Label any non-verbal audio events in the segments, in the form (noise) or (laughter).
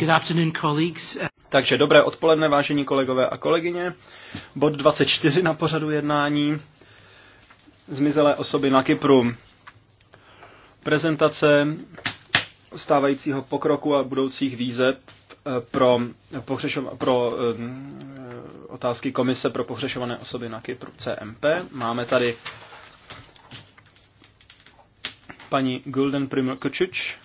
Good afternoon, colleagues. Takže dobré odpoledne, vážení kolegové a kolegyně. Bod 24 na pořadu jednání. Zmizelé osoby na Kypru. Prezentace stávajícího pokroku a budoucích výzev eh, pro, pohřešova- pro eh, otázky Komise pro pohřešované osoby na Kypru CMP. Máme tady paní Gulden Primrkočič,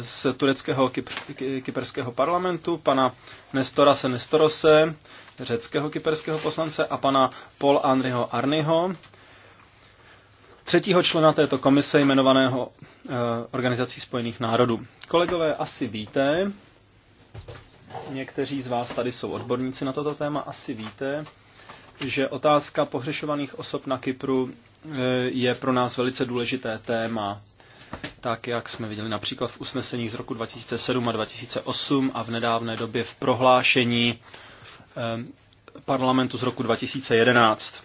z tureckého kypr- kyperského parlamentu, pana Nestorase Nestorose, řeckého kyperského poslance a pana Paul Andriho Arniho, třetího člena této komise jmenovaného eh, Organizací spojených národů. Kolegové, asi víte, někteří z vás tady jsou odborníci na toto téma, asi víte, že otázka pohřešovaných osob na Kypru eh, je pro nás velice důležité téma tak jak jsme viděli například v usnesení z roku 2007 a 2008 a v nedávné době v prohlášení ehm, parlamentu z roku 2011.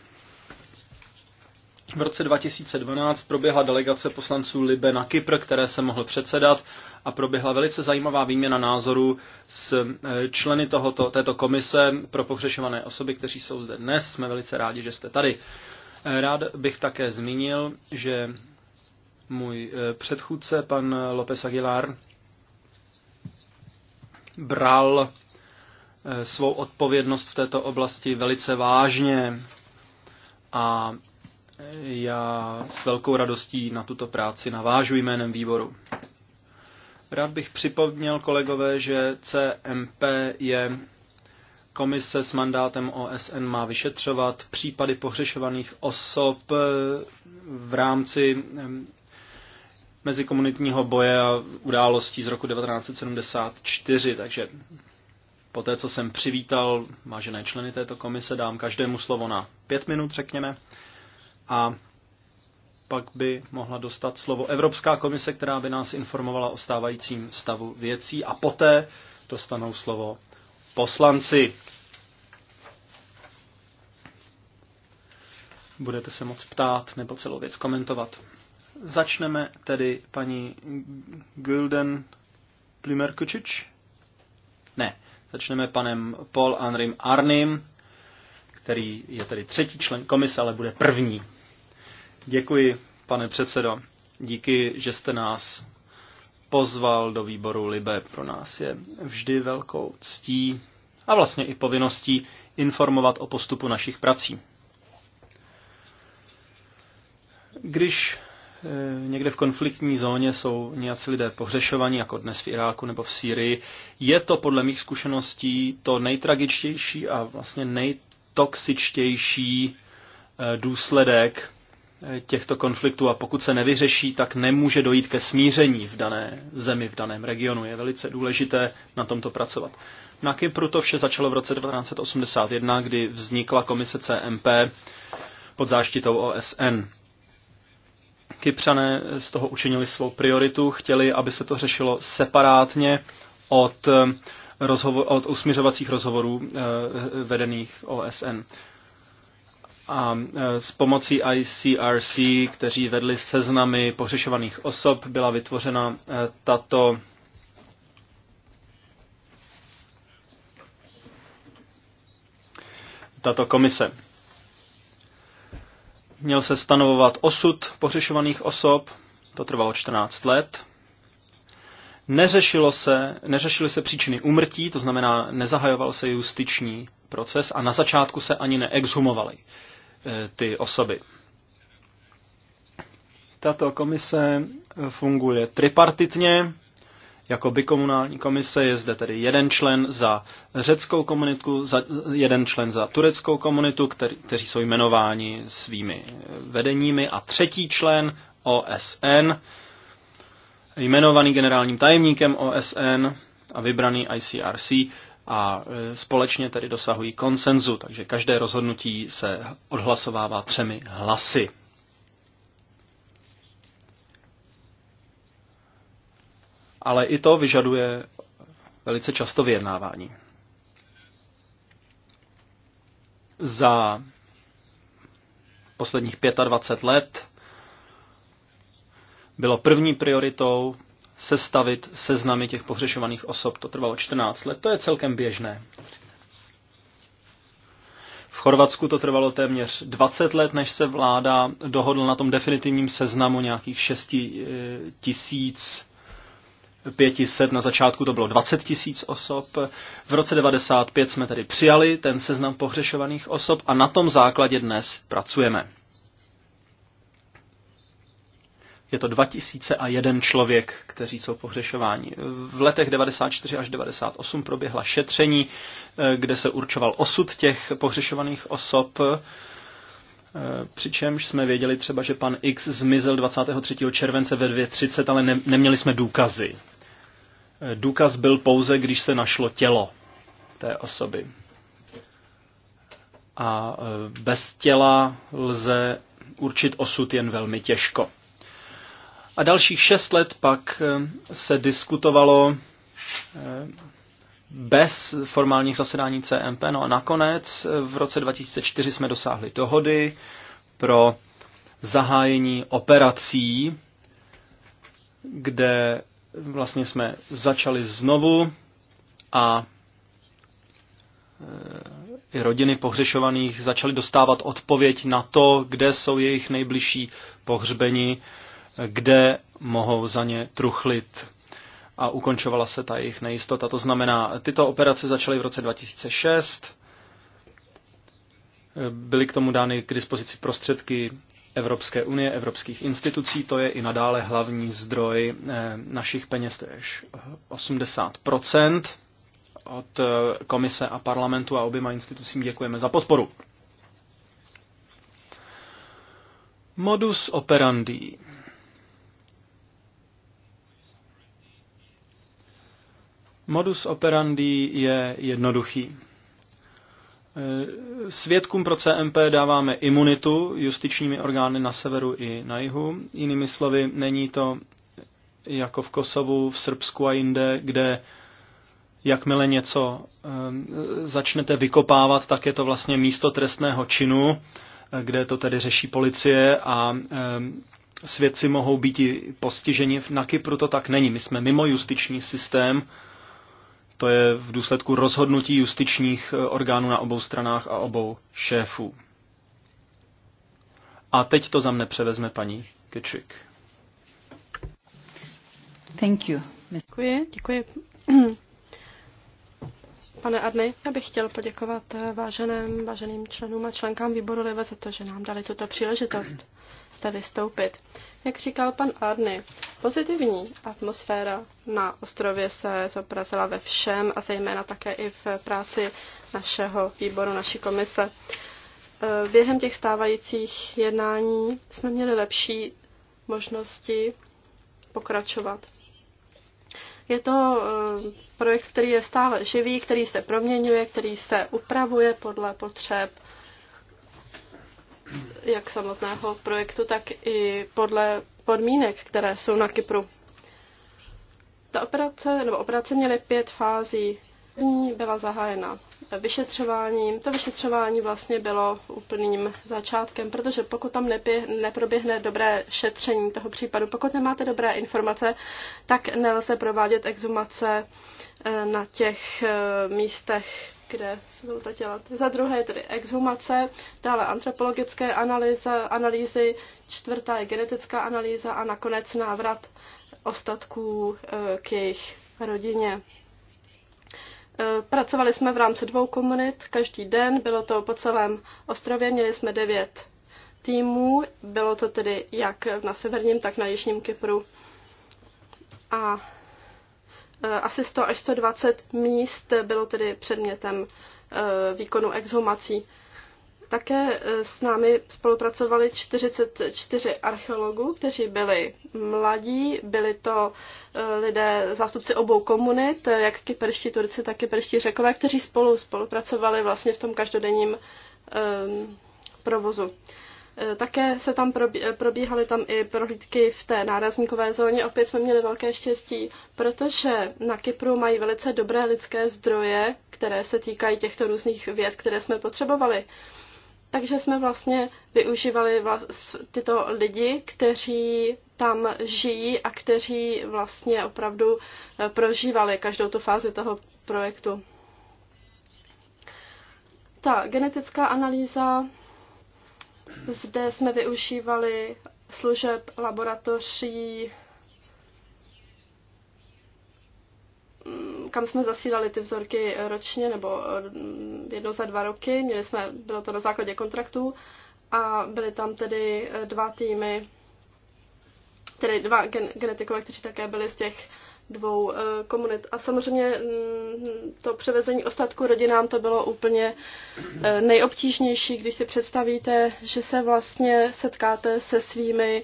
V roce 2012 proběhla delegace poslanců Libe na Kypr, které se mohl předsedat a proběhla velice zajímavá výměna názorů s eh, členy tohoto, této komise pro pohřešované osoby, kteří jsou zde dnes. Jsme velice rádi, že jste tady. Eh, rád bych také zmínil, že můj eh, předchůdce, pan López Aguilar, bral eh, svou odpovědnost v této oblasti velice vážně a eh, já s velkou radostí na tuto práci navážu jménem výboru. Rád bych připomněl kolegové, že CMP je komise s mandátem OSN má vyšetřovat případy pohřešovaných osob v rámci mezikomunitního boje a událostí z roku 1974, takže po té, co jsem přivítal vážené členy této komise, dám každému slovo na pět minut, řekněme, a pak by mohla dostat slovo Evropská komise, která by nás informovala o stávajícím stavu věcí a poté dostanou slovo poslanci. Budete se moc ptát nebo celou věc komentovat. Začneme tedy paní Gulden Plimerkučič. Ne, začneme panem Paul Anrim Arnim, který je tedy třetí člen komise, ale bude první. Děkuji, pane předsedo. Díky, že jste nás pozval do výboru Libe. Pro nás je vždy velkou ctí a vlastně i povinností informovat o postupu našich prací. Když Eh, někde v konfliktní zóně jsou nějací lidé pohřešovaní, jako dnes v Iráku nebo v Sýrii. Je to podle mých zkušeností to nejtragičtější a vlastně nejtoxičtější eh, důsledek eh, těchto konfliktů a pokud se nevyřeší, tak nemůže dojít ke smíření v dané zemi, v daném regionu. Je velice důležité na tomto pracovat. Na Kypru to vše začalo v roce 1981, kdy vznikla komise CMP pod záštitou OSN. Kypřané z toho učinili svou prioritu, chtěli, aby se to řešilo separátně od, eh, rozhovor, od usmířovacích rozhovorů eh, vedených OSN. A eh, s pomocí ICRC, kteří vedli seznamy pohřešovaných osob, byla vytvořena tato tato komise. Měl se stanovovat osud pořešovaných osob, to trvalo 14 let. Neřešilo se, neřešily se příčiny úmrtí, to znamená, nezahajoval se justiční proces a na začátku se ani neexhumovaly eh, ty osoby. Tato komise funguje tripartitně, jako bikomunální komise je zde tedy jeden člen za řeckou komunitu, za, jeden člen za tureckou komunitu, který, kteří jsou jmenováni svými eh, vedeními a třetí člen OSN, jmenovaný generálním tajemníkem OSN a vybraný ICRC a eh, společně tedy dosahují konsenzu, takže každé rozhodnutí se odhlasovává třemi hlasy ale i to vyžaduje velice často vyjednávání. Za posledních 25 let bylo první prioritou sestavit seznamy těch pohřešovaných osob. To trvalo 14 let, to je celkem běžné. V Chorvatsku to trvalo téměř 20 let, než se vláda dohodla na tom definitivním seznamu nějakých 6 eh, tisíc 500, na začátku to bylo 20 tisíc osob. V roce 95 jsme tedy přijali ten seznam pohřešovaných osob a na tom základě dnes pracujeme. Je to 2001 člověk, kteří jsou pohřešováni. V letech 94 až 98 proběhla šetření, eh, kde se určoval osud těch pohřešovaných osob Eh, přičemž jsme věděli třeba, že pan X zmizel 23. července ve 2.30, ale ne, neměli jsme důkazy. Eh, důkaz byl pouze, když se našlo tělo té osoby. A eh, bez těla lze určit osud jen velmi těžko. A dalších šest let pak se diskutovalo bez formálních zasedání CMP. No a nakonec v roce 2004 jsme dosáhli dohody pro zahájení operací, kde vlastně jsme začali znovu a eh, i rodiny pohřešovaných začaly dostávat odpověď na to, kde jsou jejich nejbližší pohřbeni, eh, kde mohou za ně truchlit a ukončovala se ta jejich nejistota. To znamená, tyto operace začaly v roce 2006, byly k tomu dány k dispozici prostředky Evropské unie, evropských institucí, to je i nadále hlavní zdroj eh, našich peněz, to je 80 od eh, komise a parlamentu a oběma institucím děkujeme za podporu. Modus operandi. Modus operandi je jednoduchý. Eh, svědkům pro CMP dáváme imunitu justičními orgány na severu i na jihu. Jinými slovy, není to jako v Kosovu, v Srbsku a jinde, kde jakmile něco eh, začnete vykopávat, tak je to vlastně místo trestného činu, eh, kde to tedy řeší policie a svědci mohou být i postiženi. Na Kypru to tak není. My jsme mimo justiční systém, to je v důsledku rozhodnutí justičních eh, orgánů na obou stranách a obou šéfů. A teď to za mne převezme paní Kečik. Thank you. Děkuji, děkuji. (clears throat) Pane Adny, já bych chtěl poděkovat eh, váženým, váženým členům a členkám výboru Live za to, že nám dali tuto příležitost zde vystoupit. Jak říkal pan Arny, pozitivní atmosféra na ostrově se zobrazila ve všem a zejména také i v práci našeho výboru, naší komise. E, během těch stávajících jednání jsme měli lepší možnosti pokračovat. Je to e, projekt, který je stále živý, který se proměňuje, který se upravuje podle potřeb jak samotného projektu, tak i podle podmínek, které jsou na Kypru. Ta operace, nebo operace měly pět fází. První byla zahájena vyšetřováním. To vyšetřování vlastně bylo úplným začátkem, protože pokud tam nepě- neproběhne dobré šetření toho případu, pokud nemáte dobré informace, tak nelze provádět exumace eh, na těch eh, místech kde se budou to dělat. Za druhé tedy exhumace, dále antropologické analýza, analýzy, čtvrtá je genetická analýza a nakonec návrat ostatků eh, k jejich rodině. Eh, pracovali jsme v rámci dvou komunit každý den, bylo to po celém ostrově, měli jsme devět týmů, bylo to tedy jak na severním, tak na jižním Kypru. A Eh, asi 100 až 120 míst bylo tedy předmětem eh, výkonu exhumací. Také eh, s námi spolupracovali 44 archeologů, kteří byli mladí, byli to lidé, zástupci obou komunit, jak kyperští Turci, tak kyperští Řekové, kteří spolu spolupracovali vlastně v tom každodenním um, provozu. Eh, také se tam eh, probíhaly tam i prohlídky v té nárazníkové zóně. Opět jsme měli velké štěstí, protože na Kypru mají velice dobré lidské zdroje, které se týkají těchto různých věd, které jsme potřebovali. Takže jsme vlastně využívali vlast, tyto lidi, kteří tam žijí a kteří vlastně opravdu eh, prožívali každou tu fázi toho projektu. Ta genetická analýza zde jsme využívali služeb laboratoří, mm, kam jsme zasílali ty vzorky ročně nebo mm, jednou za dva roky. Měli jsme, bylo to na základě kontraktů a byly tam tedy eh, dva týmy, tedy dva gen- genetikové, kteří také byli z těch dvou eh, komunit. A samozřejmě mm, to převezení ostatku rodinám to bylo úplně eh, nejobtížnější, když si představíte, že se vlastně setkáte se svými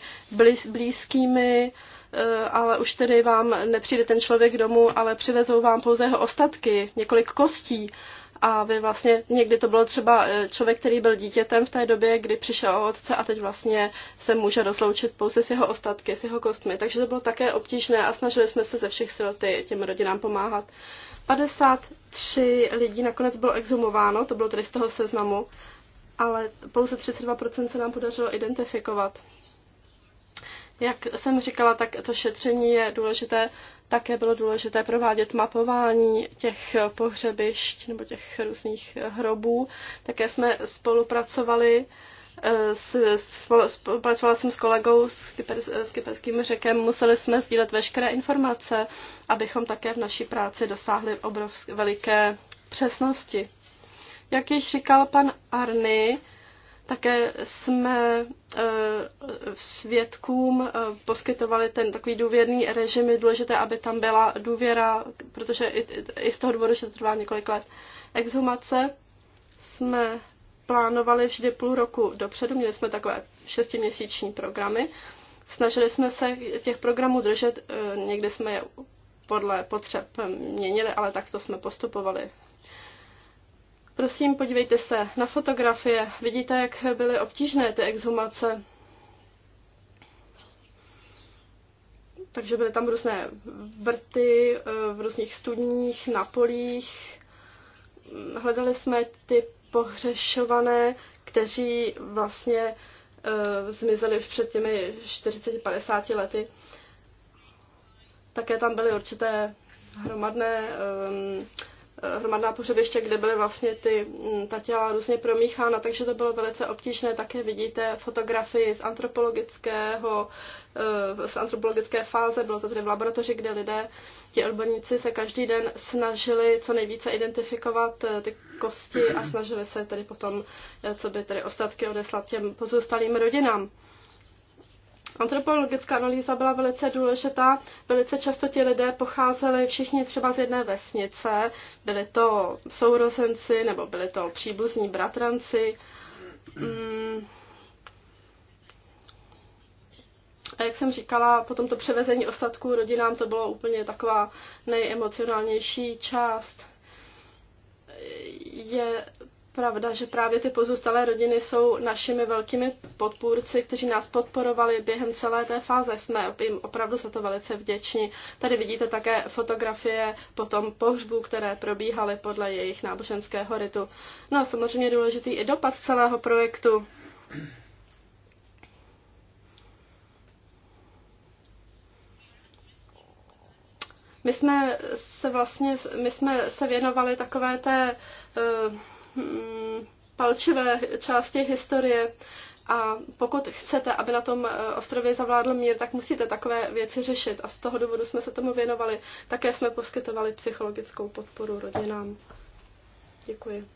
blízkými, eh, ale už tedy vám nepřijde ten člověk domů, ale přivezou vám pouze jeho ostatky, několik kostí a vy vlastně, někdy to byl třeba e, člověk, který byl dítětem v té době, kdy přišel o otce a teď vlastně se může rozloučit pouze s jeho ostatky, s jeho kostmi. Takže to bylo také obtížné a snažili jsme se ze všech sil ty, těm rodinám pomáhat. 53 lidí nakonec bylo exhumováno, to bylo tedy z toho seznamu, ale pouze 32% se nám podařilo identifikovat. Jak jsem říkala, tak to šetření je důležité. Také bylo důležité provádět mapování těch pohřebišť nebo těch různých hrobů. Také jsme spolupracovali eh, s, spolupracovala jsem s kolegou s, kyper, s kyperským řekem, museli jsme sdílet veškeré informace, abychom také v naší práci dosáhli obrovské veliké přesnosti. Jak již říkal pan Arny, také jsme eh, svědkům eh, poskytovali ten takový důvěrný režim. Je důležité, aby tam byla důvěra, protože i, i z toho důvodu, že to trvá několik let. Exhumace jsme plánovali vždy půl roku dopředu. Měli jsme takové šestiměsíční programy. Snažili jsme se těch programů držet, eh, někdy jsme je podle potřeb měnili, ale takto jsme postupovali Prosím, podívejte se na fotografie. Vidíte, jak byly obtížné ty exhumace. Takže byly tam různé vrty eh, v různých studních, na polích. Hledali jsme ty pohřešované, kteří vlastně eh, zmizeli už před těmi 40-50 lety. Také tam byly určité hromadné um, hromadná pohřebiště, kde byly vlastně ty, mm, ta těla různě promíchána, takže to bylo velice obtížné. Také vidíte fotografii z antropologického, eh, z antropologické fáze, bylo to tedy v laboratoři, kde lidé, ti odborníci se každý den snažili co nejvíce identifikovat eh, ty kosti a snažili se tedy potom, eh, co by tedy ostatky odeslat těm pozůstalým rodinám. Antropologická analýza byla velice důležitá. Velice často ti lidé pocházeli všichni třeba z jedné vesnice. Byli to sourozenci nebo byli to příbuzní bratranci. Mm. A jak jsem říkala, potom to převezení ostatků rodinám, to bylo úplně taková nejemocionálnější část. Je pravda, že právě ty pozůstalé rodiny jsou našimi velkými podpůrci, kteří nás podporovali během celé té fáze. Jsme jim opravdu za to velice vděční. Tady vidíte také fotografie potom pohřbů, které probíhaly podle jejich náboženského ritu. No a samozřejmě je důležitý i dopad celého projektu. My jsme se vlastně, my jsme se věnovali takové té uh, Mm, palčivé části historie. A pokud chcete, aby na tom eh, ostrově zavládl mír, tak musíte takové věci řešit. A z toho důvodu jsme se tomu věnovali. Také jsme poskytovali psychologickou podporu rodinám. Děkuji.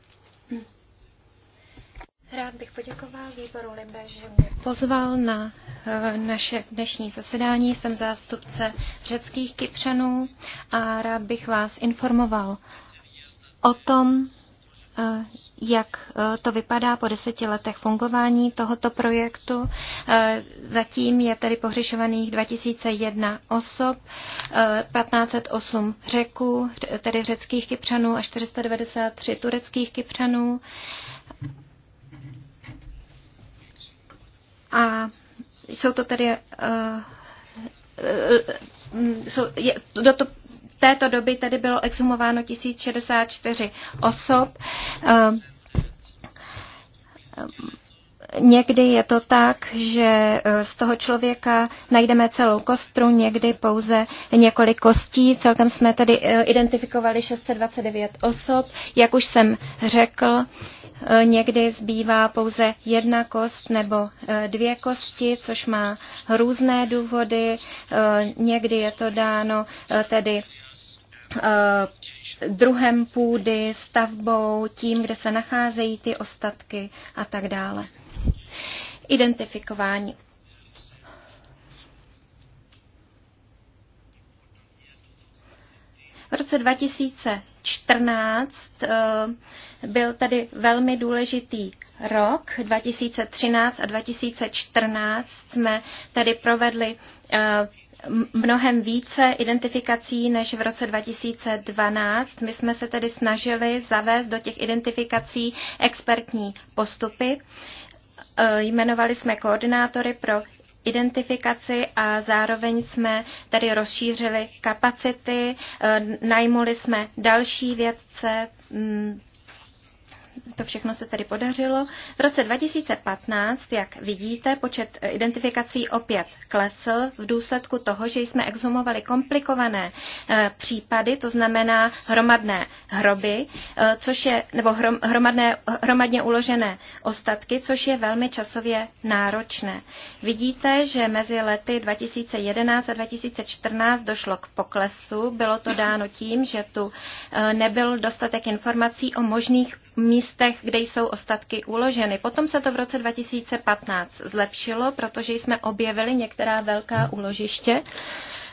Rád bych poděkoval výboru Libe, že mě pozval na eh, naše dnešní zasedání. Jsem zástupce řeckých kypřanů a rád bych vás informoval o tom, Eh, jak eh, to vypadá po deseti letech fungování tohoto projektu. Eh, zatím je tedy pohřešovaných 2001 osob, 1508 řeků, tedy řeckých kypřanů a 493 tureckých kypřanů. A jsou to tedy jsou, je, do, to, této doby tedy bylo exhumováno 1064 osob. Ehm, ehm, někdy je to tak, že e, z toho člověka najdeme celou kostru, někdy pouze několik kostí. Celkem jsme tedy e, identifikovali 629 osob. Jak už jsem řekl, e, někdy zbývá pouze jedna kost nebo dvě kosti, což má různé důvody. Někdy je to dáno tedy Eh, druhem půdy, stavbou, tím, kde se nacházejí ty ostatky a tak dále. Identifikování. V roce 2014 eh, byl tady velmi důležitý rok. 2013 a 2014 jsme tady provedli eh, mnohem více identifikací než v roce 2012. My jsme se tedy snažili zavést do těch identifikací expertní postupy. E, jmenovali jsme koordinátory pro identifikaci a zároveň jsme tady rozšířili kapacity, e, najmuli jsme další vědce, to všechno se tedy podařilo. V roce 2015, jak vidíte, počet identifikací opět klesl v důsledku toho, že jsme exhumovali komplikované eh, případy, to znamená hromadné hroby, eh, což je, nebo hromadné, hromadně uložené ostatky, což je velmi časově náročné. Vidíte, že mezi lety 2011 a 2014 došlo k poklesu. Bylo to dáno tím, že tu eh, nebyl dostatek informací o možných místech místech, kde jsou ostatky uloženy. Potom se to v roce 2015 zlepšilo, protože jsme objevili některá velká úložiště,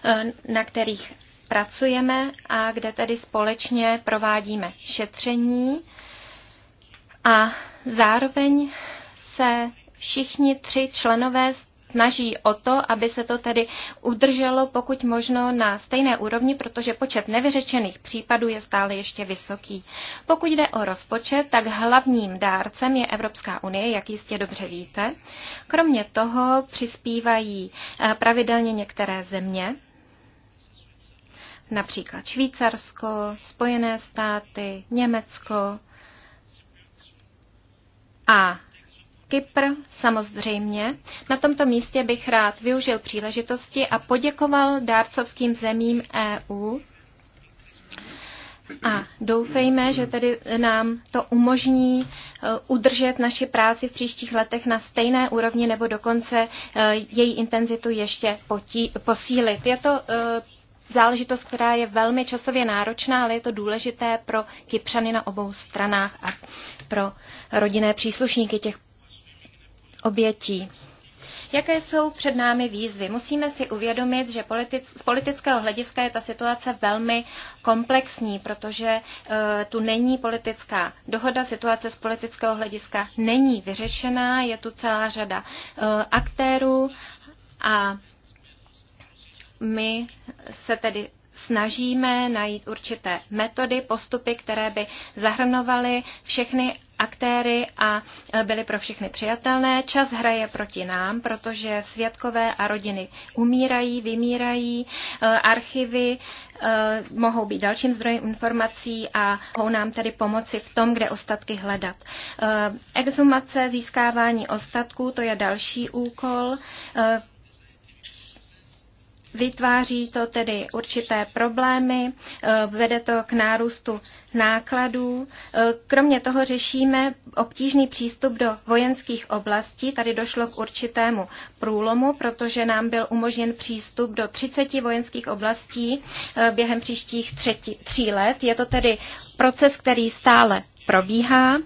eh, na kterých pracujeme a kde tedy společně provádíme šetření. A zároveň se všichni tři členové z snaží o to, aby se to tedy udrželo pokud možno na stejné úrovni, protože počet nevyřešených případů je stále ještě vysoký. Pokud jde o rozpočet, tak hlavním dárcem je Evropská unie, jak jistě dobře víte. Kromě toho přispívají eh, pravidelně některé země, například Švýcarsko, Spojené státy, Německo a Kypr samozřejmě. Na tomto místě bych rád využil příležitosti a poděkoval dárcovským zemím EU. A doufejme, že tedy nám to umožní e, udržet naši práci v příštích letech na stejné úrovni nebo dokonce e, její intenzitu ještě potí, posílit. Je to e, záležitost, která je velmi časově náročná, ale je to důležité pro Kypřany na obou stranách a pro rodinné příslušníky těch obětí. Jaké jsou před námi výzvy? Musíme si uvědomit, že politic, z politického hlediska je ta situace velmi komplexní, protože e, tu není politická dohoda, situace z politického hlediska není vyřešená, je tu celá řada e, aktérů a my se tedy snažíme najít určité metody, postupy, které by zahrnovaly všechny aktéry a byly pro všechny přijatelné. Čas hraje proti nám, protože svědkové a rodiny umírají, vymírají, eh, archivy eh, mohou být dalším zdrojem informací a mohou nám tedy pomoci v tom, kde ostatky hledat. Eh, exhumace, získávání ostatků, to je další úkol. Vytváří to tedy určité problémy, eh, vede to k nárůstu nákladů. Eh, kromě toho řešíme obtížný přístup do vojenských oblastí. Tady došlo k určitému průlomu, protože nám byl umožněn přístup do 30 vojenských oblastí eh, během příštích třetí, tří let. Je to tedy proces, který stále probíhá.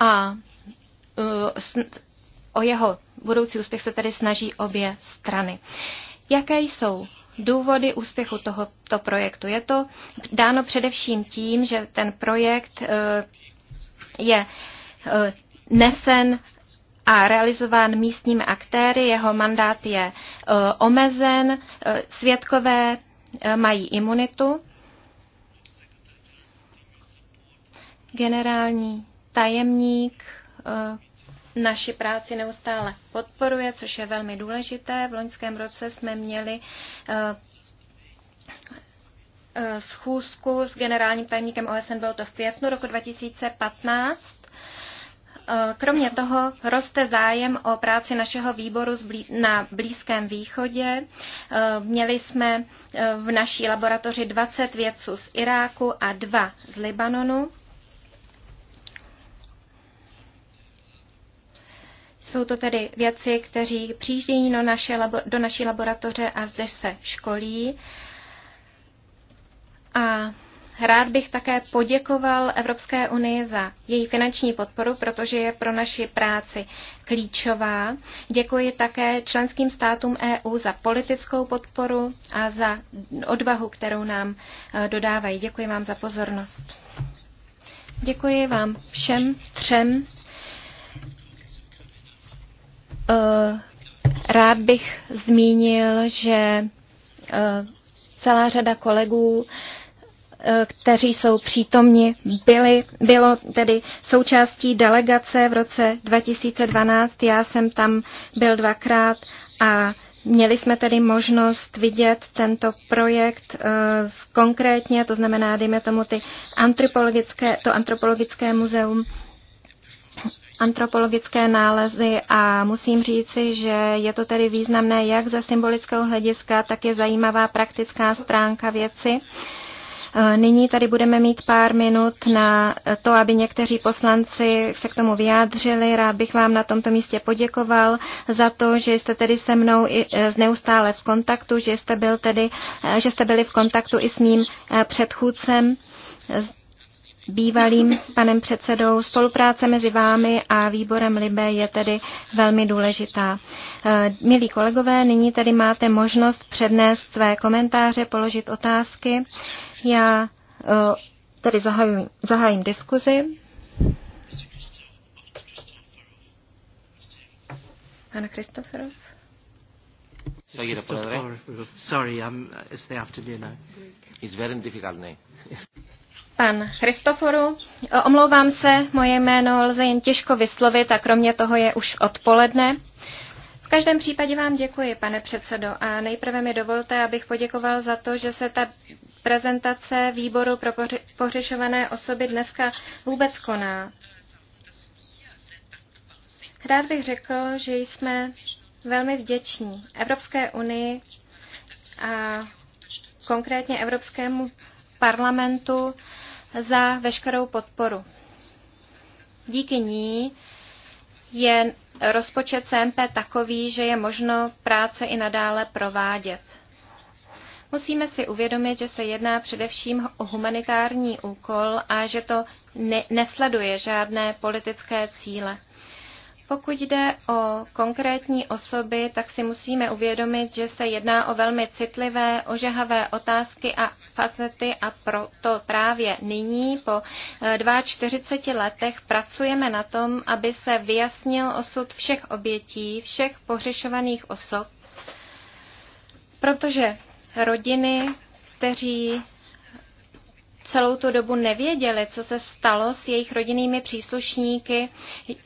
A o jeho budoucí úspěch se tedy snaží obě strany. Jaké jsou důvody úspěchu tohoto projektu? Je to dáno především tím, že ten projekt eh, je eh, nesen a realizován místními aktéry, jeho mandát je eh, omezen, svědkové mají imunitu. Generální tajemník naši práci neustále podporuje, což je velmi důležité. V loňském roce jsme měli eh, eh, schůzku s generálním tajemníkem OSN, bylo to v květnu roku 2015. Eh, kromě toho roste zájem o práci našeho výboru na Blízkém východě. Měli jsme v naší laboratoři 20 vědců z Iráku a dva z Libanonu. Jsou to tedy věci, kteří přijíždějí do, naše, do naší laboratoře a zde se školí. A Rád bych také poděkoval Evropské unii za její finanční podporu, protože je pro naši práci klíčová. Děkuji také členským státům EU za politickou podporu a za odvahu, kterou nám eh, dodávají. Děkuji vám za pozornost. Děkuji vám všem třem Eh, rád bych zmínil, že eh, celá řada kolegů eh, kteří jsou přítomni, byli, bylo tedy součástí delegace v roce 2012. Já jsem tam byl dvakrát a měli jsme tedy možnost vidět tento projekt konkrétně, to znamená, dejme tomu ty antropologické, to antropologické muzeum antropologické nálezy a musím říci, že je to tedy významné jak ze symbolického hlediska, tak je zajímavá praktická stránka věci. E, nyní tady budeme mít pár minut na to, aby někteří poslanci se k tomu vyjádřili. Rád bych vám na tomto místě poděkoval za to, že jste tedy se mnou i e, neustále v kontaktu, že jste, byl tedy, e, že jste byli v kontaktu i s mým předchůdcem bývalým panem předsedou. Spolupráce mezi vámi a výborem Libe je tedy velmi důležitá. Eh, milí kolegové, nyní tedy máte možnost přednést své komentáře, položit otázky. Já eh, tedy zahajím, zahájím diskuzi. Pane Kristoferov. ¿eh? Sorry, I'm, it's the afternoon now. It's very difficult now. (laughs) Pan Christoforu, omlouvám se, moje jméno lze jen těžko vyslovit a kromě toho je už odpoledne. V každém případě vám děkuji, pane předsedo, a nejprve mi dovolte, abych poděkoval za to, že se ta prezentace výboru pro pořešované osoby dneska vůbec koná. Rád bych řekl, že jsme velmi vděční Evropské unii a konkrétně Evropskému parlamentu za veškerou podporu. Díky ní je rozpočet CMP takový, že je možno práce i nadále provádět. Musíme si uvědomit, že se jedná především o humanitární úkol a že to ne- nesleduje žádné politické cíle. Pokud jde o konkrétní osoby, tak si musíme uvědomit, že se jedná o velmi citlivé, ožehavé otázky a facety a proto právě nyní po 42 eh, letech pracujeme na tom, aby se vyjasnil osud všech obětí, všech pohřešovaných osob, protože rodiny, kteří celou tu dobu nevěděli, co se stalo s jejich rodinnými příslušníky,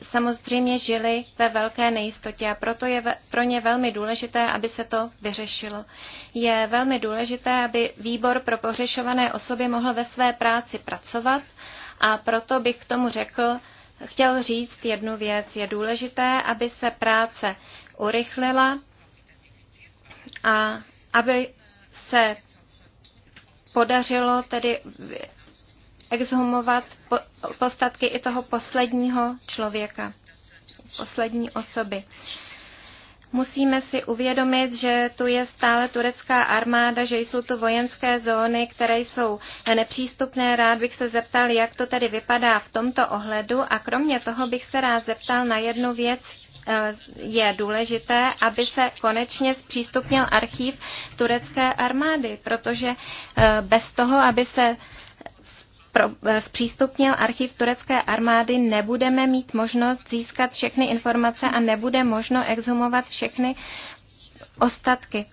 samozřejmě žili ve velké nejistotě a proto je pro ně velmi důležité, aby se to vyřešilo. Je velmi důležité, aby výbor pro pohřešované osoby mohl ve své práci pracovat a proto bych k tomu řekl, chtěl říct jednu věc. Je důležité, aby se práce urychlila a aby se podařilo tedy exhumovat postatky i toho posledního člověka, poslední osoby. Musíme si uvědomit, že tu je stále turecká armáda, že jsou tu vojenské zóny, které jsou nepřístupné. Rád bych se zeptal, jak to tedy vypadá v tomto ohledu. A kromě toho bych se rád zeptal na jednu věc, Eh, je důležité, aby se konečně zpřístupnil archív turecké armády, protože eh, bez toho, aby se eh, zpřístupnil archiv turecké armády, nebudeme mít možnost získat všechny informace a nebude možno exhumovat všechny ostatky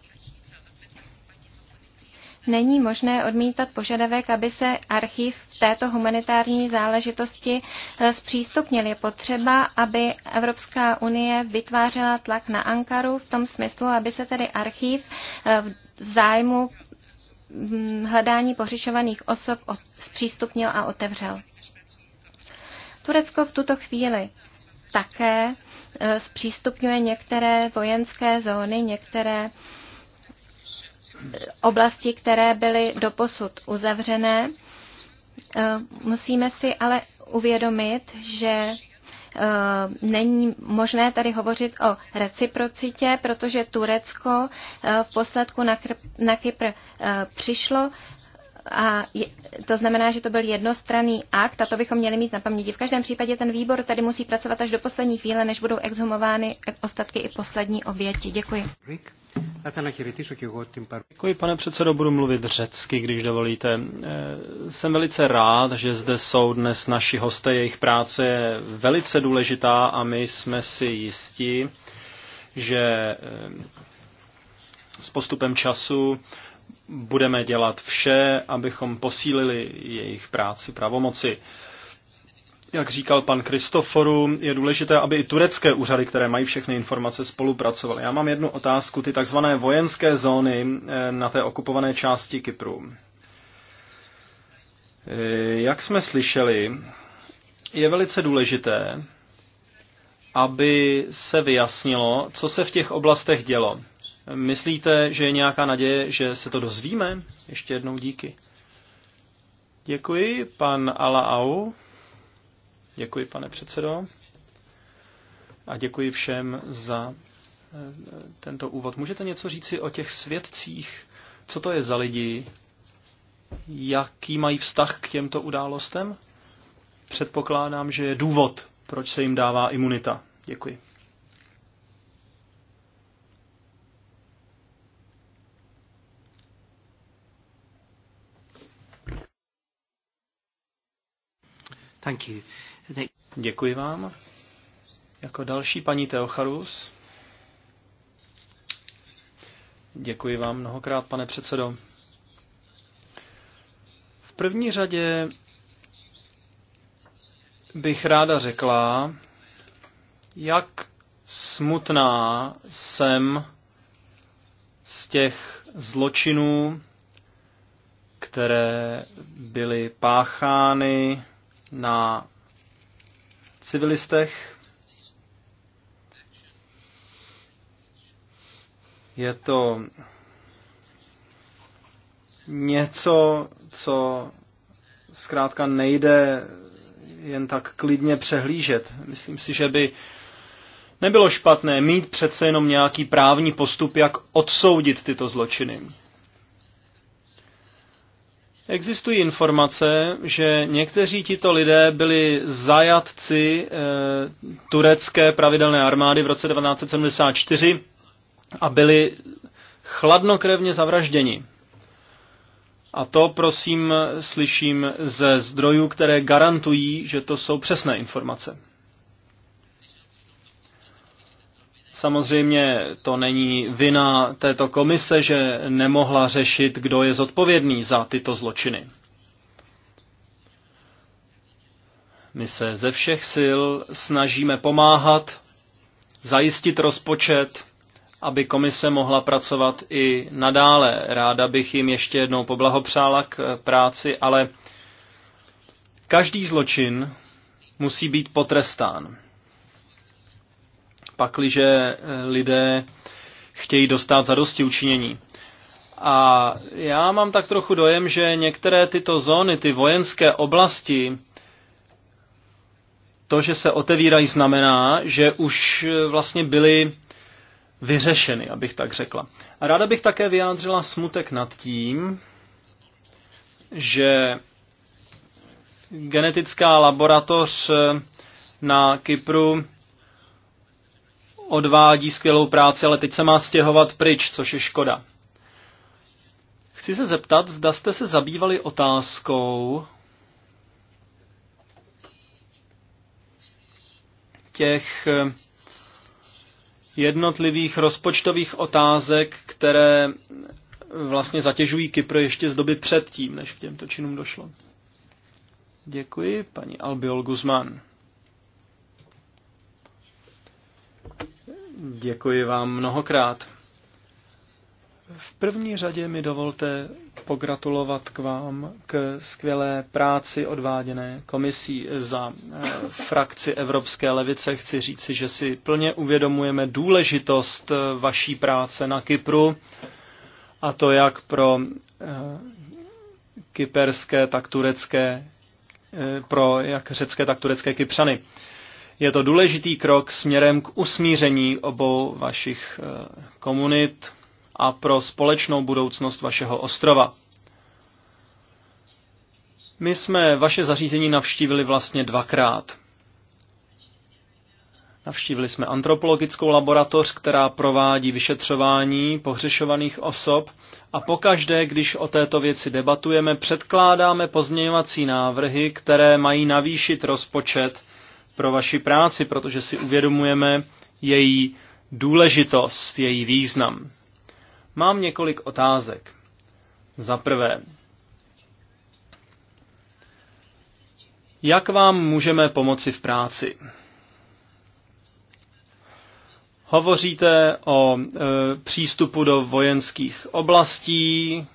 není možné odmítat požadavek, aby se archiv v této humanitární záležitosti eh, zpřístupnil. Je potřeba, aby Evropská unie vytvářela tlak na Ankaru v tom smyslu, aby se tedy archiv eh, v zájmu mm, hledání pořišovaných osob zpřístupnil a otevřel. Turecko v tuto chvíli také eh, zpřístupňuje některé vojenské zóny, některé oblasti, které byly doposud uzavřené. Eh, musíme si ale uvědomit, že eh, není možné tady hovořit o reciprocitě, protože Turecko eh, v posledku na, Kr- na Kypr přišlo a je, to znamená, že to byl jednostranný akt a to bychom měli mít na paměti. V každém případě ten výbor tady musí pracovat až do poslední chvíle, než budou exhumovány ostatky i poslední oběti. Děkuji. Rick? Děkuji, pane předsedo, budu mluvit řecky, když dovolíte. Eh, jsem velice rád, že zde jsou dnes naši hosté, jejich práce je velice důležitá a my jsme si jistí, že eh, s postupem času budeme dělat vše, abychom posílili jejich práci pravomoci. Jak říkal pan Kristoforu, je důležité, aby i turecké úřady, které mají všechny informace, spolupracovaly. Já mám jednu otázku, ty takzvané vojenské zóny eh, na té okupované části Kypru. Eh, jak jsme slyšeli, je velice důležité, aby se vyjasnilo, co se v těch oblastech dělo. Myslíte, že je nějaká naděje, že se to dozvíme? Ještě jednou díky. Děkuji, pan Alaau. Děkuji, pane předsedo. A děkuji všem za eh, tento úvod. Můžete něco říci o těch svědcích? Co to je za lidi? Jaký mají vztah k těmto událostem? Předpokládám, že je důvod, proč se jim dává imunita. Děkuji. Thank you. Děkuji vám. Jako další paní Teocharus. Děkuji vám mnohokrát, pane předsedo. V první řadě bych ráda řekla, jak smutná jsem z těch zločinů, které byly páchány na civilistech. Je to něco, co zkrátka nejde jen tak klidně přehlížet. Myslím si, že by nebylo špatné mít přece jenom nějaký právní postup, jak odsoudit tyto zločiny. Existují informace, že někteří tito lidé byli zajatci e, turecké pravidelné armády v roce 1974 a byli chladnokrevně zavražděni. A to, prosím, slyším ze zdrojů, které garantují, že to jsou přesné informace. Samozřejmě to není vina této komise, že nemohla řešit, kdo je zodpovědný za tyto zločiny. My se ze všech sil snažíme pomáhat, zajistit rozpočet, aby komise mohla pracovat i nadále. Ráda bych jim ještě jednou poblahopřála k eh, práci, ale každý zločin musí být potrestán pakliže eh, lidé chtějí dostat za dosti učinění. A já mám tak trochu dojem, že některé tyto zóny, ty vojenské oblasti, to, že se otevírají, znamená, že už eh, vlastně byly vyřešeny, abych tak řekla. A ráda bych také vyjádřila smutek nad tím, že genetická laboratoř eh, na Kypru odvádí skvělou práci, ale teď se má stěhovat pryč, což je škoda. Chci se zeptat, zda jste se zabývali otázkou těch eh, jednotlivých rozpočtových otázek, které eh, vlastně zatěžují Kypr ještě z doby předtím, než k těmto činům došlo. Děkuji, paní Albiol Guzman. Děkuji vám mnohokrát. V první řadě mi dovolte pogratulovat k vám k skvělé práci odváděné komisí za eh, frakci Evropské levice. Chci říci, že si plně uvědomujeme důležitost eh, vaší práce na Kypru a to jak pro eh, kyperské, tak turecké, pro jak řecké, tak turecké Kypřany. Je to důležitý krok směrem k usmíření obou vašich eh, komunit a pro společnou budoucnost vašeho ostrova. My jsme vaše zařízení navštívili vlastně dvakrát. Navštívili jsme antropologickou laboratoř, která provádí vyšetřování pohřešovaných osob a pokaždé, když o této věci debatujeme, předkládáme pozměňovací návrhy, které mají navýšit rozpočet pro vaši práci, protože si uvědomujeme její důležitost, její význam. Mám několik otázek. Za prvé, jak vám můžeme pomoci v práci? Hovoříte o e, přístupu do vojenských oblastí,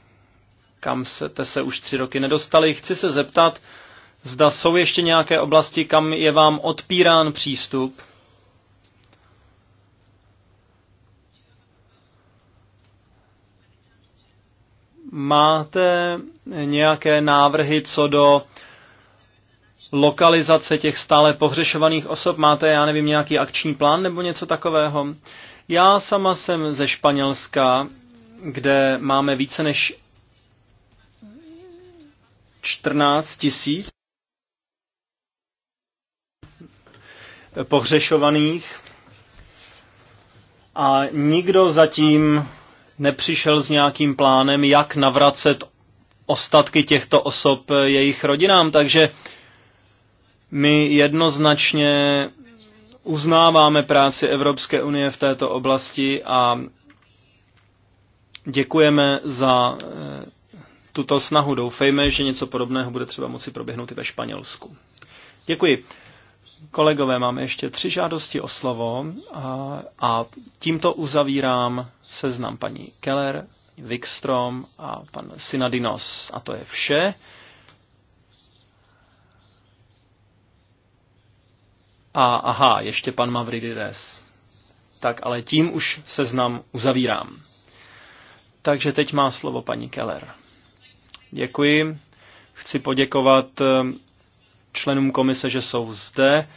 kam jste se už tři roky nedostali. Chci se zeptat, Zda jsou ještě nějaké oblasti, kam je vám odpírán přístup? Máte nějaké návrhy co do lokalizace těch stále pohřešovaných osob? Máte, já nevím, nějaký akční plán nebo něco takového? Já sama jsem ze Španělska, kde máme více než 14 tisíc pohřešovaných a nikdo zatím nepřišel s nějakým plánem, jak navracet ostatky těchto osob jejich rodinám, takže my jednoznačně uznáváme práci Evropské unie v této oblasti a děkujeme za eh, tuto snahu. Doufejme, že něco podobného bude třeba moci proběhnout i ve Španělsku. Děkuji. Kolegové, máme ještě tři žádosti o slovo a, a tímto uzavírám seznam paní Keller, Wikstrom a pan Synadinos. A to je vše. A aha, ještě pan Mavridides. Tak ale tím už seznam uzavírám. Takže teď má slovo paní Keller. Děkuji. Chci poděkovat členům komise, že jsou zde,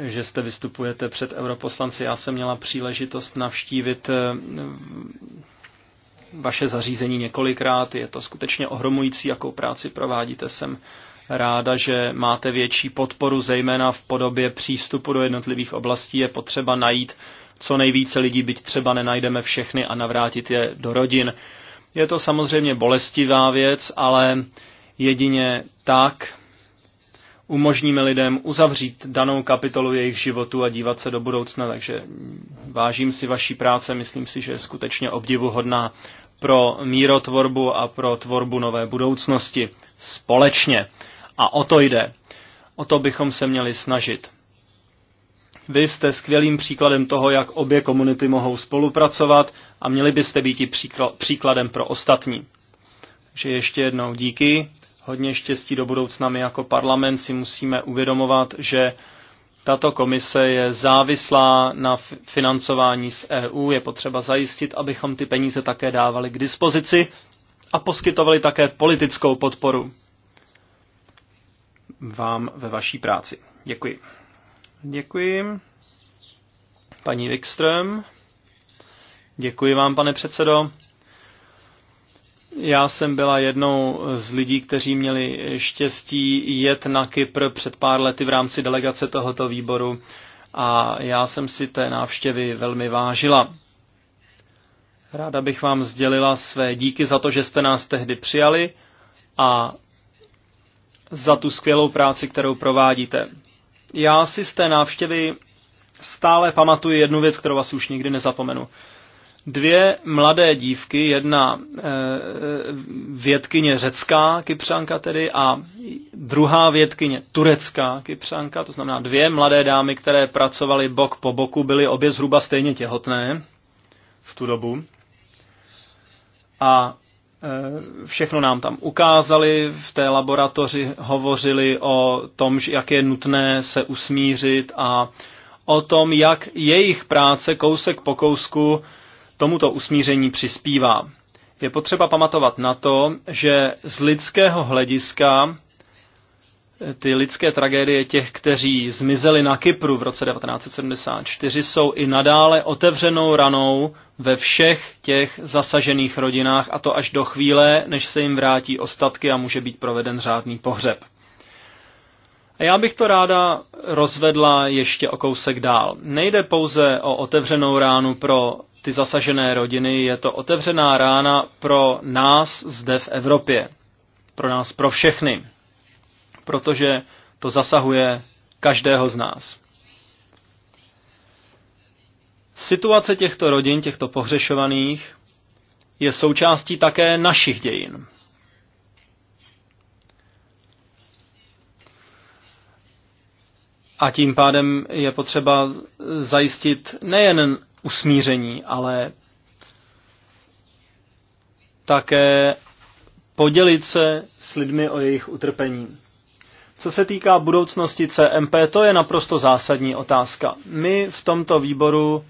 že jste vystupujete před europoslanci. Já jsem měla příležitost navštívit eh, vaše zařízení několikrát. Je to skutečně ohromující, jakou práci provádíte. Jsem ráda, že máte větší podporu, zejména v podobě přístupu do jednotlivých oblastí. Je potřeba najít co nejvíce lidí, byť třeba nenajdeme všechny a navrátit je do rodin. Je to samozřejmě bolestivá věc, ale Jedině tak umožníme lidem uzavřít danou kapitolu jejich životu a dívat se do budoucna. Takže vážím si vaší práce, myslím si, že je skutečně obdivuhodná pro mírotvorbu a pro tvorbu nové budoucnosti společně. A o to jde. O to bychom se měli snažit. Vy jste skvělým příkladem toho, jak obě komunity mohou spolupracovat a měli byste být i příkladem pro ostatní. Takže ještě jednou díky hodně štěstí do budoucna. My jako parlament si musíme uvědomovat, že tato komise je závislá na financování z EU. Je potřeba zajistit, abychom ty peníze také dávali k dispozici a poskytovali také politickou podporu vám ve vaší práci. Děkuji. Děkuji. Paní Wikström. Děkuji vám, pane předsedo. Já jsem byla jednou z lidí, kteří měli štěstí jet na Kypr před pár lety v rámci delegace tohoto výboru a já jsem si té návštěvy velmi vážila. Ráda bych vám sdělila své díky za to, že jste nás tehdy přijali a za tu skvělou práci, kterou provádíte. Já si z té návštěvy stále pamatuju jednu věc, kterou vás už nikdy nezapomenu dvě mladé dívky, jedna eh, vědkyně řecká kypřanka tedy a druhá vědkyně turecká kypřanka, to znamená dvě mladé dámy, které pracovaly bok po boku, byly obě zhruba stejně těhotné v tu dobu. A eh, všechno nám tam ukázali, v té laboratoři hovořili o tom, jak je nutné se usmířit a o tom, jak jejich práce kousek po kousku tomuto usmíření přispívá. Je potřeba pamatovat na to, že z lidského hlediska eh, ty lidské tragédie těch, kteří zmizeli na Kypru v roce 1974, jsou i nadále otevřenou ranou ve všech těch zasažených rodinách, a to až do chvíle, než se jim vrátí ostatky a může být proveden řádný pohřeb. A já bych to ráda rozvedla ještě o kousek dál. Nejde pouze o otevřenou ránu pro ty zasažené rodiny, je to otevřená rána pro nás zde v Evropě. Pro nás, pro všechny. Protože to zasahuje každého z nás. Situace těchto rodin, těchto pohřešovaných, je součástí také našich dějin. A tím pádem je potřeba zajistit nejen usmíření, ale také podělit se s lidmi o jejich utrpení. Co se týká budoucnosti CMP, to je naprosto zásadní otázka. My v tomto výboru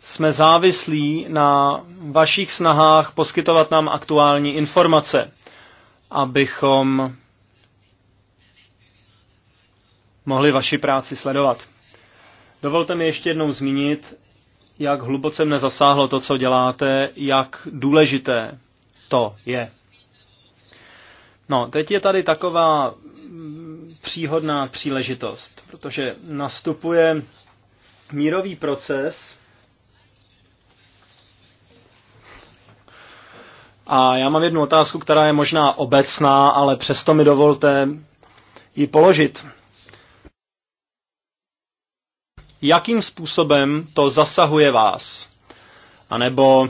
jsme závislí na vašich snahách poskytovat nám aktuální informace, abychom mohli vaši práci sledovat. Dovolte mi ještě jednou zmínit, jak hluboce mne zasáhlo to, co děláte, jak důležité to je. No, teď je tady taková mm, příhodná příležitost, protože nastupuje mírový proces a já mám jednu otázku, která je možná obecná, ale přesto mi dovolte ji položit jakým způsobem to zasahuje vás? A nebo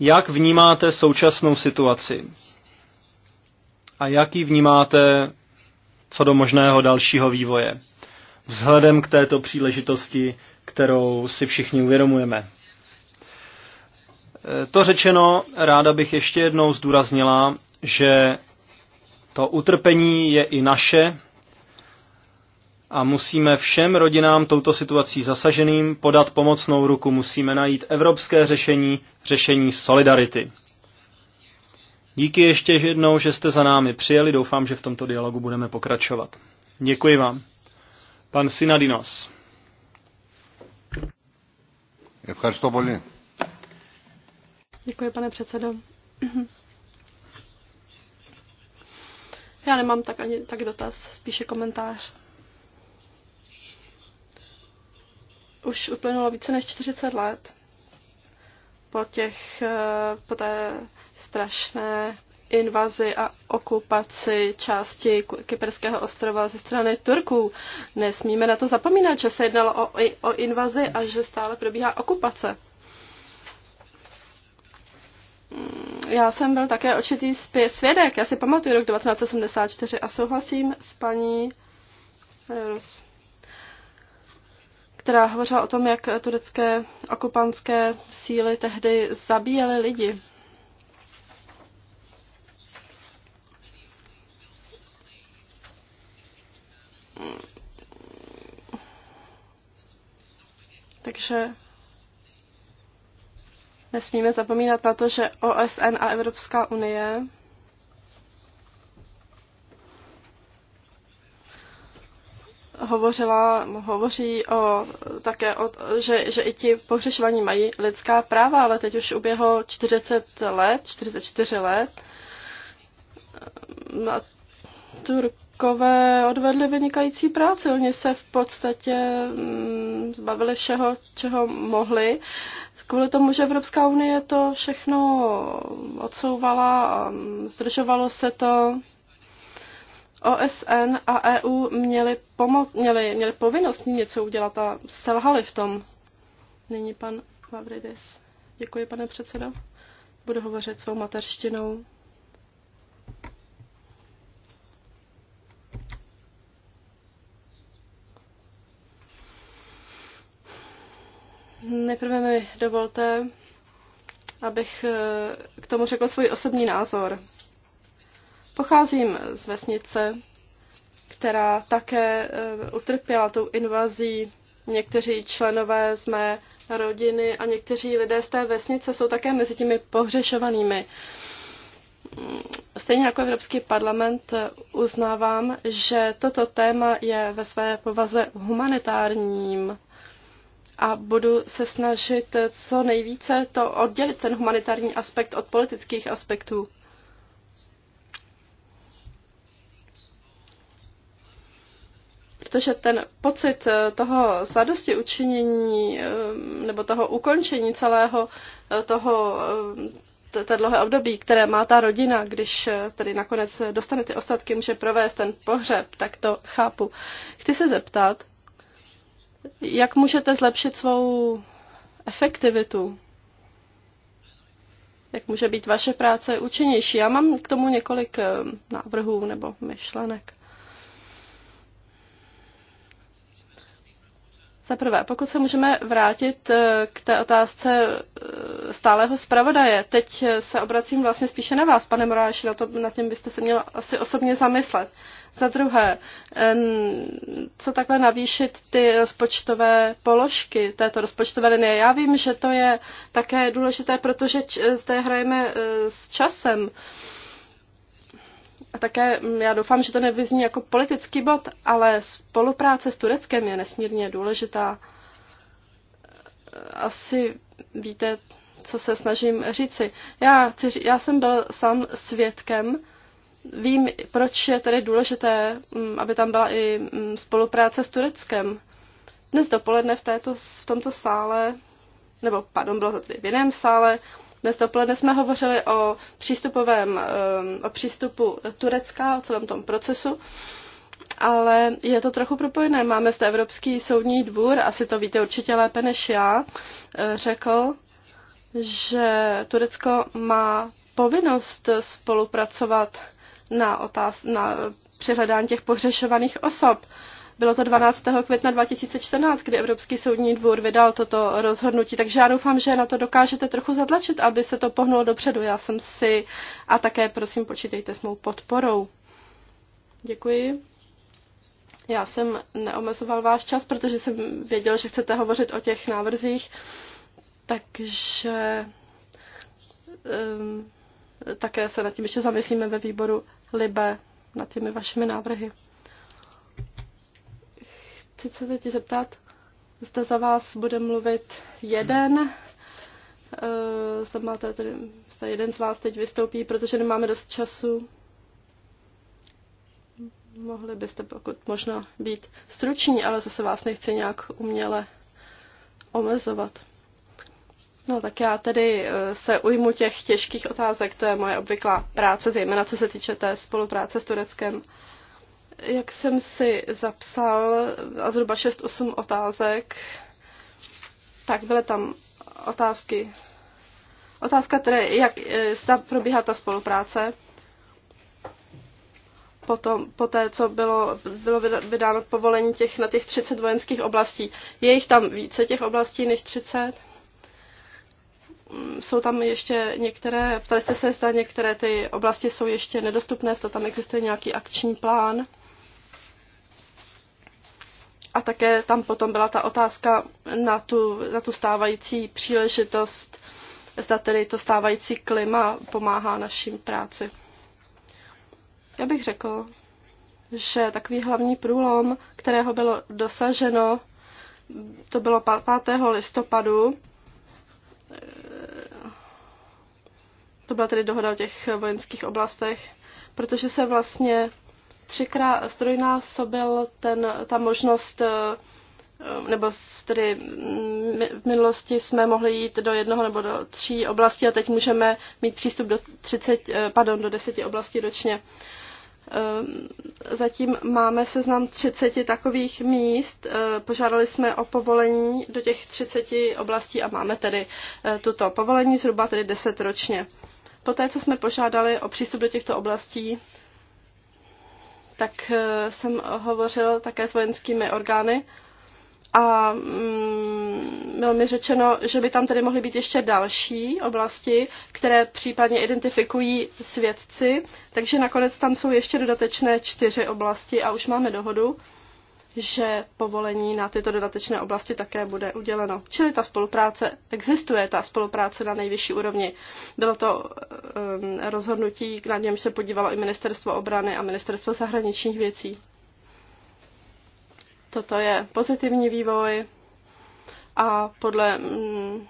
jak vnímáte současnou situaci? A jaký vnímáte co do možného dalšího vývoje? Vzhledem k této příležitosti, kterou si všichni uvědomujeme. E, to řečeno, ráda bych ještě jednou zdůraznila, že to utrpení je i naše a musíme všem rodinám touto situací zasaženým podat pomocnou ruku. Musíme najít evropské řešení, řešení solidarity. Díky ještě jednou, že jste za námi přijeli. Doufám, že v tomto dialogu budeme pokračovat. Děkuji vám. Pan Sinadinos. Děkuji, pane předsedo. Já nemám tak ani tak dotaz, spíše komentář. už uplynulo více než 40 let po, těch, eh, po té strašné invazi a okupaci části Kyperského ostrova ze strany Turků. Nesmíme na to zapomínat, že se jednalo o, o invazi a že stále probíhá okupace. Mm, já jsem byl také očitý svědek. Já si pamatuju rok 1974 a souhlasím s paní Rus která hovořila o tom, jak turecké okupantské síly tehdy zabíjely lidi. Takže nesmíme zapomínat na to, že OSN a Evropská unie hovořila, hovoří o, také, o, že, že i ti pohřešovaní mají lidská práva, ale teď už uběhlo 40 let, 44 let. A Turkové odvedli vynikající práci. Oni se v podstatě mm, zbavili všeho, čeho mohli. Kvůli tomu, že Evropská unie to všechno odsouvala, mm, zdržovalo se to, OSN a EU měli, pomo- měli, měli povinnost něco udělat a selhali v tom. Nyní pan Vavridis. Děkuji, pane předsedo. Budu hovořit svou mateřštinou. Nejprve mi dovolte, abych eh, k tomu řekl svůj osobní názor. Pocházím z vesnice, která také e, utrpěla tou invazí. Někteří členové z mé rodiny a někteří lidé z té vesnice jsou také mezi těmi pohřešovanými. Stejně jako Evropský parlament e, uznávám, že toto téma je ve své povaze humanitárním a budu se snažit co nejvíce to oddělit ten humanitární aspekt od politických aspektů. protože ten pocit eh, toho sladosti učinění eh, nebo toho ukončení celého eh, toho té dlouhé období, které má ta rodina, když tedy nakonec dostane ty ostatky, může provést ten pohřeb, tak to chápu. Chci se zeptat, jak můžete zlepšit svou efektivitu? Jak může být vaše práce účinnější? Já mám k tomu několik návrhů nebo myšlenek. Za prvé, pokud se můžeme vrátit eh, k té otázce eh, stálého zpravodaje, teď eh, se obracím vlastně spíše na vás, pane Moráši, na, to, na tím byste se měl asi osobně zamyslet. Za druhé, co takhle navýšit ty rozpočtové položky této rozpočtové linie? Já vím, že to je také důležité, protože zde hrajeme s časem. A také mm, já doufám, že to nevyzní jako politický bod, ale spolupráce s Tureckem je nesmírně důležitá. Asi víte, co se snažím říci. Já, já jsem byl sám svědkem, vím, proč je tedy důležité, mm, aby tam byla i mm, spolupráce s Tureckem. Dnes dopoledne v, této, v tomto sále, nebo pardon, bylo to tedy v jiném sále, dnes dopoledne jsme hovořili o, přístupovém, ehm, o přístupu Turecka, o celém tom procesu, ale je to trochu propojené. Máme zde Evropský soudní dvůr, asi to víte určitě lépe než já, eh, řekl, že Turecko má povinnost spolupracovat na, otáz- na přihledání těch pohřešovaných osob. Bylo to 12. května 2014, kdy Evropský soudní dvůr vydal toto rozhodnutí, takže já doufám, že na to dokážete trochu zatlačit, aby se to pohnulo dopředu. Já jsem si a také prosím počítejte s mou podporou. Děkuji. Já jsem neomezoval váš čas, protože jsem věděl, že chcete hovořit o těch návrzích, takže um, také se nad tím ještě zamyslíme ve výboru Libe, nad těmi vašimi návrhy. Chci se teď zeptat, zda za vás bude mluvit jeden, eh, zda, máte tady zda jeden z vás teď vystoupí, protože nemáme dost času. Mohli byste pokud možno být struční, ale zase vás nechci nějak uměle omezovat. No tak já tedy eh, se ujmu těch těžkých otázek, to je moje obvyklá práce, zejména co se týče té spolupráce s Tureckem jak jsem si zapsal, a zhruba 6-8 otázek, tak byly tam otázky. Otázka které, jak e, zda probíhá ta spolupráce potom, po té, co bylo, bylo vydáno povolení těch, na těch 30 vojenských oblastí. Je jich tam více těch oblastí než 30? Mm, jsou tam ještě některé, ptali jste se, zda některé ty oblasti jsou ještě nedostupné, zda tam existuje nějaký akční plán a také tam potom byla ta otázka na tu, na tu stávající příležitost, zda tedy to stávající klima pomáhá našim práci. Já bych řekl, že takový hlavní průlom, kterého bylo dosaženo, to bylo 5. listopadu, eh, to byla tedy dohoda o těch vojenských oblastech, protože se vlastně třikrát strojnásobil ten, ta možnost eh, nebo tedy v minulosti jsme mohli jít do jednoho nebo do tří oblastí a teď můžeme mít přístup do, 30, eh, pardon, do deseti oblastí ročně. Ehm, zatím máme seznam 30 takových míst. Eh, požádali jsme o povolení do těch 30 oblastí a máme tedy tuto povolení zhruba tedy 10 ročně. Poté, co jsme požádali o přístup do těchto oblastí, tak eh, jsem hovořil také s vojenskými orgány a mm, bylo mi řečeno, že by tam tedy mohly být ještě další oblasti, které případně identifikují svědci, takže nakonec tam jsou ještě dodatečné čtyři oblasti a už máme dohodu že povolení na tyto dodatečné oblasti také bude uděleno. Čili ta spolupráce existuje, ta spolupráce na nejvyšší úrovni. Bylo to um, rozhodnutí, na něm se podívalo i Ministerstvo obrany a Ministerstvo zahraničních věcí. Toto je pozitivní vývoj a podle. Mm,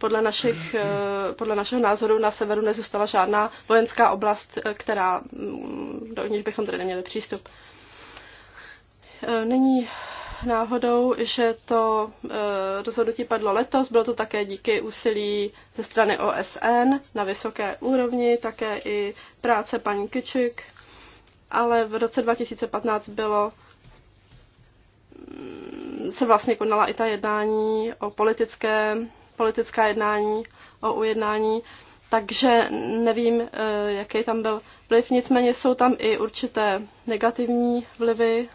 podle, našich, eh, podle našeho názoru na severu nezůstala žádná vojenská oblast, eh, která, mm, do níž bychom tedy neměli přístup. Eh, není náhodou, že to eh, rozhodnutí padlo letos. Bylo to také díky úsilí ze strany OSN na vysoké úrovni, také i práce paní Kyčik. Ale v roce 2015 bylo mm, se vlastně konala i ta jednání o politické, politická jednání, o ujednání, takže nevím, eh, jaký tam byl vliv. Nicméně jsou tam i určité negativní vlivy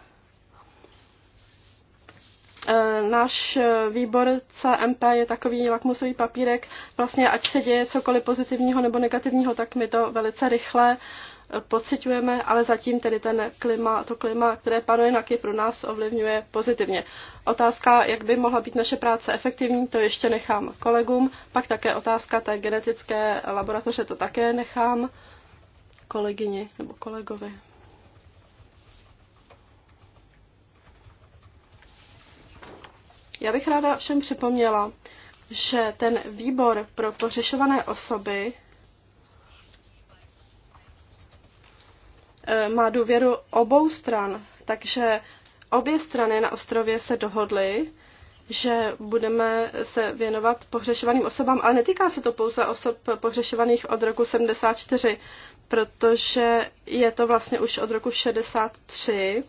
Eh, náš eh, výbor CMP je takový lakmusový papírek. Vlastně ať se děje cokoliv pozitivního nebo negativního, tak my to velice rychle eh, pocitujeme. ale zatím tedy ten klima, to klima, které panuje na pro nás ovlivňuje pozitivně. Otázka, jak by mohla být naše práce efektivní, to ještě nechám kolegům. Pak také otázka té genetické laboratoře, to také nechám kolegyni nebo kolegovi. Já bych ráda všem připomněla, že ten výbor pro pořešované osoby eh, má důvěru obou stran, takže obě strany na ostrově se dohodly, že budeme se věnovat pohřešovaným osobám, ale netýká se to pouze osob pohřešovaných od roku 74, protože je to vlastně už od roku 63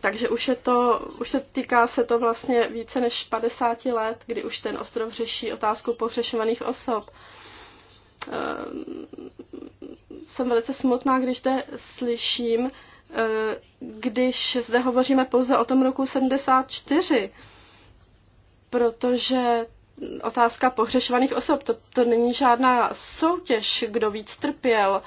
takže už, je to, už se týká se to vlastně více než 50 let, kdy už ten ostrov řeší otázku pohřešovaných osob. Ehm, jsem velice smutná, když zde slyším, ehm, když zde hovoříme pouze o tom roku 74, protože otázka pohřešovaných osob, to, to není žádná soutěž, kdo víc trpěl,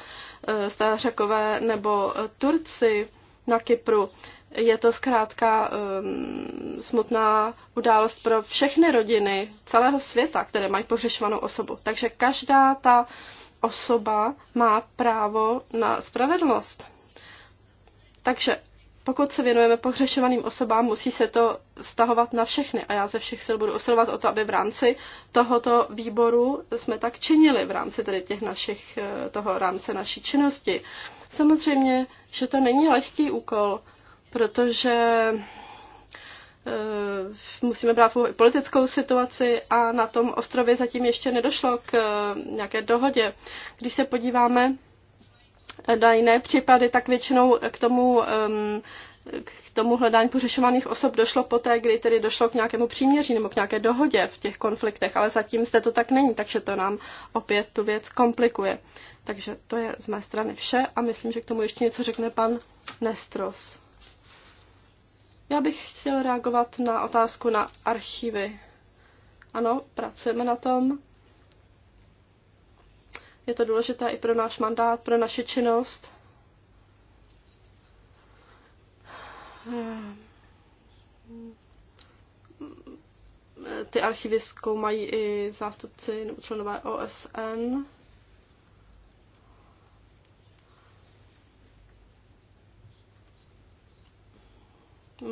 Stařakové ehm, nebo eh, Turci na Kypru. Je to zkrátka um, smutná událost pro všechny rodiny celého světa, které mají pohřešovanou osobu. Takže každá ta osoba má právo na spravedlnost. Takže pokud se věnujeme pohřešovaným osobám, musí se to stahovat na všechny. A já ze všech sil budu usilovat o to, aby v rámci tohoto výboru jsme tak činili, v rámci tedy těch našich, eh, toho rámce naší činnosti. Samozřejmě, že to není lehký úkol, protože eh, musíme brát v politickou situaci a na tom ostrově zatím ještě nedošlo k eh, nějaké dohodě. Když se podíváme na jiné případy, tak většinou k tomu um, k tomu hledání pořešovaných osob došlo poté, kdy tedy došlo k nějakému příměří nebo k nějaké dohodě v těch konfliktech, ale zatím zde to tak není, takže to nám opět tu věc komplikuje. Takže to je z mé strany vše a myslím, že k tomu ještě něco řekne pan Nestros. Já bych chtěl reagovat na otázku na archivy. Ano, pracujeme na tom. Je to důležité i pro náš mandát, pro naši činnost. Ty archivy zkoumají i zástupci nebo členové OSN.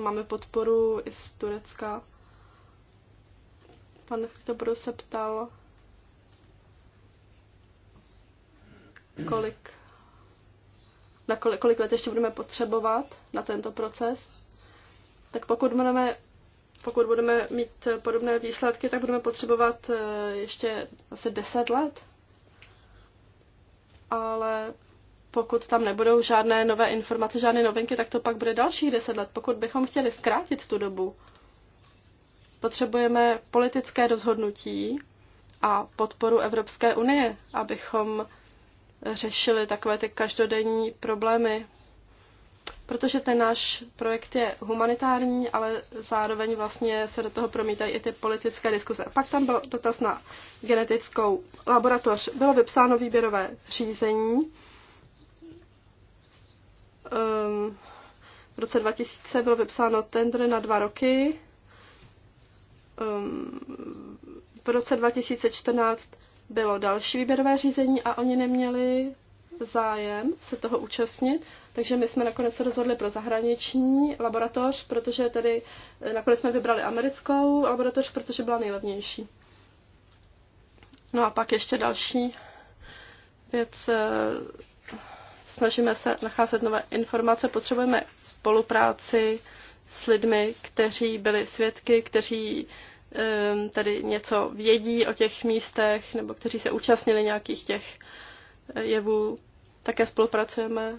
Máme podporu i z Turecka. Pan Fiktobro se ptal, kolik na kolik, kolik let ještě budeme potřebovat na tento proces, tak pokud budeme, pokud budeme mít podobné výsledky, tak budeme potřebovat eh, ještě asi 10 let. Ale pokud tam nebudou žádné nové informace, žádné novinky, tak to pak bude dalších 10 let. Pokud bychom chtěli zkrátit tu dobu, potřebujeme politické rozhodnutí a podporu Evropské unie, abychom řešili takové ty každodenní problémy. Protože ten náš projekt je humanitární, ale zároveň vlastně se do toho promítají i ty politické diskuze. Pak tam byl dotaz na genetickou laboratoř. Bylo vypsáno výběrové řízení. Um, v roce 2000 bylo vypsáno tender na dva roky. Um, v roce 2014 bylo další výběrové řízení a oni neměli zájem se toho účastnit, takže my jsme nakonec se rozhodli pro zahraniční laboratoř, protože tedy eh, nakonec jsme vybrali americkou laboratoř, protože byla nejlevnější. No a pak ještě další věc. Eh, snažíme se nacházet nové informace, potřebujeme spolupráci s lidmi, kteří byli svědky, kteří Ehm, tedy něco vědí o těch místech nebo kteří se účastnili nějakých těch eh, jevů. Také spolupracujeme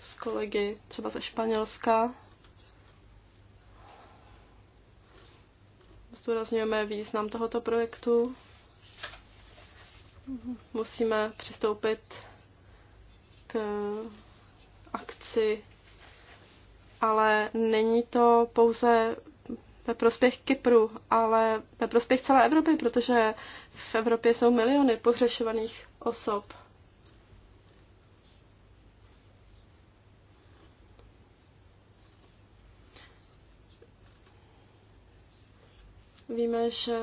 s kolegy třeba ze Španělska. Zdůrazňujeme význam tohoto projektu. Musíme přistoupit k akci, ale není to pouze ve prospěch Kypru, ale ve prospěch celé Evropy, protože v Evropě jsou miliony pohřešovaných osob. Víme, že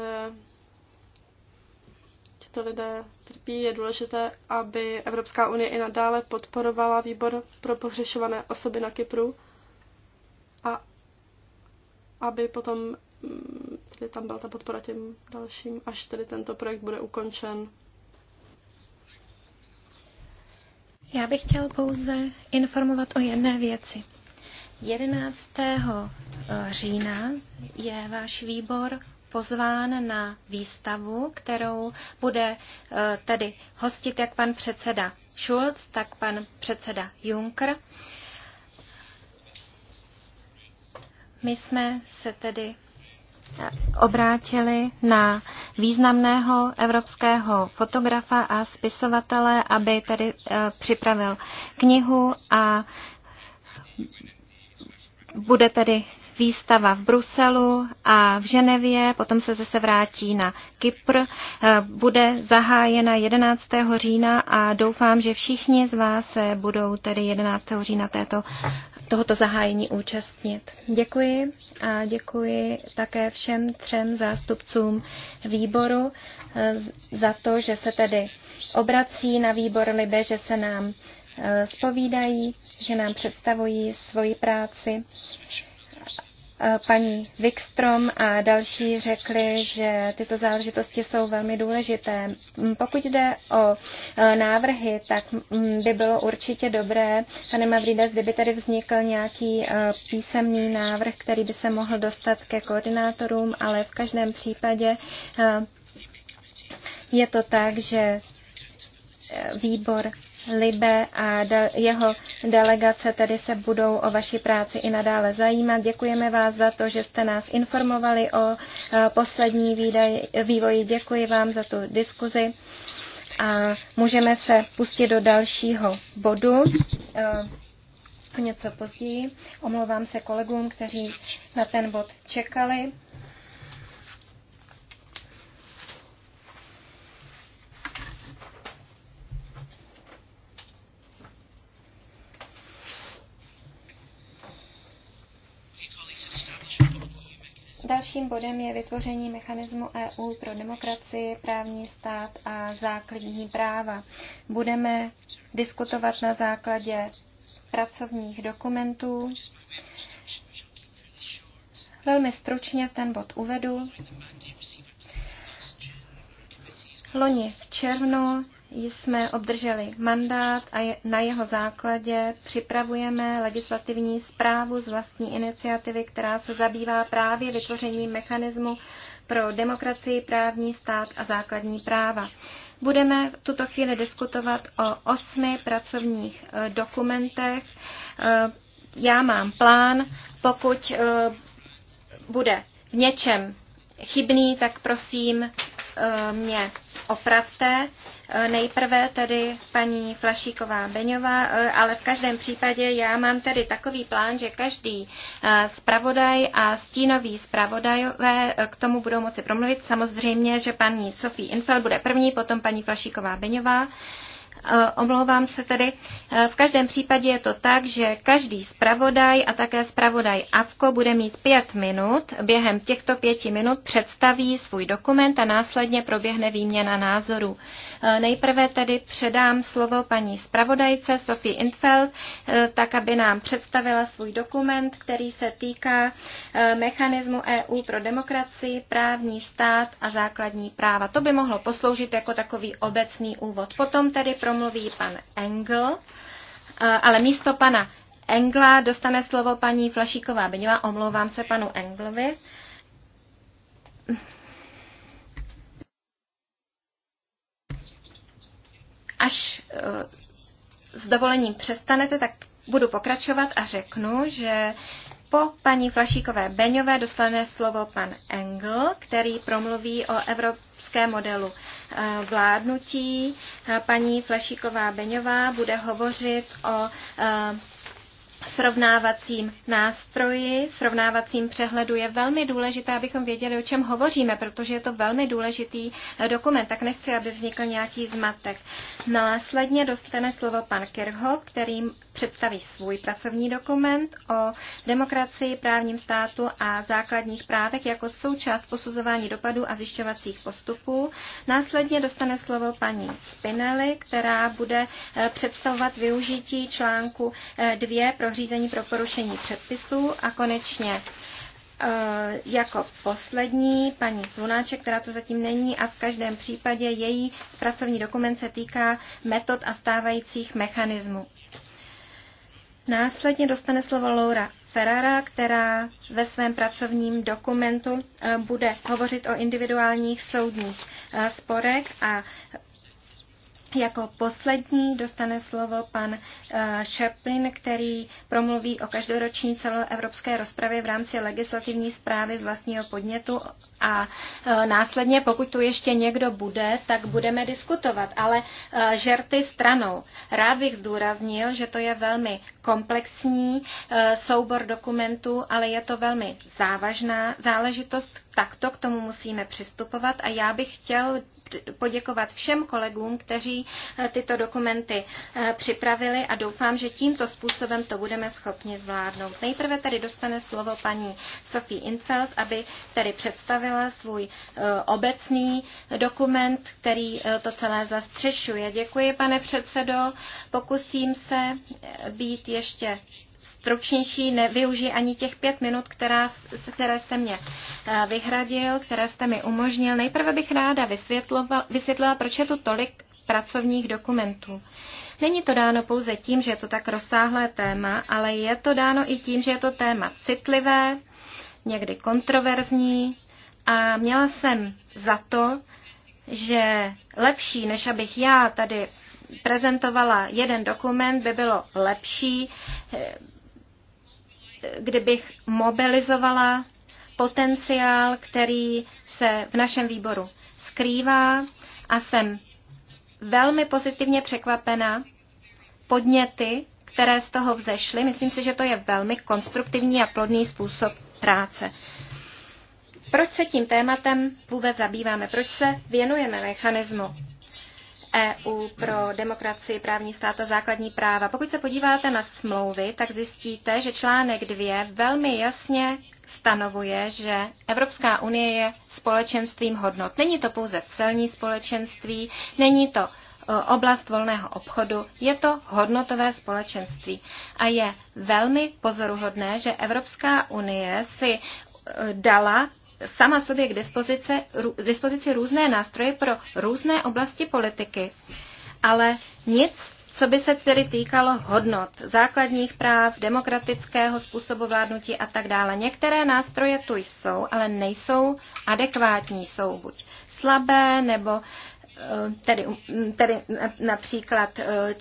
to lidé trpí, je důležité, aby Evropská unie i nadále podporovala výbor pro pohřešované osoby na Kypru a aby potom mm, tedy tam byla ta podpora těm dalším, až tedy tento projekt bude ukončen. Já bych chtěl pouze informovat o jedné věci. 11. E, října je váš výbor pozván na výstavu, kterou bude e, tedy hostit jak pan předseda Schulz, tak pan předseda Juncker. My jsme se tedy obrátili na významného evropského fotografa a spisovatele, aby tady eh, připravil knihu a bude tady výstava v Bruselu a v Ženevě, potom se zase vrátí na Kypr. Eh, bude zahájena 11. října a doufám, že všichni z vás se budou tedy 11. října této tohoto zahájení účastnit. Děkuji a děkuji také všem třem zástupcům výboru eh, za to, že se tedy obrací na výbor Libe, že se nám spovídají, eh, že nám představují svoji práci. Eh, paní Wikstrom a další řekli, že tyto záležitosti jsou velmi důležité. Mm, pokud jde o eh, návrhy, tak mm, by bylo určitě dobré, pane Mavrides, kdyby tady vznikl nějaký eh, písemný návrh, který by se mohl dostat ke koordinátorům, ale v každém případě je to tak, že výbor Libe a jeho delegace tedy se budou o vaši práci i nadále zajímat. Děkujeme vás za to, že jste nás informovali o e, poslední výdaj, vývoji. Děkuji vám za tu diskuzi a můžeme se pustit do dalšího bodu. E, něco později. Omlouvám se kolegům, kteří na ten bod čekali. Dalším bodem je vytvoření mechanismu EU pro demokracii, právní stát a základní práva. Budeme diskutovat na základě pracovních dokumentů. Velmi stručně ten bod uvedu. Loni v červnu jsme obdrželi mandát a na jeho základě připravujeme legislativní zprávu z vlastní iniciativy, která se zabývá právě vytvořením mechanismu pro demokracii, právní stát a základní práva. Budeme v tuto chvíli diskutovat o osmi pracovních e, dokumentech. E, já mám plán, pokud e, bude v něčem chybný, tak prosím Eh, mě opravte. Eh, nejprve tedy paní Flašíková Beňová, eh, ale v každém případě já mám tedy takový plán, že každý zpravodaj a stínový zpravodajové k tomu budou moci promluvit. Samozřejmě, že paní Sofie Infel bude první, potom paní Flašíková Beňová. Eh, omlouvám se tedy. Eh, v každém případě je to tak, že každý zpravodaj a také zpravodaj AVKO bude mít pět minut. Během těchto pěti minut představí svůj dokument a následně proběhne výměna názorů. Eh, nejprve tedy předám slovo paní zpravodajce Sofie Intfeld, tak aby nám představila svůj dokument, který se týká mechanismu EU pro demokracii, právní stát a základní práva. To by mohlo posloužit jako takový obecný úvod. Potom tedy pro promluví pan Engel, eh, ale místo pana Engla dostane slovo paní Flašíková Beňová. Omlouvám se panu Englovi. Až eh, s dovolením přestanete, tak budu pokračovat a řeknu, že po paní Flašíkové Beňové dostane slovo pan Engel, který promluví o Evropě evropské modelu eh, vládnutí. Eh, paní Flašíková Beňová bude hovořit o eh, srovnávacím nástroji, srovnávacím přehledu je velmi důležité, abychom věděli, o čem hovoříme, protože je to velmi důležitý dokument, tak nechci, aby vznikl nějaký zmatek. Následně dostane slovo pan Kirchhoff, který představí svůj pracovní dokument o demokracii, právním státu a základních právech jako součást posuzování dopadů a zjišťovacích postupů. Následně dostane slovo paní Spinelli, která bude eh, představovat využití článku 2 eh, pro řízení pro porušení předpisů a konečně eh, jako poslední paní Lunáček, která tu zatím není a v každém případě její pracovní dokument se týká metod a stávajících mechanismů. Následně dostane slovo Laura Ferrara, která ve svém pracovním dokumentu eh, bude hovořit o individuálních soudních eh, sporech a jako poslední dostane slovo pan Šeplin, eh, který promluví o každoroční celoevropské rozpravě v rámci legislativní zprávy z vlastního podnětu a eh, následně, pokud tu ještě někdo bude, tak budeme diskutovat. Ale eh, žerty stranou. Rád bych zdůraznil, že to je velmi komplexní soubor dokumentů, ale je to velmi závažná záležitost, takto k tomu musíme přistupovat a já bych chtěl poděkovat všem kolegům, kteří eh, tyto dokumenty eh, připravili a doufám, že tímto způsobem to budeme schopni zvládnout. Nejprve tady dostane slovo paní Sophie Infeld, aby tady představila svůj eh, obecný dokument, který to celé zastřešuje. Děkuji, pane předsedo. Pokusím se být ještě stručnější, nevyužiji ani těch pět minut, která, které jste mě eh, vyhradil, které jste mi umožnil. Nejprve bych ráda vysvětlila, proč je tu tolik pracovních dokumentů. Není to dáno pouze tím, že je to tak rozsáhlé téma, ale je to dáno i tím, že je to téma citlivé, někdy kontroverzní a měla jsem za to, že lepší, než abych já tady prezentovala jeden dokument, by bylo lepší eh, kdybych mobilizovala potenciál, který se v našem výboru skrývá a jsem velmi pozitivně překvapena podněty, které z toho vzešly. Myslím si, že to je velmi konstruktivní a plodný způsob práce. Proč se tím tématem vůbec zabýváme? Proč se věnujeme mechanismu EU pro demokracii, právní stát a základní práva. Pokud se podíváte na smlouvy, tak zjistíte, že článek 2 velmi jasně stanovuje, že Evropská unie je společenstvím hodnot. Není to pouze celní společenství, není to e, oblast volného obchodu, je to hodnotové společenství. A je velmi pozoruhodné, že Evropská unie si e, dala sama sobě k dispozici, rů, dispozici různé nástroje pro různé oblasti politiky, ale nic, co by se tedy týkalo hodnot, základních práv, demokratického způsobu vládnutí a tak dále. Některé nástroje tu jsou, ale nejsou adekvátní, jsou buď slabé nebo Eh, tedy, um, tedy například eh,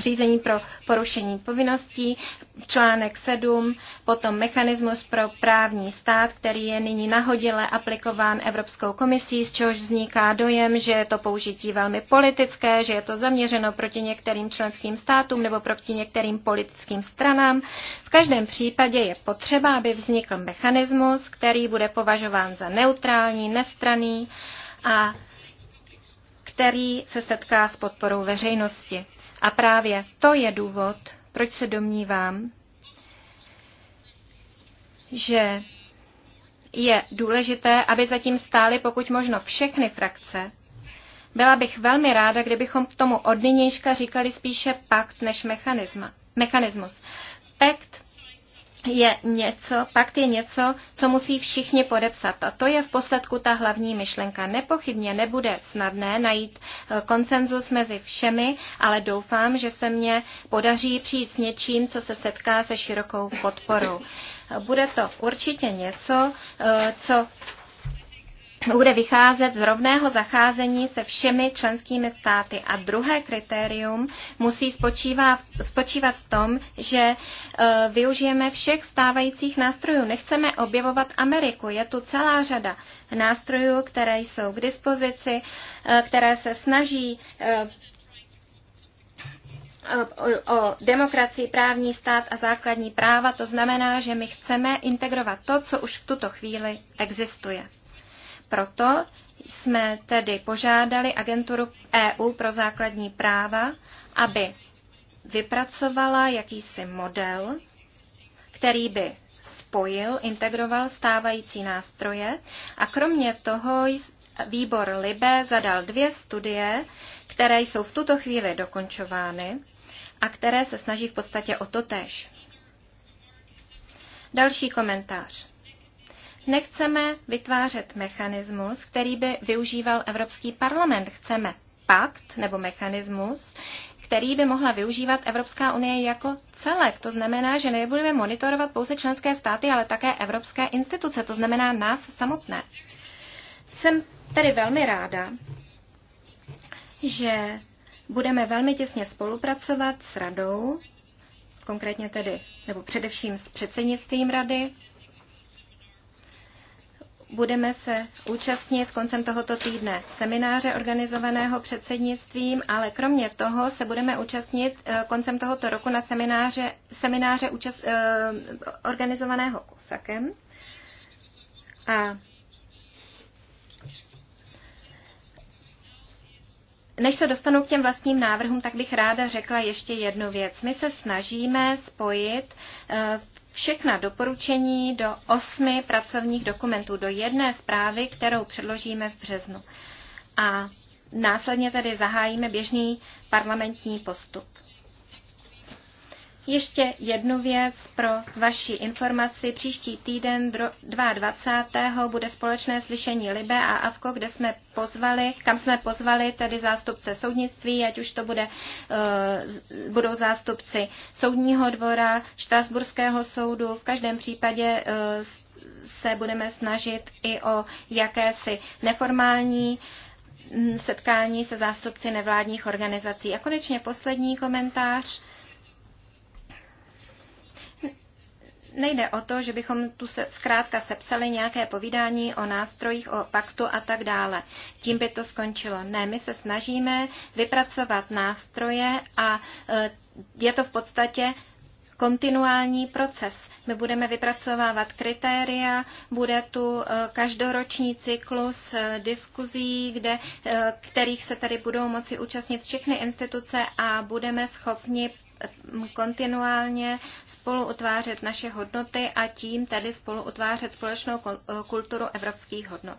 řízení pro porušení povinností, článek 7, potom mechanismus pro právní stát, který je nyní nahodile aplikován Evropskou komisí, z čehož vzniká dojem, že je to použití velmi politické, že je to zaměřeno proti některým členským státům nebo proti některým politickým stranám. V každém případě je potřeba, aby vznikl mechanismus, který bude považován za neutrální, nestraný a který se setká s podporou veřejnosti. A právě to je důvod, proč se domnívám, že je důležité, aby zatím stály pokud možno všechny frakce. Byla bych velmi ráda, kdybychom k tomu od nynějška říkali spíše pakt než mechanismus. Pakt je něco, pakt je něco, co musí všichni podepsat. A to je v posledku ta hlavní myšlenka. Nepochybně nebude snadné najít eh, konsenzus mezi všemi, ale doufám, že se mě podaří přijít s něčím, co se setká se širokou podporou. Bude to určitě něco, eh, co bude vycházet z rovného zacházení se všemi členskými státy. A druhé kritérium musí spočívat, v tom, že e, využijeme všech stávajících nástrojů. Nechceme objevovat Ameriku. Je tu celá řada nástrojů, které jsou k dispozici, e, které se snaží e, o, o demokracii, právní stát a základní práva. To znamená, že my chceme integrovat to, co už v tuto chvíli existuje. Proto jsme tedy požádali agenturu EU pro základní práva, aby vypracovala jakýsi model, který by spojil, integroval stávající nástroje a kromě toho výbor Libe zadal dvě studie, které jsou v tuto chvíli dokončovány a které se snaží v podstatě o to tež. Další komentář. Nechceme vytvářet mechanismus, který by využíval Evropský parlament. Chceme pakt nebo mechanismus, který by mohla využívat Evropská unie jako celek. To znamená, že nebudeme monitorovat pouze členské státy, ale také evropské instituce, to znamená nás samotné. Jsem tedy velmi ráda, že budeme velmi těsně spolupracovat s radou, konkrétně tedy, nebo především s předsednictvím rady, budeme se účastnit koncem tohoto týdne semináře organizovaného předsednictvím, ale kromě toho se budeme účastnit eh, koncem tohoto roku na semináře, semináře účast, eh, organizovaného Kosakem. A Než se dostanu k těm vlastním návrhům, tak bych ráda řekla ještě jednu věc. My se snažíme spojit v eh, všechna doporučení do osmi pracovních dokumentů, do jedné zprávy, kterou předložíme v březnu. A následně tedy zahájíme běžný parlamentní postup. Ještě jednu věc pro vaši informaci. Příští týden 22. bude společné slyšení Libe a Avko, kde jsme pozvali, kam jsme pozvali tedy zástupce soudnictví, ať už to bude, eh, budou zástupci soudního dvora, Štrasburského soudu. V každém případě eh, se budeme snažit i o jakési neformální hm, setkání se zástupci nevládních organizací. A konečně poslední komentář nejde o to, že bychom tu se, zkrátka sepsali nějaké povídání o nástrojích, o paktu a tak dále. Tím by to skončilo. Ne, my se snažíme vypracovat nástroje a e, je to v podstatě kontinuální proces. My budeme vypracovávat kritéria, bude tu e, každoroční cyklus e, diskuzí, kde, kterých se tady budou moci účastnit všechny instituce a budeme schopni kontinuálně spolu utvářet naše hodnoty a tím tedy spolu utvářet společnou kulturu evropských hodnot.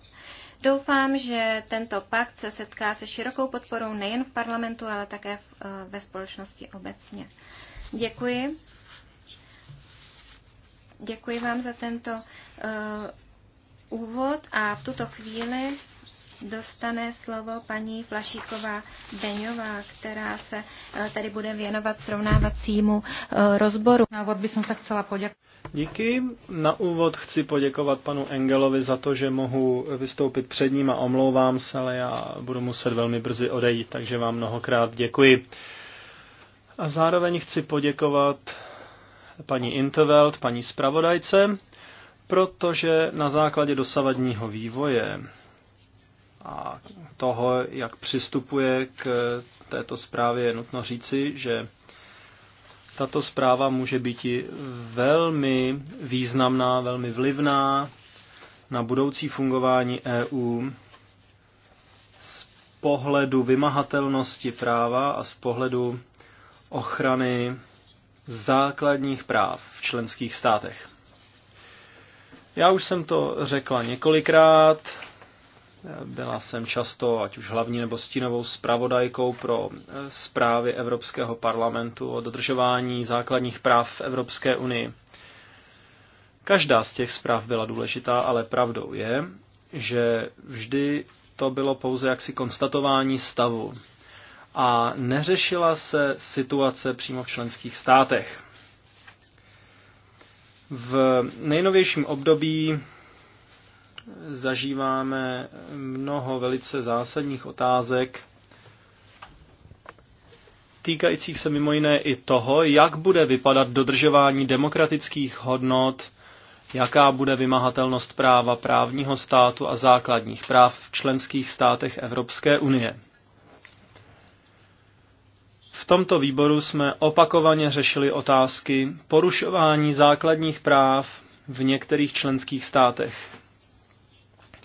Doufám, že tento pakt se setká se širokou podporou nejen v parlamentu, ale také eh, ve společnosti obecně. Děkuji. Děkuji vám za tento uh, úvod a v tuto chvíli dostane slovo paní Flašíková Beňová, která se eh, tady bude věnovat srovnávacímu eh, rozboru. Na úvod bych tak chcela poděkovat. Díky. Na úvod chci poděkovat panu Engelovi za to, že mohu vystoupit před ním a omlouvám se, ale já budu muset velmi brzy odejít, takže vám mnohokrát děkuji. A zároveň chci poděkovat paní Intervelt, paní zpravodajce, protože na základě dosavadního vývoje a toho, jak přistupuje k této zprávě, je nutno říci, že tato zpráva může být i velmi významná, velmi vlivná na budoucí fungování EU z pohledu vymahatelnosti práva a z pohledu ochrany základních práv v členských státech. Já už jsem to řekla několikrát, byla jsem často, ať už hlavní nebo stínovou zpravodajkou pro eh, zprávy Evropského parlamentu o dodržování základních práv v Evropské unii. Každá z těch zpráv byla důležitá, ale pravdou je, že vždy to bylo pouze jaksi konstatování stavu a neřešila se situace přímo v členských státech. V nejnovějším období zažíváme mnoho velice zásadních otázek, týkajících se mimo jiné i toho, jak bude vypadat dodržování demokratických hodnot, jaká bude vymahatelnost práva právního státu a základních práv v členských státech Evropské unie. V tomto výboru jsme opakovaně řešili otázky porušování základních práv v některých členských státech.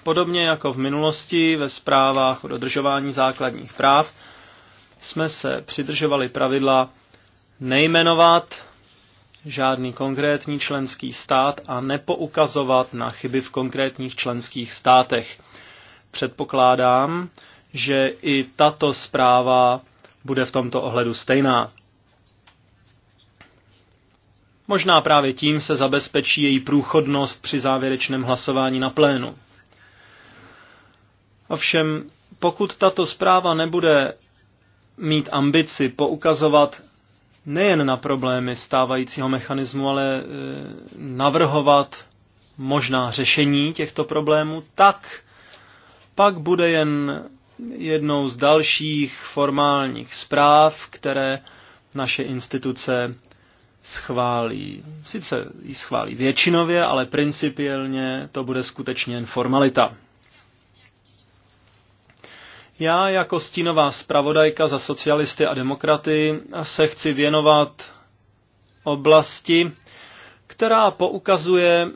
Podobně jako v minulosti ve zprávách o dodržování základních práv jsme se přidržovali pravidla nejmenovat žádný konkrétní členský stát a nepoukazovat na chyby v konkrétních členských státech. Předpokládám, že i tato zpráva bude v tomto ohledu stejná. Možná právě tím se zabezpečí její průchodnost při závěrečném hlasování na plénu. Ovšem, pokud tato zpráva nebude mít ambici poukazovat nejen na problémy stávajícího mechanismu, ale e, navrhovat možná řešení těchto problémů, tak pak bude jen jednou z dalších formálních zpráv, které naše instituce schválí. Sice ji schválí většinově, ale principiálně to bude skutečně jen formalita. Já jako stínová zpravodajka za socialisty a demokraty se chci věnovat oblasti, která poukazuje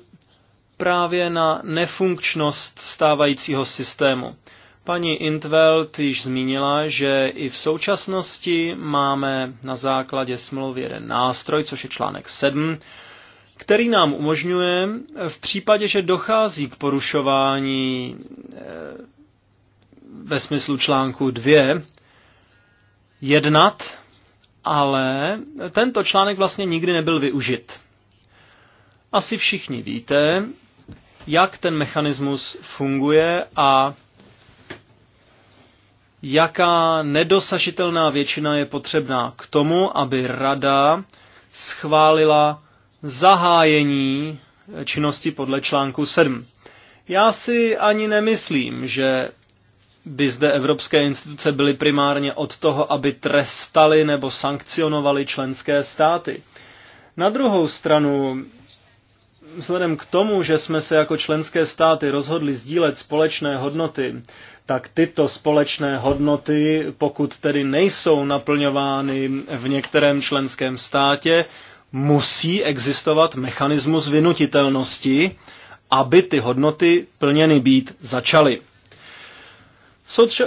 právě na nefunkčnost stávajícího systému. Paní Intveld již zmínila, že i v současnosti máme na základě smlouvy jeden nástroj, což je článek 7, který nám umožňuje v případě, že dochází k porušování eh, ve smyslu článku 2 jednat, ale tento článek vlastně nikdy nebyl využit. Asi všichni víte, jak ten mechanismus funguje a jaká nedosažitelná většina je potřebná k tomu, aby rada schválila zahájení činnosti podle článku 7. Já si ani nemyslím, že by zde evropské instituce byly primárně od toho, aby trestali nebo sankcionovali členské státy. Na druhou stranu, vzhledem k tomu, že jsme se jako členské státy rozhodli sdílet společné hodnoty, tak tyto společné hodnoty, pokud tedy nejsou naplňovány v některém členském státě, musí existovat mechanismus vynutitelnosti, aby ty hodnoty plněny být začaly.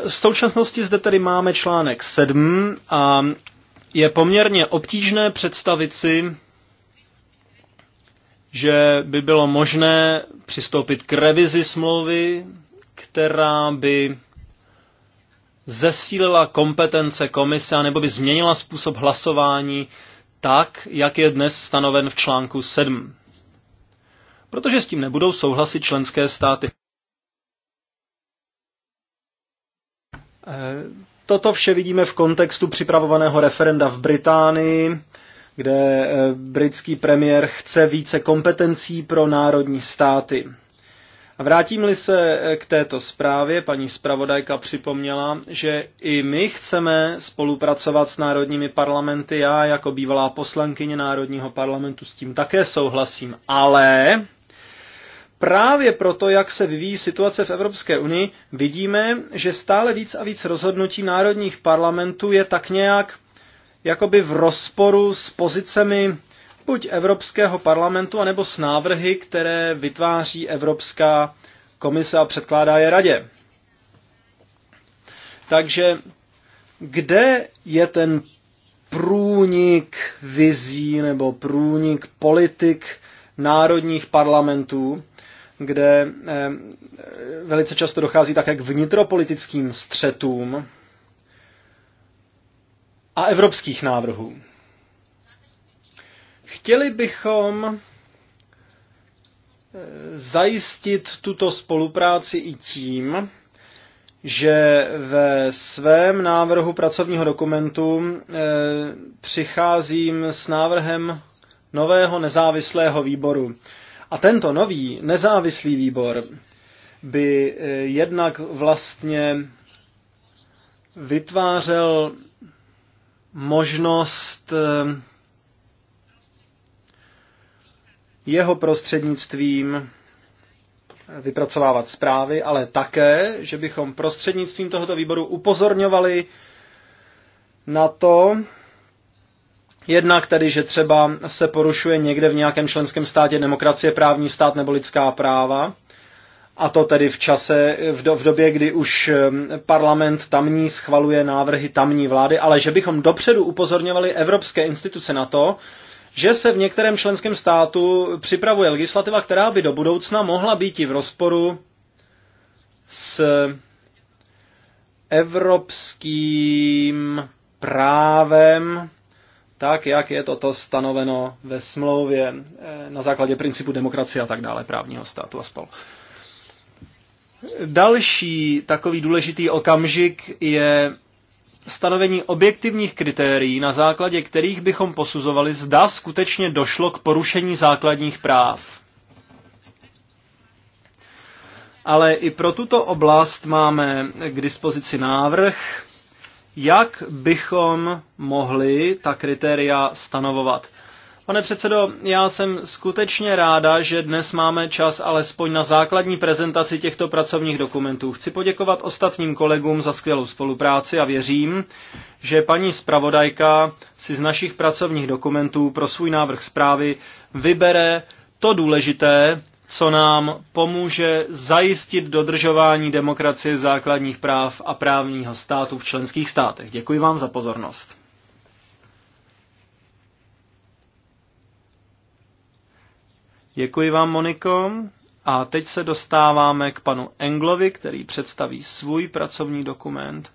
V současnosti zde tedy máme článek 7 a je poměrně obtížné představit si, že by bylo možné přistoupit k revizi smlouvy, která by zesílila kompetence komise nebo by změnila způsob hlasování tak, jak je dnes stanoven v článku 7. Protože s tím nebudou souhlasit členské státy. Toto vše vidíme v kontextu připravovaného referenda v Británii, kde eh, britský premiér chce více kompetencí pro národní státy. A vrátím-li se eh, k této zprávě, paní zpravodajka připomněla, že i my chceme spolupracovat s národními parlamenty. Já jako bývalá poslankyně Národního parlamentu s tím také souhlasím, ale Právě proto, jak se vyvíjí situace v Evropské unii, vidíme, že stále víc a víc rozhodnutí národních parlamentů je tak nějak jakoby v rozporu s pozicemi buď Evropského parlamentu, anebo s návrhy, které vytváří Evropská komise a předkládá je radě. Takže kde je ten průnik vizí nebo průnik politik národních parlamentů kde eh, velice často dochází také k vnitropolitickým střetům a evropských návrhů. Chtěli bychom eh, zajistit tuto spolupráci i tím, že ve svém návrhu pracovního dokumentu e, přicházím s návrhem nového nezávislého výboru. A tento nový nezávislý výbor by eh, jednak vlastně vytvářel možnost eh, jeho prostřednictvím vypracovávat zprávy, ale také, že bychom prostřednictvím tohoto výboru upozorňovali na to, Jednak tedy, že třeba se porušuje někde v nějakém členském státě demokracie, právní stát nebo lidská práva, a to tedy v čase, v, do, v době, kdy už parlament tamní schvaluje návrhy tamní vlády, ale že bychom dopředu upozorňovali evropské instituce na to, že se v některém členském státu připravuje legislativa, která by do budoucna mohla být i v rozporu s evropským právem tak, jak je toto stanoveno ve smlouvě eh, na základě principu demokracie a tak dále, právního státu a spolu. Další takový důležitý okamžik je stanovení objektivních kritérií, na základě kterých bychom posuzovali, zda skutečně došlo k porušení základních práv. Ale i pro tuto oblast máme k dispozici návrh, jak bychom mohli ta kritéria stanovovat. Pane předsedo, já jsem skutečně ráda, že dnes máme čas alespoň na základní prezentaci těchto pracovních dokumentů. Chci poděkovat ostatním kolegům za skvělou spolupráci a věřím, že paní zpravodajka si z našich pracovních dokumentů pro svůj návrh zprávy vybere to důležité, co nám pomůže zajistit dodržování demokracie základních práv a právního státu v členských státech. Děkuji vám za pozornost. Děkuji vám, Moniko. A teď se dostáváme k panu Englovi, který představí svůj pracovní dokument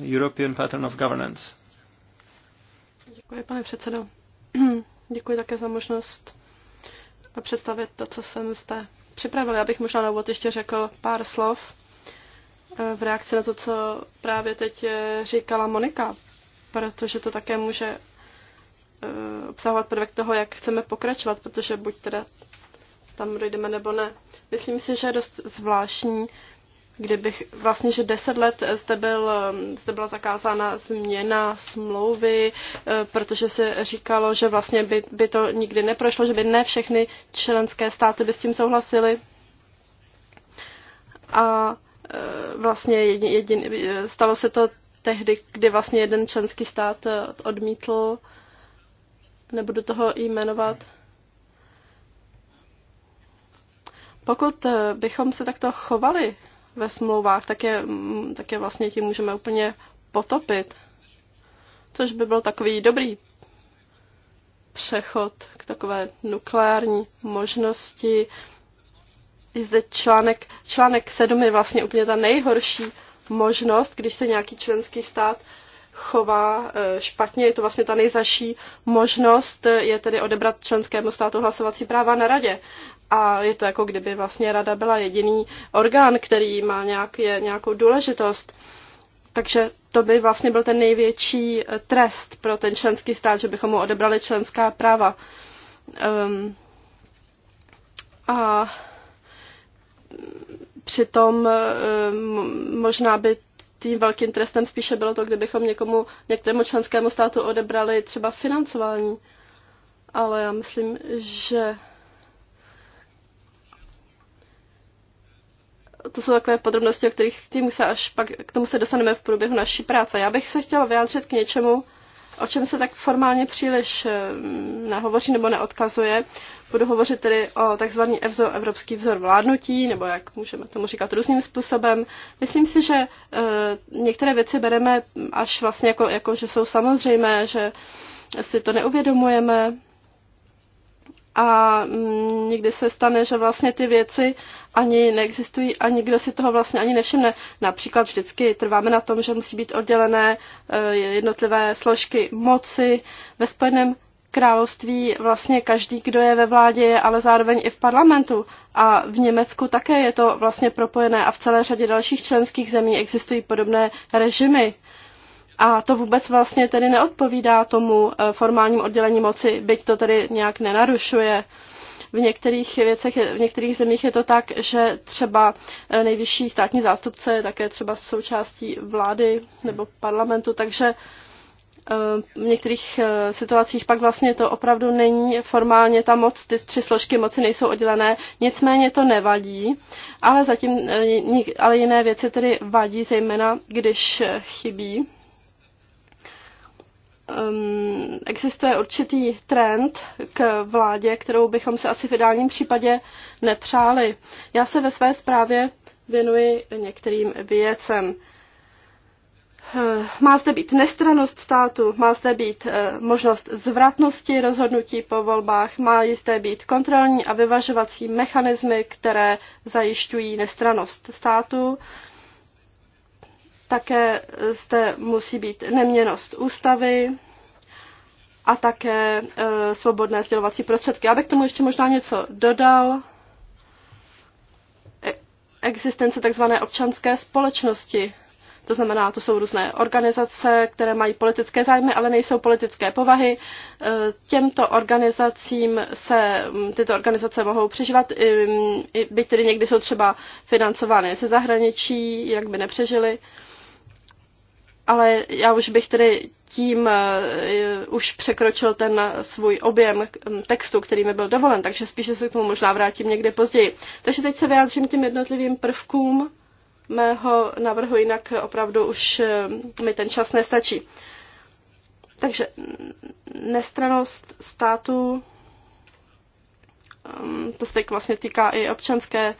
European Pattern of Governance. Děkuji, pane předsedo. (clears throat) Děkuji také za možnost představit to, co jsem zde připravil. Já bych možná na úvod ještě řekl pár slov eh, v reakci na to, co právě teď eh, říkala Monika, protože to také může eh, obsahovat prvek toho, jak chceme pokračovat, protože buď teda tam dojdeme nebo ne. Myslím si, že je dost zvláštní, kdybych vlastně, že deset let zde, byl, um, zde byla zakázána změna smlouvy, uh, protože se říkalo, že vlastně by, by to nikdy neprošlo, že by ne všechny členské státy by s tím souhlasily. A uh, vlastně jedin, jedin, stalo se to tehdy, kdy vlastně jeden členský stát uh, odmítl, nebudu toho jmenovat, pokud bychom se takto chovali ve smlouvách, tak je, tak je vlastně tím můžeme úplně potopit. Což by byl takový dobrý přechod k takové nukleární možnosti. I zde článek, článek 7 je vlastně úplně ta nejhorší možnost, když se nějaký členský stát uh, chová eh, špatně. Je to vlastně ta nejzaší možnost, eh, je tedy odebrat členskému státu hlasovací práva na radě. A je to jako kdyby vlastně rada byla jediný orgán, který má nějak, je, nějakou důležitost. Takže to by vlastně byl ten největší eh, trest pro ten členský stát, že bychom mu odebrali členská práva. Um, a přitom um, možná by tím velkým trestem spíše bylo to, kdybychom někomu, některému členskému státu odebrali třeba financování. Ale já myslím, že to jsou takové podrobnosti, o kterých tím se až pak, k tomu se dostaneme v průběhu naší práce. Já bych se chtěla vyjádřit k něčemu, o čem se tak formálně příliš eh, nehovoří nebo neodkazuje. Budu hovořit tedy o takzvaný evropský vzor vládnutí, nebo jak můžeme tomu říkat různým způsobem. Myslím si, že eh, některé věci bereme až vlastně jako, jako že jsou samozřejmé, že si to neuvědomujeme, a mm, někdy se stane, že vlastně ty věci ani neexistují a nikdo si toho vlastně ani nevšimne. Například vždycky trváme na tom, že musí být oddělené eh, jednotlivé složky moci. Ve Spojeném království vlastně každý, kdo je ve vládě, ale zároveň i v parlamentu. A v Německu také je to vlastně propojené a v celé řadě dalších členských zemí existují podobné režimy. A to vůbec vlastně tedy neodpovídá tomu eh, formálním oddělení moci, byť to tedy nějak nenarušuje. V některých věcech, v některých zemích je to tak, že třeba eh, nejvyšší státní zástupce je také třeba součástí vlády nebo parlamentu, takže eh, v některých situacích pak vlastně to opravdu není formálně ta moc, ty tři složky moci nejsou oddělené, nicméně to nevadí, ale zatím ale jiné věci tedy vadí, zejména když chybí um, existuje určitý trend k vládě, kterou bychom se asi v ideálním případě nepřáli. Já se ve své zprávě věnuji některým věcem. Eh, má zde být nestranost státu, má zde být eh, možnost zvratnosti rozhodnutí po volbách, má zde být kontrolní a vyvažovací mechanismy, které zajišťují nestranost státu. Také zde musí být neměnost ústavy a také e, svobodné sdělovací prostředky. Já bych k tomu ještě možná něco dodal. E- existence tzv. občanské společnosti. To znamená, to jsou různé organizace, které mají politické zájmy, ale nejsou politické povahy. E, těmto organizacím se tyto organizace mohou přežívat, byť tedy někdy jsou třeba financovány ze zahraničí, jak by nepřežili ale já už bych tedy tím eh, eh, už překročil ten svůj objem mm, textu, který mi byl dovolen, takže spíše se k tomu možná vrátím někde později. Takže teď se vyjádřím těm jednotlivým prvkům mého návrhu, jinak opravdu už eh, mi ten čas nestačí. Takže nestranost státu, ehm, to se vlastně týká i občanské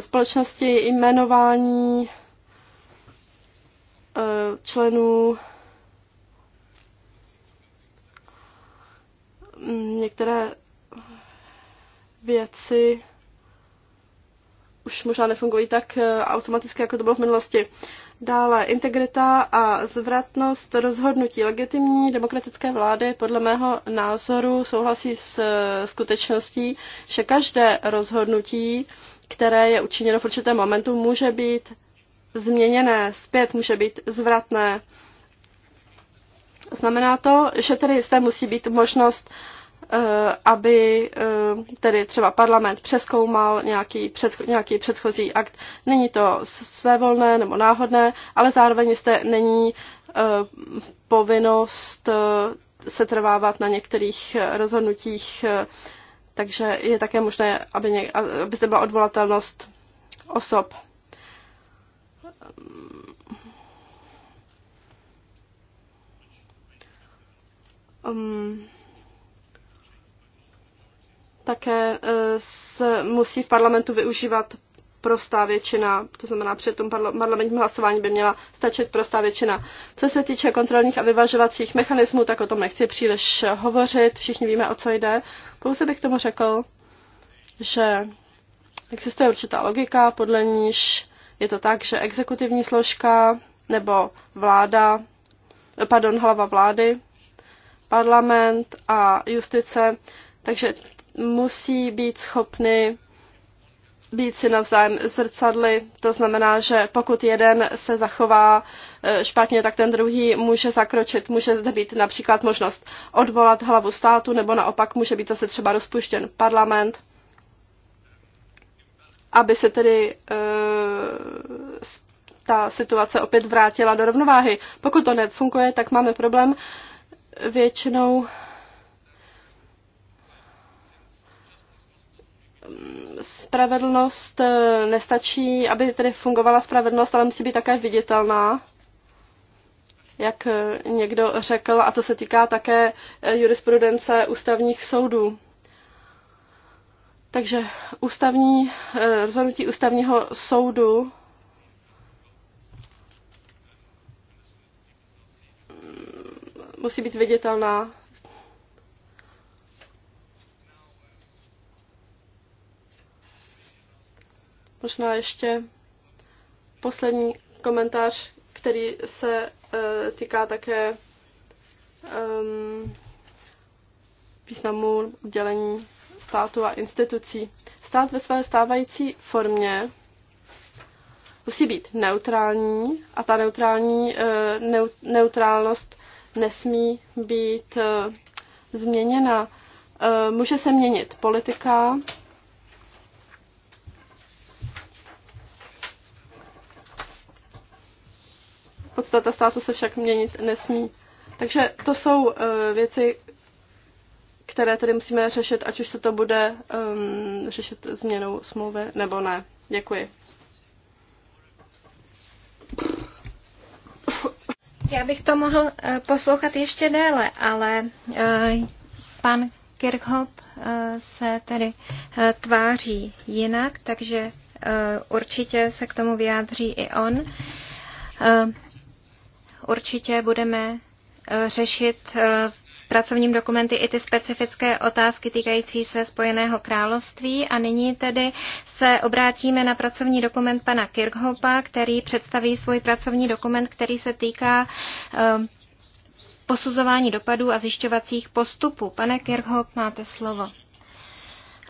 společnosti, jmenování Eh, členů mm, některé věci už možná nefungují tak eh, automaticky, jako to bylo v minulosti. Dále integrita a zvratnost rozhodnutí legitimní demokratické vlády podle mého názoru souhlasí s eh, skutečností, že každé rozhodnutí, které je učiněno v určitém momentu, může být změněné, zpět může být zvratné. Znamená to, že tedy zde musí být možnost, eh, aby eh, tedy třeba parlament přeskoumal nějaký, předcho, nějaký předchozí akt. Není to svévolné nebo náhodné, ale zároveň zde není eh, povinnost se trvávat na některých rozhodnutích, takže je také možné, aby, něk, aby zde byla odvolatelnost osob um, také eh, se musí v parlamentu využívat prostá většina, to znamená při tom parlamentním hlasování by měla stačit prostá většina. Co se týče kontrolních a vyvažovacích mechanismů, tak o tom nechci příliš hovořit, všichni víme, o co jde. Pouze bych tomu řekl, že existuje určitá logika, podle níž je to tak, že exekutivní složka nebo vláda, pardon, hlava vlády, parlament a justice, takže musí být schopny být si navzájem zrcadly. To znamená, že pokud jeden se zachová e, špatně, tak ten druhý může zakročit. Může zde být například možnost odvolat hlavu státu, nebo naopak může být zase třeba rozpuštěn parlament aby se tedy eh, ta situace opět vrátila do rovnováhy. Pokud to nefunguje, tak máme problém. Většinou mm, spravedlnost eh, nestačí, aby tedy fungovala spravedlnost, ale musí být také viditelná. Jak eh, někdo řekl, a to se týká také jurisprudence ústavních soudů. Takže ústavní, eh, rozhodnutí ústavního soudu mm, musí být viditelná. Možná ještě poslední komentář, který se uh, týká také um, významu dělení státu a institucí. Stát ve své stávající formě musí být neutrální a ta neutrální eh, neutrálnost nesmí být eh, změněna. Eh, může se měnit politika, podstata státu se však měnit nesmí. Takže to jsou věci, které tedy musíme řešit, ať už se to bude um, řešit změnou smlouvy nebo ne. Děkuji. Já bych to mohl eh, poslouchat ještě déle, ale eh, pan Kirchhoff eh, se tedy tváří jinak, takže určitě se k tomu vyjádří i on. Určitě budeme řešit pracovním dokumenty i ty specifické otázky týkající se Spojeného království. A nyní tedy se obrátíme na pracovní dokument pana Kirchhoffa, který představí svůj pracovní dokument, který se týká eh, posuzování dopadů a zjišťovacích postupů. Pane Kirchhoff, máte slovo.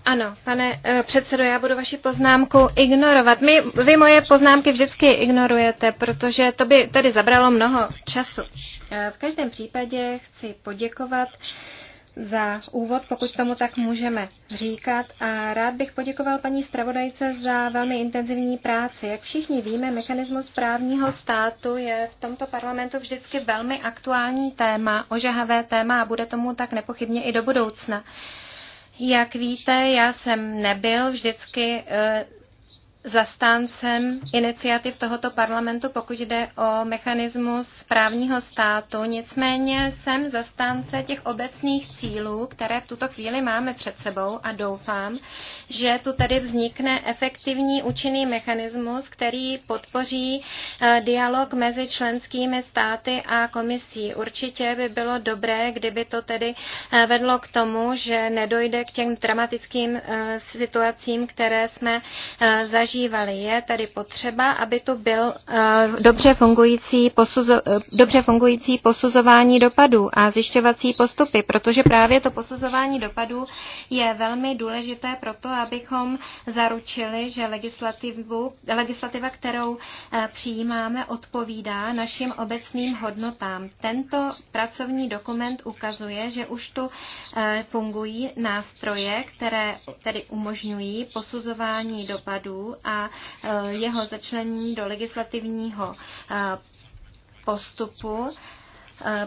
Ano, pane eh, předsedo, já budu vaši poznámku ignorovat. My, vy moje poznámky vždycky ignorujete, protože to by tady zabralo mnoho času. Eh, v každém případě chci poděkovat za úvod, pokud tomu tak můžeme říkat. A rád bych poděkoval paní zpravodajce za velmi intenzivní práci. Jak všichni víme, mechanismus právního státu je v tomto parlamentu vždycky velmi aktuální téma, ožahavé téma a bude tomu tak nepochybně i do budoucna. Jak víte, já jsem nebyl vždycky eh, zastáncem iniciativ tohoto parlamentu, pokud jde o mechanismus právního státu. Nicméně jsem zastánce těch obecných cílů, které v tuto chvíli máme před sebou a doufám, že tu tedy vznikne efektivní účinný mechanismus, který podpoří eh, dialog mezi členskými státy a komisí. Určitě by bylo dobré, kdyby to tedy eh, vedlo k tomu, že nedojde k těm dramatickým eh, situacím, které jsme zažili používali. Je tady potřeba, aby tu byl eh, dobře fungující, posuzo, eh, dobře fungující posuzování dopadů a zjišťovací postupy, protože právě to posuzování dopadů je velmi důležité pro to, abychom zaručili, že legislativu, legislativa, kterou eh, přijímáme, odpovídá našim obecným hodnotám. Tento pracovní dokument ukazuje, že už tu fungují nástroje, které tedy umožňují posuzování dopadů a e, jeho začlenění do legislativního e, postupu Eh,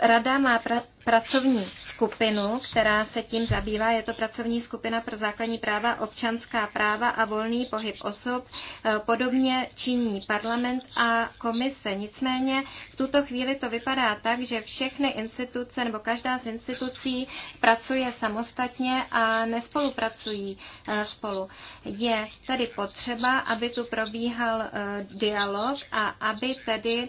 rada má pracovní skupinu, která se tím zabývá. Je to pracovní skupina pro základní práva, občanská práva a volný pohyb osob. Eh, podobně činí parlament a komise. Nicméně v tuto chvíli to vypadá tak, že všechny instituce nebo každá z institucí pracuje samostatně a nespolupracují eh, spolu. Je tedy potřeba, aby tu probíhal dialog a aby tedy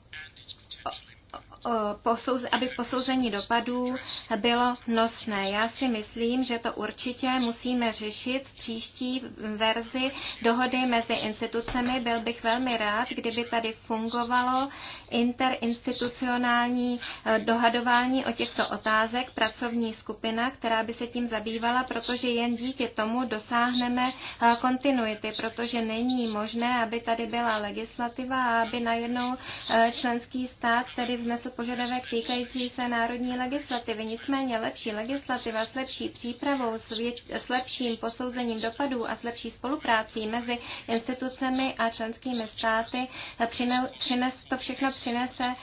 posouze, aby posouzení dopadů bylo nosné. Já si myslím, že to určitě musíme řešit v příští verzi dohody mezi institucemi. Byl bych velmi rád, kdyby tady fungovalo interinstitucionální eh, dohadování o těchto otázek, pracovní skupina, která by se tím zabývala, protože jen díky tomu dosáhneme eh, kontinuity, protože není možné, aby tady byla legislativa a aby najednou eh, členský stát tedy vznesl požadavek týkající se národní legislativy. Nicméně lepší legislativa s lepší přípravou, s lepším posouzením dopadů a s lepší spoluprácí mezi institucemi a členskými státy to všechno přinese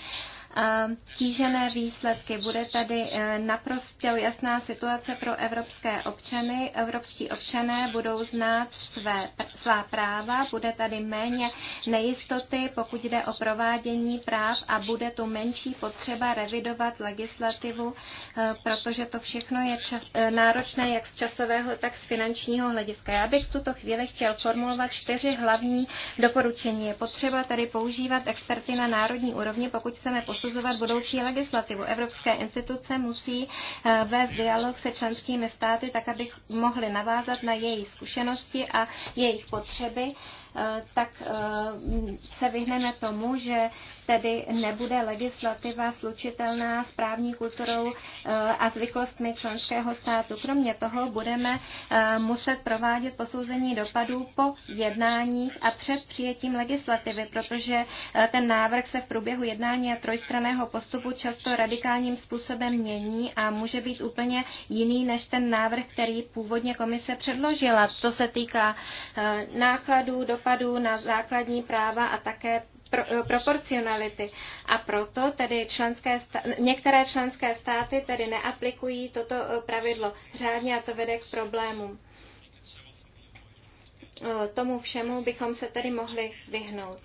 tížené výsledky. Bude tady e, naprosto jasná situace pro evropské občany. Evropští občané budou znát své, svá práva, bude tady méně nejistoty, pokud jde o provádění práv a bude tu menší potřeba revidovat legislativu, e, protože to všechno je čas, e, náročné jak z časového, tak z finančního hlediska. Já bych v tuto chvíli chtěl formulovat čtyři hlavní doporučení. Je potřeba tady používat experty na národní úrovni, pokud chceme posuzovat posuzovat budoucí legislativu. Evropské instituce musí eh, vést dialog se členskými státy, tak aby mohly navázat na jejich zkušenosti a jejich potřeby Eh, tak eh, se vyhneme tomu, že tedy nebude legislativa slučitelná s právní kulturou eh, a zvyklostmi členského státu. Kromě toho budeme muset provádět posouzení dopadů po jednáních a před přijetím legislativy, protože ten návrh se v průběhu jednání a trojstraného postupu často radikálním způsobem mění a může být úplně jiný než ten návrh, který původně komise předložila. To se týká nákladů, dopadů, dopadů na základní práva a také pro, eh, proporcionality. A proto tedy členské některé členské státy tedy neaplikují toto eh, pravidlo řádně a to vede k problémům. Eh, Tomu všemu bychom se tedy mohli vyhnout.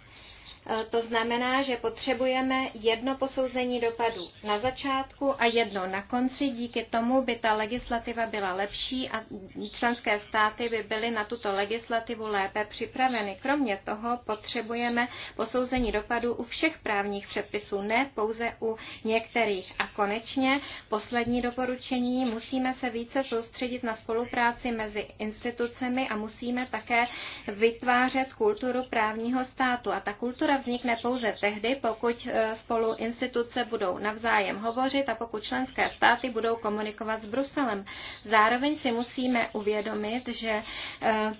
Eh, to znamená, že potřebujeme jedno posouzení dopadu na začátku a jedno na konci. Díky tomu by ta legislativa byla lepší a členské státy by byly na tuto legislativu lépe připraveny. Kromě toho potřebujeme posouzení dopadu u všech právních předpisů, ne pouze u některých. A konečně poslední doporučení. Musíme se více soustředit na spolupráci mezi institucemi a musíme také vytvářet kulturu právního státu. A ta kultura Kultura vznikne pouze tehdy, pokud e, spolu instituce budou navzájem hovořit a pokud členské státy budou komunikovat s Bruselem. Zároveň si musíme uvědomit, že e,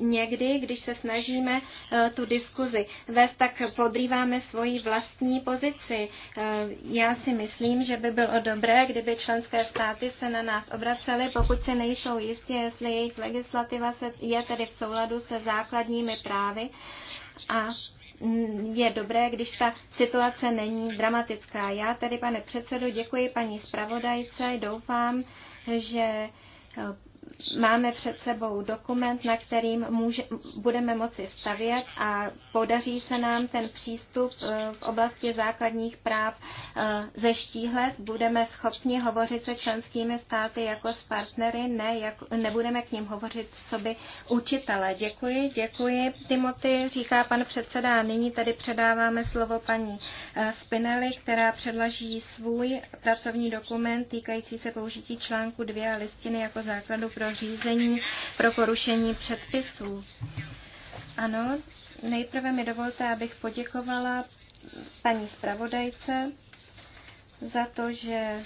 někdy, když se snažíme e, tu diskuzi vést, tak podrýváme svoji vlastní pozici. Já si myslím, že by bylo dobré, kdyby členské státy se na nás obracely, pokud se nejsou jistě, jestli jejich legislativa je tedy v souladu se základními právy a je dobré, když ta situace není dramatická. Já tedy, pane předsedo, děkuji paní zpravodajce, doufám, že máme před sebou dokument, na kterým může, budeme moci stavět a podaří se nám ten přístup eh, v oblasti základních práv eh, zeštíhlet. Budeme schopni hovořit se členskými státy jako s partnery, ne jak, nebudeme k ním hovořit co by učitele. Děkuji, děkuji. Timothy, říká pan předseda, a nyní tady předáváme slovo paní eh, Spinelli, která předloží svůj pracovní dokument týkající se použití článku 2 a listiny jako základu pro pro řízení pro porušení předpisů. Ano, nejprve mi dovolte, abych poděkovala paní zpravodajce za to, že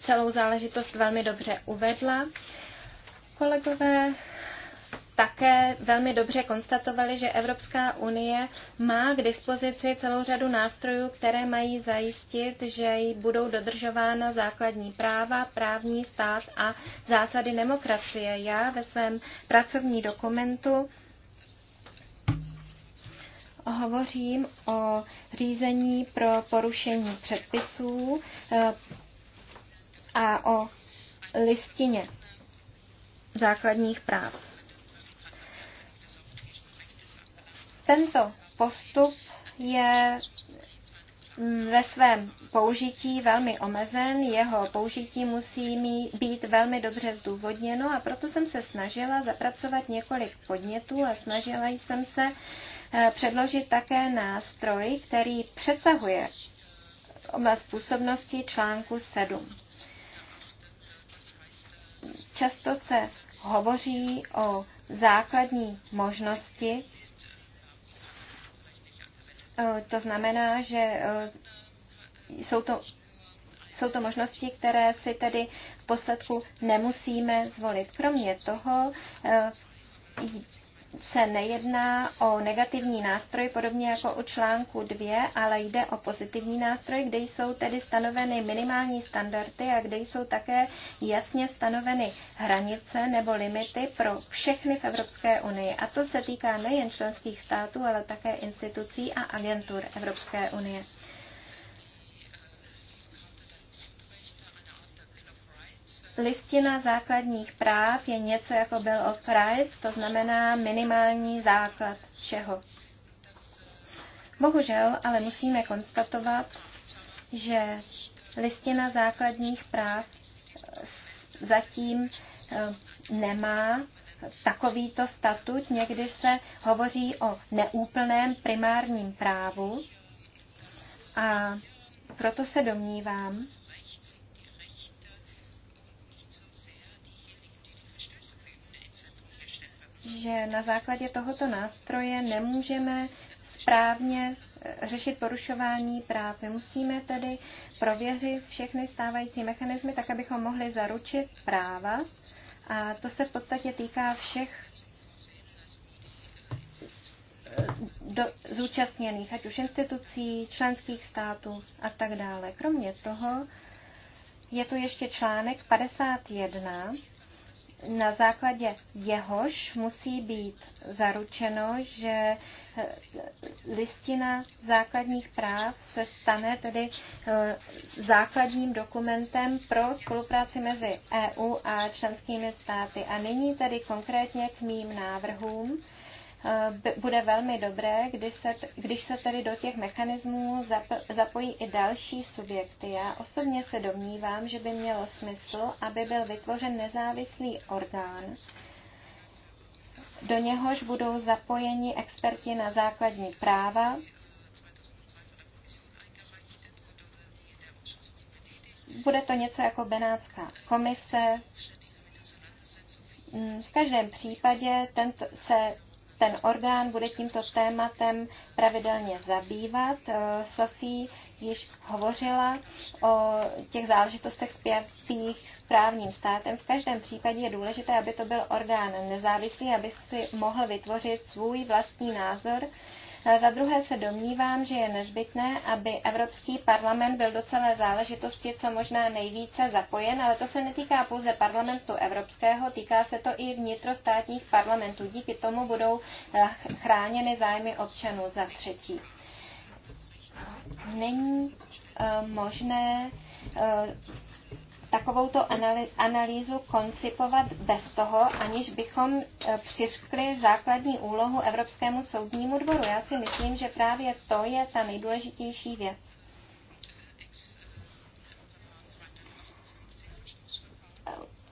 celou záležitost velmi dobře uvedla. Kolegové, také velmi dobře konstatovali, že Evropská unie má k dispozici celou řadu nástrojů, které mají zajistit, že budou dodržována základní práva, právní stát a zásady demokracie. Já ve svém pracovní dokumentu hovořím o řízení pro porušení předpisů eh, a o listině základních práv. Tento postup je ve svém použití velmi omezen, jeho použití musí být velmi dobře zdůvodněno a proto jsem se snažila zapracovat několik podnětů a snažila jsem se eh, předložit také nástroj, který přesahuje oblast působnosti článku 7. Často se hovoří o základní možnosti Eh, to znamená, že eh, jsou to, jsou to možnosti, které si tedy v posledku nemusíme zvolit. Kromě toho eh, se nejedná o negativní nástroj, podobně jako u článku 2, ale jde o pozitivní nástroj, kde jsou tedy stanoveny minimální standardy a kde jsou také jasně stanoveny hranice nebo limity pro všechny v Evropské unii. A to se týká nejen členských států, ale také institucí a agentur Evropské unie. Listina základních práv je něco jako Bill of Rights, to znamená minimální základ všeho. Bohužel ale musíme konstatovat, že listina základních práv eh, zatím eh, nemá takovýto statut. Někdy se hovoří o neúplném primárním právu a proto se domnívám, že na základě tohoto nástroje nemůžeme správně eh, řešit porušování práv. My musíme tedy prověřit všechny stávající mechanismy, tak abychom mohli zaručit práva. A to se v podstatě týká všech eh, do, zúčastněných, ať už institucí, členských států a tak dále. Kromě toho je tu ještě článek 51, na základě jehož musí být zaručeno, že eh, listina základních práv se stane tedy eh, základním dokumentem pro spolupráci mezi EU a členskými státy. A nyní tedy konkrétně k mým návrhům bude velmi dobré, když se, když se tedy do těch mechanismů zapojí i další subjekty. Já osobně se domnívám, že by mělo smysl, aby byl vytvořen nezávislý orgán, do něhož budou zapojeni experti na základní práva, bude to něco jako Benátská komise. V každém případě tento, se ten orgán bude tímto tématem pravidelně zabývat. Eh, Sofie již hovořila o těch záležitostech zpětých s právním státem. V každém případě je důležité, aby to byl orgán nezávislý, aby si mohl vytvořit svůj vlastní názor za druhé se domnívám, že je nezbytné, aby Evropský parlament byl do celé záležitosti co možná nejvíce zapojen, ale to se netýká pouze parlamentu evropského, týká se to i vnitrostátních parlamentů. Díky tomu budou eh, chráněny zájmy občanů za třetí. Není eh, možné eh, takovouto analýzu koncipovat bez toho, aniž bychom e, přiškli základní úlohu Evropskému soudnímu dvoru. Já si myslím, že právě to je ta nejdůležitější věc.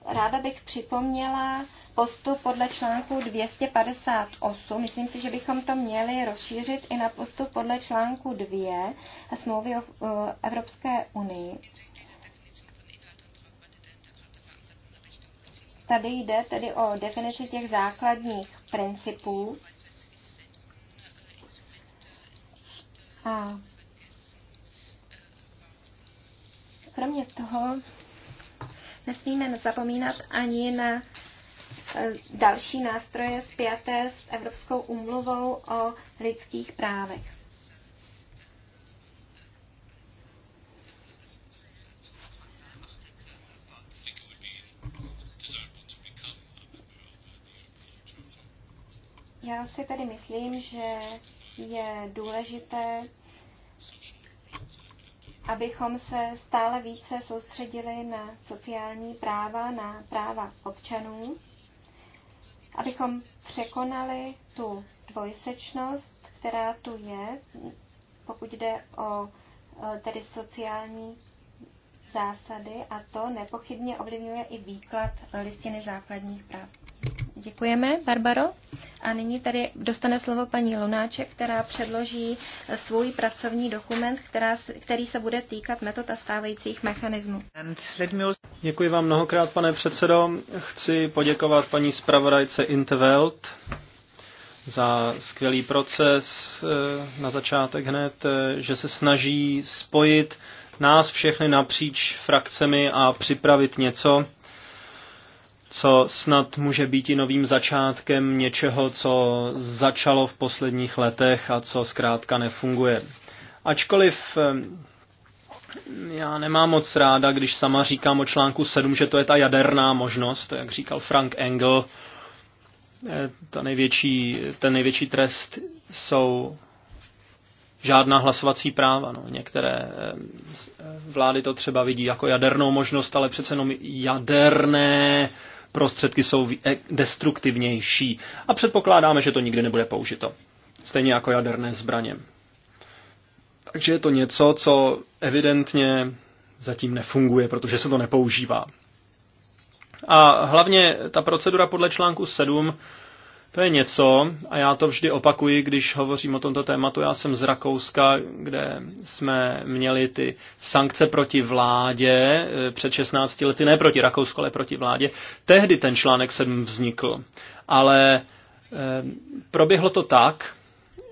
Ráda bych připomněla postup podle článku 258. Myslím si, že bychom to měli rozšířit i na postup podle článku 2 smlouvy o e, Evropské unii. Tady jde tedy o definici těch základních principů. A kromě toho nesmíme zapomínat ani na e, další nástroje spjaté s Evropskou úmluvou o lidských právech. si tedy myslím, že je důležité, abychom se stále více soustředili na sociální práva, na práva občanů, abychom překonali tu dvojsečnost, která tu je, pokud jde o e, tedy sociální zásady a to nepochybně ovlivňuje i výklad listiny základních práv. Děkujeme, Barbaro. A nyní tady dostane slovo paní Lunáček, která předloží svůj pracovní dokument, která, který se bude týkat metod a stávajících mechanismů. Děkuji vám mnohokrát, pane předsedo. Chci poděkovat paní zpravodajce Intervelt za skvělý proces eh, na začátek hned, eh, že se snaží spojit nás všechny napříč frakcemi a připravit něco, co snad může být i novým začátkem něčeho, co začalo v posledních letech a co zkrátka nefunguje. Ačkoliv já nemám moc ráda, když sama říkám o článku 7, že to je ta jaderná možnost, jak říkal Frank Engel, eh, ta největší, ten největší trest jsou žádná hlasovací práva. No. Některé eh, vlády to třeba vidí jako jadernou možnost, ale přece jenom jaderné prostředky jsou e- destruktivnější a předpokládáme, že to nikdy nebude použito. Stejně jako jaderné zbraně. Takže je to něco, co evidentně zatím nefunguje, protože se to nepoužívá. A hlavně ta procedura podle článku 7 to je něco, a já to vždy opakuji, když hovořím o tomto tématu. Já jsem z Rakouska, kde jsme měli ty sankce proti vládě eh, před 16 lety, ne proti Rakousku, ale proti vládě. Tehdy ten článek 7 vznikl, ale e, proběhlo to tak,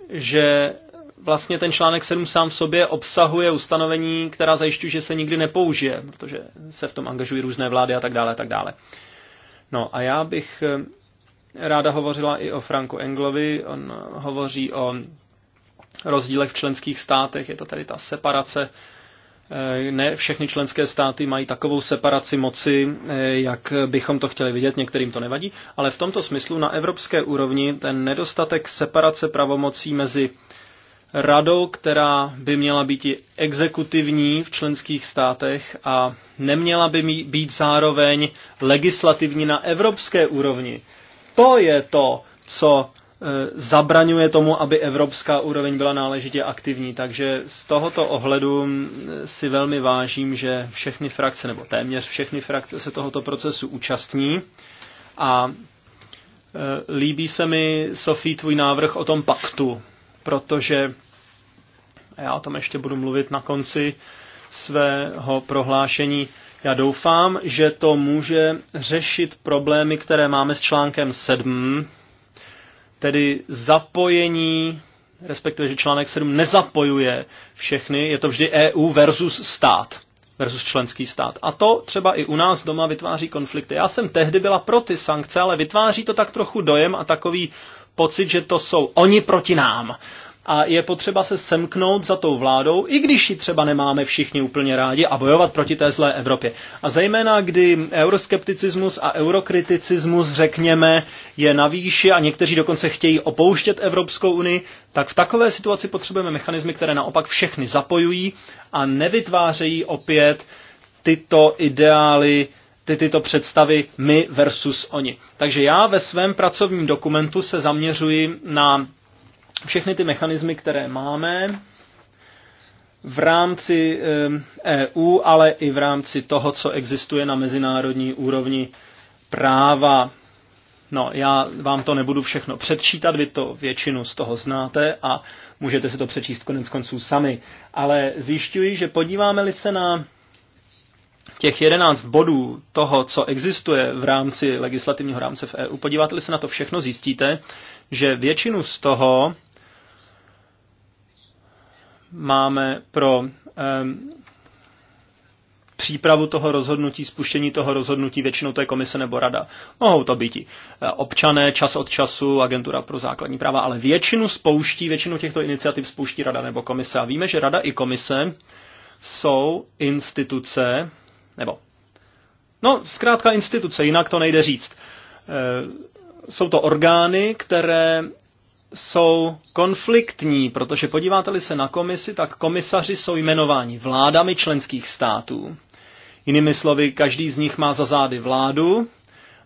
že vlastně ten článek 7 sám v sobě obsahuje ustanovení, která zajišťuje, že se nikdy nepoužije, protože se v tom angažují různé vlády a tak dále a tak dále. No a já bych eh, ráda hovořila i o Franku Englovi. On hovoří o rozdílech v členských státech, je to tady ta separace. Eh, ne všechny členské státy mají takovou separaci moci, eh, jak bychom to chtěli vidět, některým to nevadí, ale v tomto smyslu na evropské úrovni ten nedostatek separace pravomocí mezi radou, která by měla být i exekutivní v členských státech a neměla by být zároveň legislativní na evropské úrovni, to je to, co e, zabraňuje tomu, aby evropská úroveň byla náležitě aktivní. Takže z tohoto ohledu si velmi vážím, že všechny frakce, nebo téměř všechny frakce se tohoto procesu účastní. A e, líbí se mi, Sofí, tvůj návrh o tom paktu, protože já o tom ještě budu mluvit na konci svého prohlášení já doufám, že to může řešit problémy, které máme s článkem 7, tedy zapojení, respektive, že článek 7 nezapojuje všechny, je to vždy EU versus stát versus členský stát. A to třeba i u nás doma vytváří konflikty. Já jsem tehdy byla pro ty sankce, ale vytváří to tak trochu dojem a takový pocit, že to jsou oni proti nám a je potřeba se semknout za tou vládou, i když ji třeba nemáme všichni úplně rádi a bojovat proti té zlé Evropě. A zejména, kdy euroskepticismus a eurokriticismus, řekněme, je na výši a někteří dokonce chtějí opouštět Evropskou unii, tak v takové situaci potřebujeme mechanismy, které naopak všechny zapojují a nevytvářejí opět tyto ideály, ty, tyto představy my versus oni. Takže já ve svém pracovním dokumentu se zaměřuji na všechny ty mechanismy, které máme v rámci EU, eh, e ale i v rámci toho, co existuje na mezinárodní úrovni práva. No, já vám to nebudu všechno předčítat, vy to většinu z toho znáte a můžete si to přečíst konec konců sami. Ale zjišťuji, že podíváme-li se na těch 11 bodů toho, co existuje v rámci legislativního rámce v EU, podíváte-li se na to všechno, zjistíte, že většinu z toho máme pro ehm, přípravu toho rozhodnutí, spuštění toho rozhodnutí, většinou to je komise nebo rada. Mohou to být eh, občané, čas od času, agentura pro základní práva, ale většinu spouští, většinu těchto iniciativ spouští rada nebo komise. A víme, že rada i komise jsou instituce, nebo no zkrátka instituce, jinak to nejde říct. Eh, jsou to orgány, které jsou konfliktní, protože podíváte-li se na komisi, tak komisaři jsou jmenováni vládami členských států. Jinými slovy, každý z nich má za zády vládu,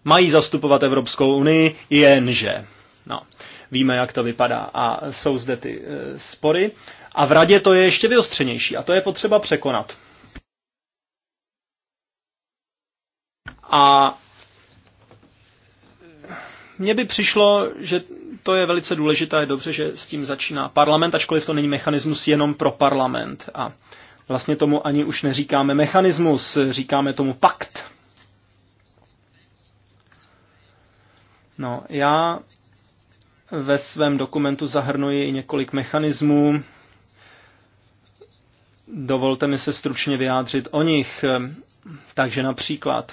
mají zastupovat Evropskou unii, jenže. No, víme, jak to vypadá a jsou zde ty e, spory. A v radě to je ještě vyostřenější a to je potřeba překonat. A mně by přišlo, že to je velice důležité, je dobře, že s tím začíná parlament, ačkoliv to není mechanismus jenom pro parlament. A vlastně tomu ani už neříkáme mechanismus, říkáme tomu pakt. No, já ve svém dokumentu zahrnuji i několik mechanismů. Dovolte mi se stručně vyjádřit o nich. Takže například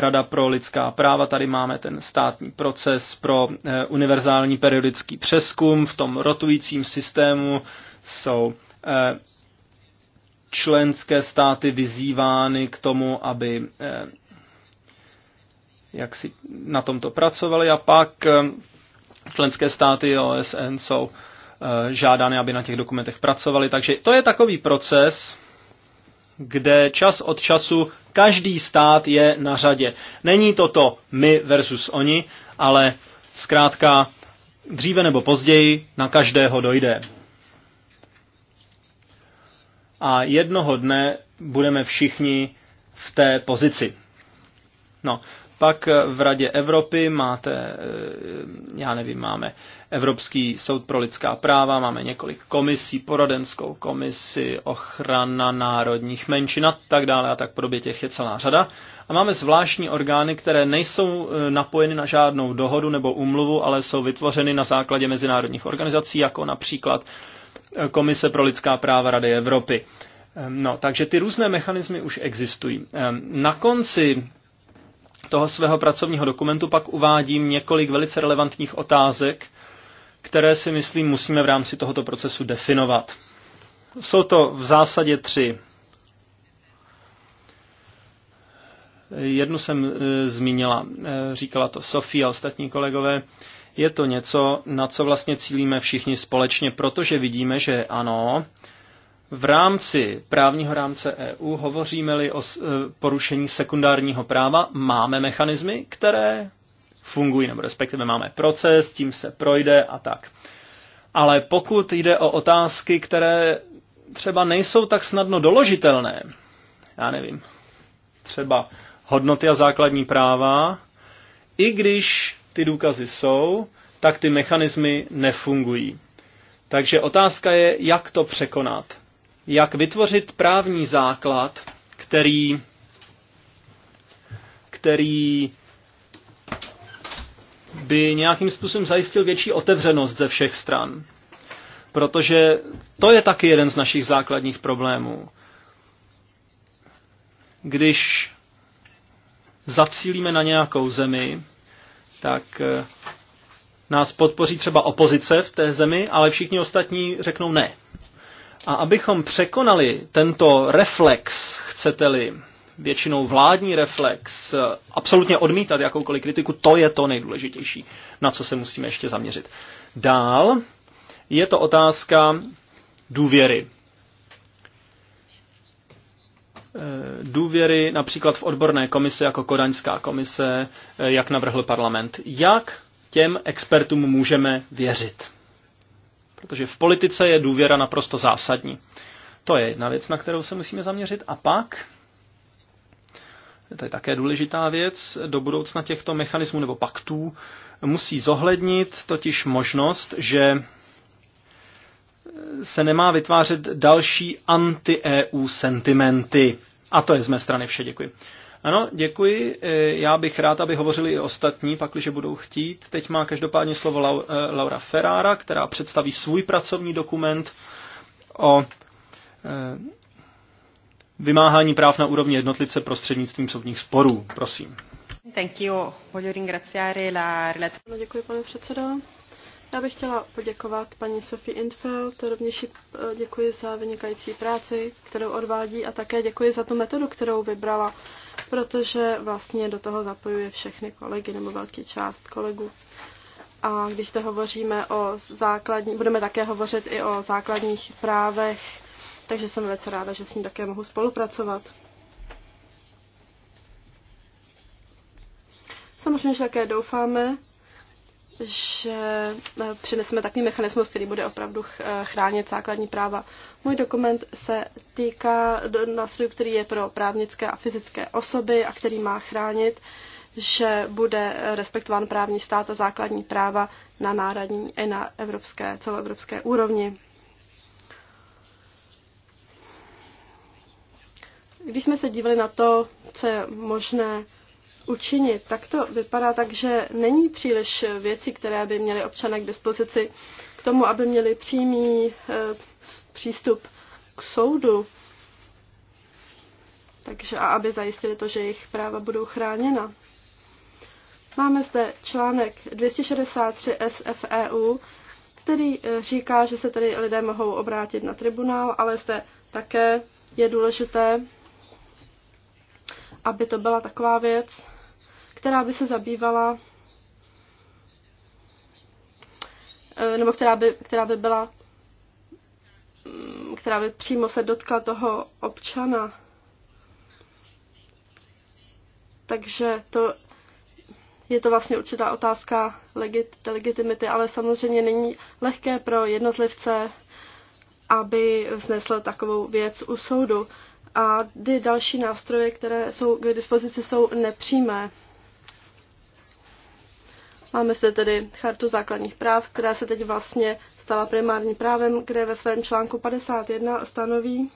Rada pro lidská práva, tady máme ten státní proces pro eh, univerzální periodický přeskum. V tom rotujícím systému jsou eh, členské státy vyzývány k tomu, aby eh, jak si na tomto pracovali a pak členské státy OSN jsou žádány, aby na těch dokumentech pracovali. Takže to je takový proces, kde čas od času každý stát je na řadě. Není to to my versus oni, ale zkrátka dříve nebo později na každého dojde. A jednoho dne budeme všichni v té pozici. No, pak eh, v Radě Evropy máte, eh, já nevím, máme Evropský soud pro lidská práva, máme několik komisí, poradenskou komisi, ochrana národních menšin a tak dále a tak podobně, těch je celá řada. A máme zvláštní orgány, které nejsou eh, napojeny na žádnou dohodu nebo umluvu, ale jsou vytvořeny na základě mezinárodních organizací, jako například Komise pro lidská práva Rady Evropy. Ehm, no, takže ty různé mechanismy už existují. Ehm, na konci toho svého pracovního dokumentu pak uvádím několik velice relevantních otázek, které si myslím musíme v rámci tohoto procesu definovat. Jsou to v zásadě tři. Jednu jsem e, zmínila, e, říkala to Sofie a ostatní kolegové. Je to něco, na co vlastně cílíme všichni společně, protože vidíme, že ano, e, v rámci právního rámce EU hovoříme-li o e, porušení sekundárního práva, máme mechanismy, které fungují, nebo respektive máme proces, tím se projde a tak. Ale pokud jde o otázky, které třeba nejsou tak snadno doložitelné, já nevím, třeba hodnoty a základní práva, i když ty důkazy jsou, tak ty mechanismy nefungují. Takže otázka je, jak to překonat jak vytvořit právní základ, který, který by nějakým způsobem zajistil větší otevřenost ze všech stran. Protože to je taky jeden z našich základních problémů. Když zacílíme na nějakou zemi, tak eh, nás podpoří třeba opozice v té zemi, ale všichni ostatní řeknou ne. A abychom překonali tento reflex, chcete-li, většinou vládní reflex, absolutně odmítat jakoukoliv kritiku, to je to nejdůležitější, na co se musíme ještě zaměřit. Dál je to otázka důvěry. Eh, důvěry například v odborné komise jako Kodaňská komise, eh, jak navrhl parlament. Jak těm expertům můžeme věřit? Protože v politice je důvěra naprosto zásadní. To je jedna věc, na kterou se musíme zaměřit. A pak, to je také důležitá věc, do budoucna těchto mechanismů nebo paktů musí zohlednit totiž možnost, že se nemá vytvářet další anti-EU sentimenty. A to je z mé strany vše, děkuji. Ano, děkuji. E, já bych rád, aby hovořili i ostatní, pakliže budou chtít. Teď má každopádně slovo e, Laura Ferrara, která představí svůj pracovní dokument o e, vymáhání práv na úrovni jednotlivce prostřednictvím soudních sporů. Prosím. no, Děkuji, pane předsedo. Já bych chtěla poděkovat paní Sofie Infeld, rovněž děkuji za vynikající práci, kterou odvádí a také děkuji za tu metodu, kterou vybrala protože vlastně do toho zapojuje všechny kolegy nebo velký část kolegů. A když to hovoříme o základní, budeme také hovořit i o základních právech, takže jsem velice ráda, že s ním také mohu spolupracovat. Samozřejmě, že také doufáme, že eh, přineseme takový mechanismus, který bude opravdu eh, chránit základní práva. Můj dokument se týká nástrojů, který je pro právnické a fyzické osoby a který má chránit, že bude respektován právní stát a základní práva na národní i na evropské, celoevropské úrovni. Když jsme se dívali na to, co je možné učinit. Tak to vypadá tak, že není příliš věcí, které by měli občané k dispozici k tomu, aby měli přímý eh, přístup k soudu. Takže a aby zajistili to, že jejich práva budou chráněna. Máme zde článek 263 SFEU, který eh, říká, že se tedy lidé mohou obrátit na tribunál, ale zde také je důležité, aby to byla taková věc, která by se zabývala eh, nebo která by, která by byla mm, která by přímo se dotkla toho občana. Takže to je to vlastně určitá otázka legit, legitimity, ale samozřejmě není lehké pro jednotlivce, aby vznesl takovou věc u soudu. A ty další nástroje, které jsou k dispozici, jsou nepřímé. Máme zde tedy chartu základních práv, která se teď vlastně stala primárním právem, které ve svém článku 51 stanoví,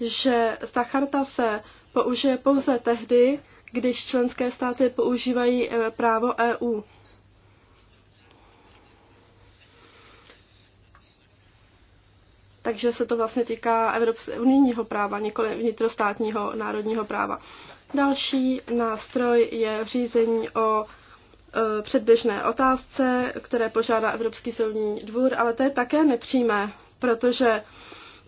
že ta charta se použije pouze tehdy, když členské státy používají eh, právo EU. Takže se to vlastně týká Evropské unijního práva, nikoli vnitrostátního národního práva. Další nástroj je řízení o e, předběžné otázce, které požádá Evropský soudní dvůr, ale to je také nepřímé, protože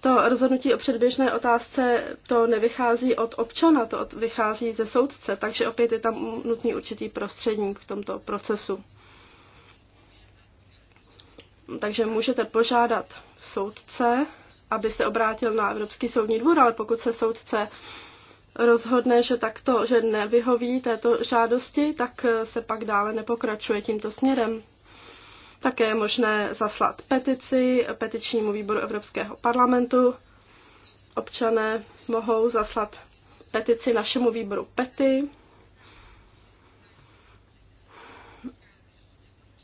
to rozhodnutí o předběžné otázce to nevychází od občana, to vychází ze soudce, takže opět je tam nutný určitý prostředník v tomto procesu. Takže můžete požádat soudce, aby se obrátil na Evropský soudní dvůr, ale pokud se soudce rozhodne, že takto, že nevyhoví této žádosti, tak se pak dále nepokračuje tímto směrem. Také je možné zaslat petici petičnímu výboru Evropského parlamentu. Občané mohou zaslat petici našemu výboru PETY.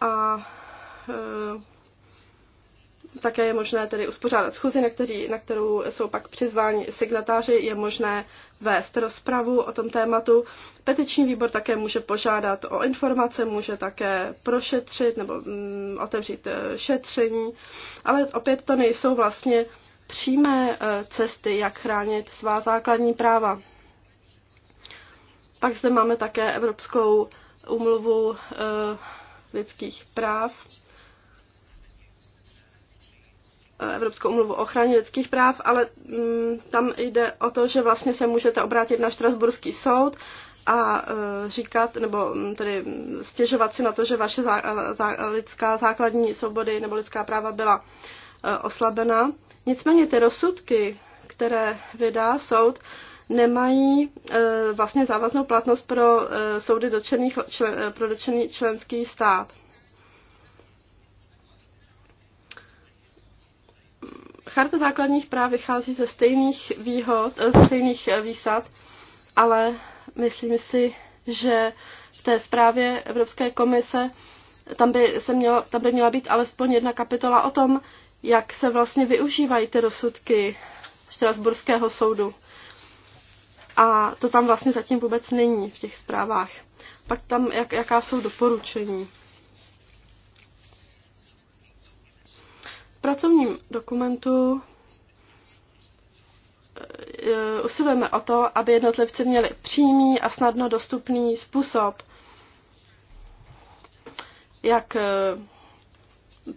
A e, také je možné tedy uspořádat schůzi, na, který, na kterou jsou pak přizváni signatáři, je možné vést rozpravu o tom tématu. Petiční výbor také může požádat o informace, může také prošetřit nebo mm, otevřít eh, šetření, ale opět to nejsou vlastně přímé eh, cesty, jak chránit svá základní práva. Pak zde máme také Evropskou e, lidských práv Evropskou umluvu o ochraně lidských práv, ale mm, tam jde o to, že vlastně se můžete obrátit na Štrasburský soud a e, říkat, nebo mm, tedy stěžovat si na to, že vaše zá, e, zá, lidská základní svobody nebo lidská práva byla e, oslabena. Nicméně ty rozsudky, které vydá soud, nemají vlastně závaznou platnost pro soudy dotčených, člen, pro dotčený členský stát. Charta základních práv vychází ze stejných výhod, eh, ze stejných eh, výsad, ale myslím si, že v té zprávě Evropské komise tam by, se mělo, tam by měla být alespoň jedna kapitola o tom, jak se vlastně využívají ty rozsudky Štrasburského soudu. A to tam vlastně zatím vůbec není v těch zprávách. Pak tam, jak, jaká jsou doporučení. pracovním dokumentu eh, eh, usilujeme o to, aby jednotlivci měli přímý a snadno dostupný způsob, jak eh,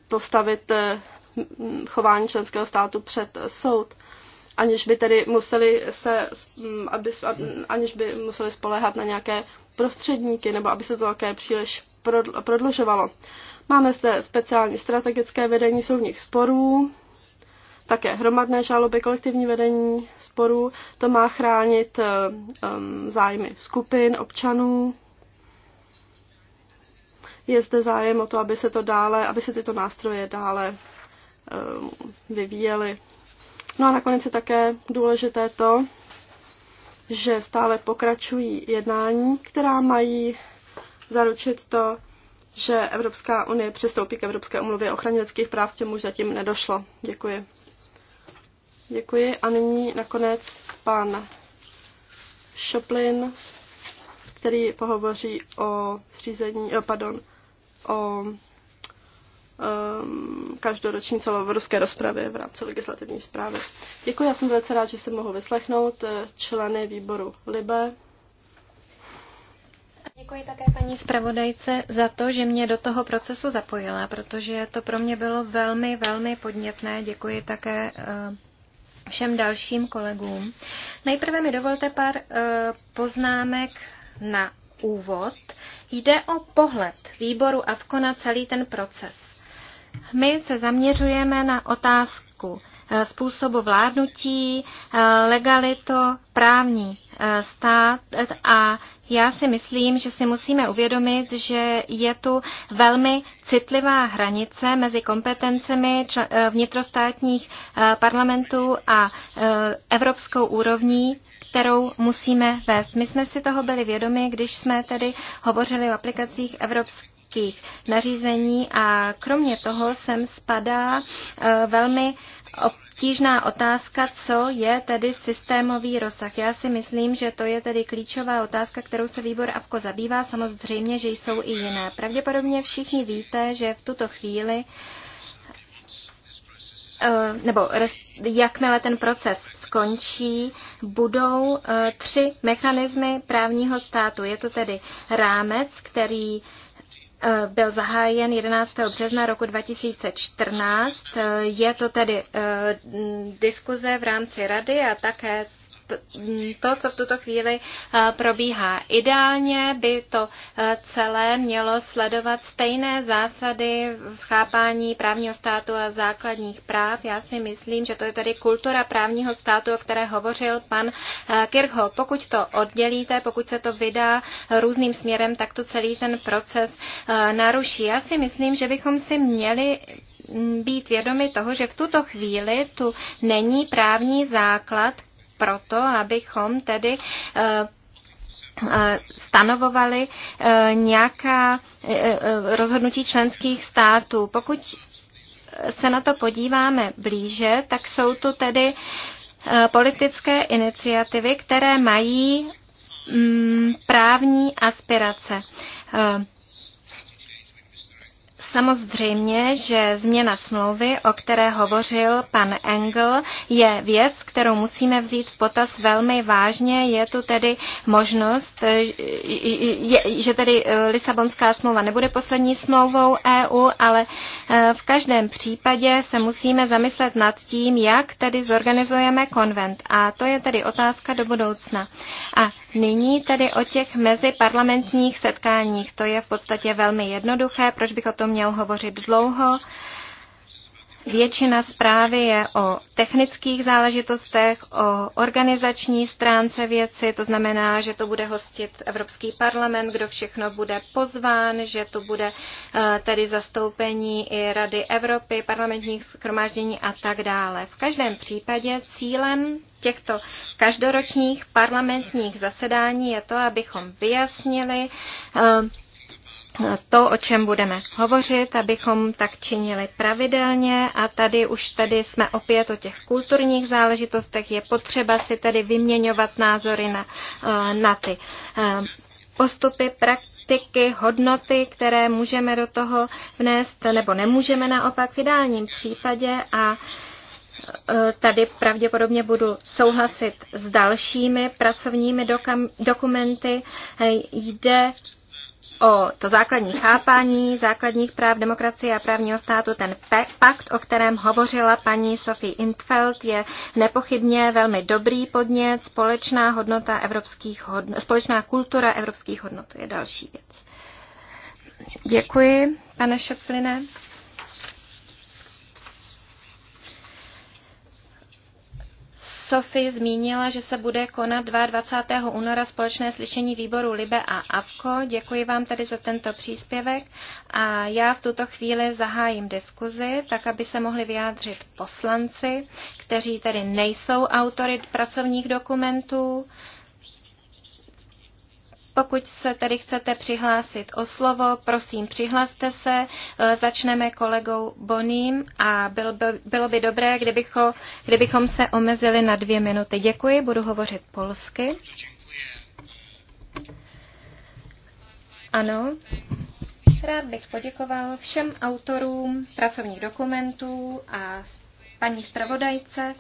postavit chování členského státu před soud, aniž by tedy museli se, mm, aby, aniž by museli spolehat na nějaké prostředníky, nebo aby se to také příliš prodlužovalo. Máme zde speciální strategické vedení soudních sporů, také hromadné žaloby, kolektivní vedení sporů. To má chránit um, zájmy skupin, občanů. Je zde zájem o to, aby se to dále, aby se tyto nástroje dále um, vyvíjely. No a nakonec je také důležité to, že stále pokračují jednání, která mají zaručit to, že Evropská unie přistoupí k Evropské umluvě o ochraně lidských práv, k čemu zatím nedošlo. Děkuji. Děkuji. A nyní nakonec pan Šoplin, který pohovoří o zřízení, řízení, eh, pardon, o um, každoroční celovoruské rozpravě v rámci legislativní zprávy. Děkuji, já jsem velice rád, že jsem mohl vyslechnout eh, členy výboru LIBE. Děkuji také paní zpravodajce za to, že mě do toho procesu zapojila, protože to pro mě bylo velmi, velmi podnětné. Děkuji také eh, všem dalším kolegům. Nejprve mi dovolte pár eh, poznámek na úvod. Jde o pohled výboru AVKO na celý ten proces. My se zaměřujeme na otázku eh, způsobu vládnutí, legalito, právní Eh, stát eh, a já si myslím, že si musíme uvědomit, že je tu velmi citlivá hranice mezi kompetencemi eh, vnitrostátních parlamentů a evropskou úrovní, kterou musíme vést. My jsme si toho byli vědomi, když jsme tedy hovořili o aplikacích evropské evropských nařízení a kromě toho sem spadá eh, velmi obtížná otázka, co je tedy systémový rozsah. Já si myslím, že to je tedy klíčová otázka, kterou se výbor AVKO zabývá. Samozřejmě, že jsou i jiné. Pravděpodobně všichni víte, že v tuto chvíli eh, nebo jakmile ten proces skončí, budou eh, tři mechanismy právního státu. Je to tedy rámec, který Eh, byl zahájen 11. března roku 2014. Eh, je to tedy eh, diskuze v rámci rady a také to, co v tuto chvíli eh, probíhá. Ideálně by to eh, celé mělo sledovat stejné zásady v chápání právního státu a základních práv. Já si myslím, že to je tedy kultura právního státu, o které hovořil pan eh, Kirchho. Pokud to oddělíte, pokud se to vydá různým směrem, tak to celý ten proces naruší. Já si myslím, že bychom si měli mm, být vědomi toho, že v tuto chvíli tu není právní základ proto, abychom tedy eh, eh, stanovovali eh, nějaká rozhodnutí členských států. Pokud se na to podíváme blíže, tak jsou tu tedy politické iniciativy, které mají mm, právní aspirace. Samozřejmě, že změna smlouvy, o které hovořil pan Engel, je věc, kterou musíme vzít v potaz velmi vážně. Je tu tedy možnost, e, že tedy e, Lisabonská smlouva nebude poslední smlouvou EU, ale e, v každém případě se musíme zamyslet nad tím, jak tedy zorganizujeme konvent. A to je tedy otázka do budoucna. A nyní tedy o těch meziparlamentních setkáních. To je v podstatě velmi jednoduché. Proč bych o tom měl měl hovořit dlouho. Většina zprávy je o technických záležitostech, o organizační stránce věci, to znamená, že to bude hostit Evropský parlament, kdo všechno bude pozván, že to bude eh, tedy zastoupení i Rady Evropy, parlamentních schromáždění a tak dále. V každém případě cílem těchto každoročních parlamentních zasedání je to, abychom vyjasnili eh, to, o čem budeme hovořit, abychom tak činili pravidelně a tady už tady jsme opět o těch kulturních záležitostech, je potřeba si tady vyměňovat názory na, eh, na ty eh, postupy, praktiky, hodnoty, které můžeme do toho vnést nebo nemůžeme naopak v ideálním případě a eh, Tady pravděpodobně budu souhlasit s dalšími pracovními dokumenty. Jde o to základní chápání základních práv demokracie a právního státu. Ten pakt, o kterém hovořila paní Sophie Intfeld, je nepochybně velmi dobrý podnět. Společná, hodnota evropských hodnot, společná kultura evropských hodnot je další věc. Děkuji, pane Šepline. Sofie zmínila, že se bude konat 22. února společné slyšení výboru Libe a AVKO. Děkuji vám tedy za tento příspěvek a já v tuto chvíli zahájím diskuzi, tak aby se mohli vyjádřit poslanci, kteří tedy nejsou autory pracovních dokumentů. Pokud se tedy chcete přihlásit o slovo, prosím, přihlaste se. Eh, začneme kolegou Boním a bylo by, bylo by dobré, kdybychom, kdybychom se omezili na dvě minuty. Děkuji, budu hovořit polsky. Ano. Rád bych poděkoval všem autorům pracovních dokumentů a paní zpravodajce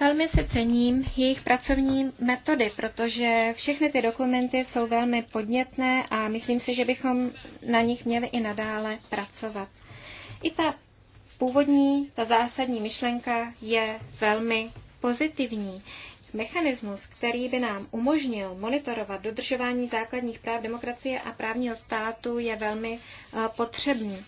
Velmi se cením jejich pracovní metody, protože všechny ty dokumenty jsou velmi podnětné a myslím si, že bychom na nich měli i nadále pracovat. I ta původní, ta zásadní myšlenka je velmi pozitivní. Mechanismus, který by nám umožnil monitorovat dodržování základních práv demokracie a právního státu, je velmi eh, potřebný.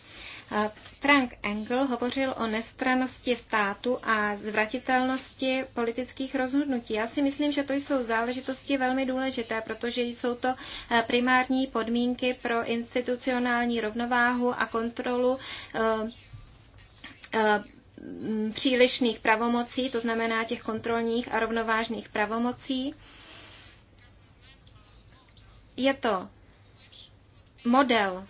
Frank Engel hovořil o nestranosti státu a zvratitelnosti politických rozhodnutí. Já si myslím, že to jsou záležitosti velmi důležité, protože jsou to eh, primární podmínky pro institucionální rovnováhu a kontrolu eh, eh, přílišných pravomocí, to znamená těch kontrolních a rovnovážných pravomocí. Je to model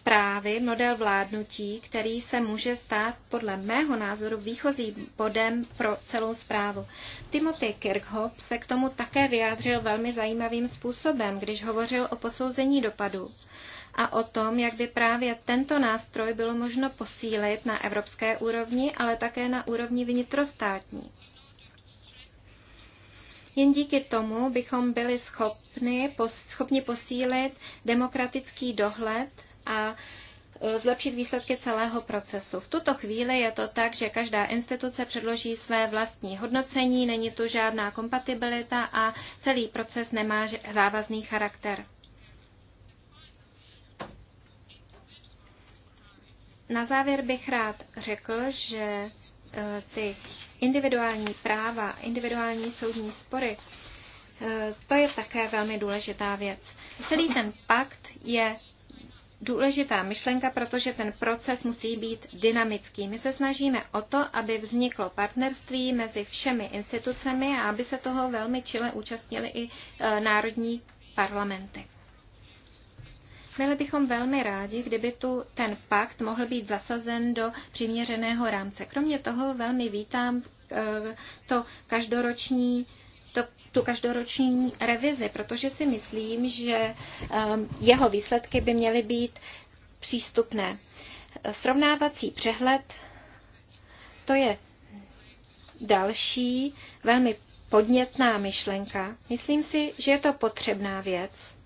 zprávy model vládnutí, který se může stát podle mého názoru výchozím bodem pro celou zprávu. Timothy Kirkhope se k tomu také vyjádřil velmi zajímavým způsobem, když hovořil o posouzení dopadu a o tom, jak by právě tento nástroj bylo možno posílit na evropské úrovni, ale také na úrovni vnitrostátní. Jen díky tomu bychom byli schopni, schopni posílit demokratický dohled a e, zlepšit výsledky celého procesu. V tuto chvíli je to tak, že každá instituce předloží své vlastní hodnocení, není tu žádná kompatibilita a celý proces nemá závazný charakter. Na závěr bych rád řekl, že e, ty individuální práva, individuální soudní spory, e, to je také velmi důležitá věc. Celý ten pakt je důležitá myšlenka, protože ten proces musí být dynamický. My se snažíme o to, aby vzniklo partnerství mezi všemi institucemi a aby se toho velmi čile účastnili i e, národní parlamenty. Byli bychom velmi rádi, kdyby tu ten pakt mohl být zasazen do přiměřeného rámce. Kromě toho velmi vítám e, to každoroční to, tu každoroční revizi, protože si myslím, že ehm, jeho výsledky by měly být přístupné. Srovnávací přehled, to je další velmi podnětná myšlenka. Myslím si, že je to potřebná věc.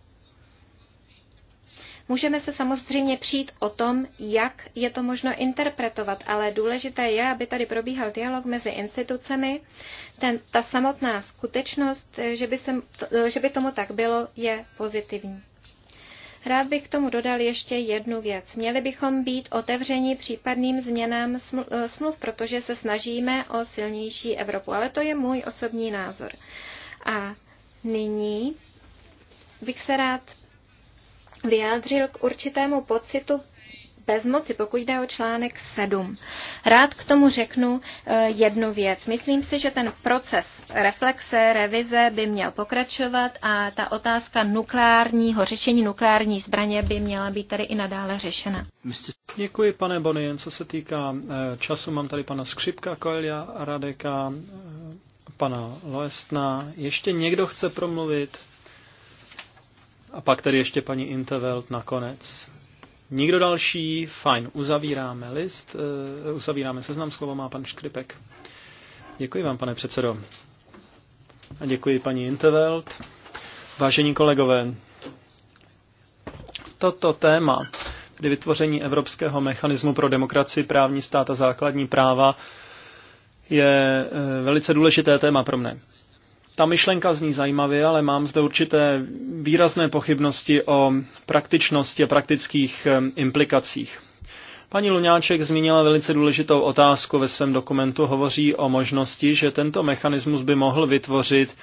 Můžeme se samozřejmě přijít o tom, jak je to možno interpretovat, ale důležité je, aby tady probíhal dialog mezi institucemi. Ten, ta samotná skutečnost, že by, se, že by tomu tak bylo, je pozitivní. Rád bych k tomu dodal ještě jednu věc. Měli bychom být otevřeni případným změnám eh, smluv, protože se snažíme o silnější Evropu, ale to je můj osobní názor. A nyní bych se rád vyjádřil k určitému pocitu bezmoci, pokud jde o článek 7. Rád k tomu řeknu e, jednu věc. Myslím si, že ten proces reflexe, revize by měl pokračovat a ta otázka nukleárního řešení nukleární zbraně by měla být tady i nadále řešena. Děkuji, pane Bony. Jen co se týká e, času, mám tady pana Skřipka, Koelia, Radeka, e, pana Loestna. Ještě někdo chce promluvit? A pak tady ještě paní Intervelt nakonec. Nikdo další? Fajn, uzavíráme list, uh, uzavíráme seznam, slovo má pan Škripek. Děkuji vám, pane předsedo. A děkuji paní Intervelt. Vážení kolegové, toto téma, kdy vytvoření Evropského mechanismu pro demokracii, právní stát a základní práva, je eh, velice důležité téma pro mne. Ta myšlenka zní zajímavě, ale mám zde určité výrazné pochybnosti o praktičnosti a praktických eh, implikacích. Paní Luňáček zmínila velice důležitou otázku ve svém dokumentu. Hovoří o možnosti, že tento mechanismus by mohl vytvořit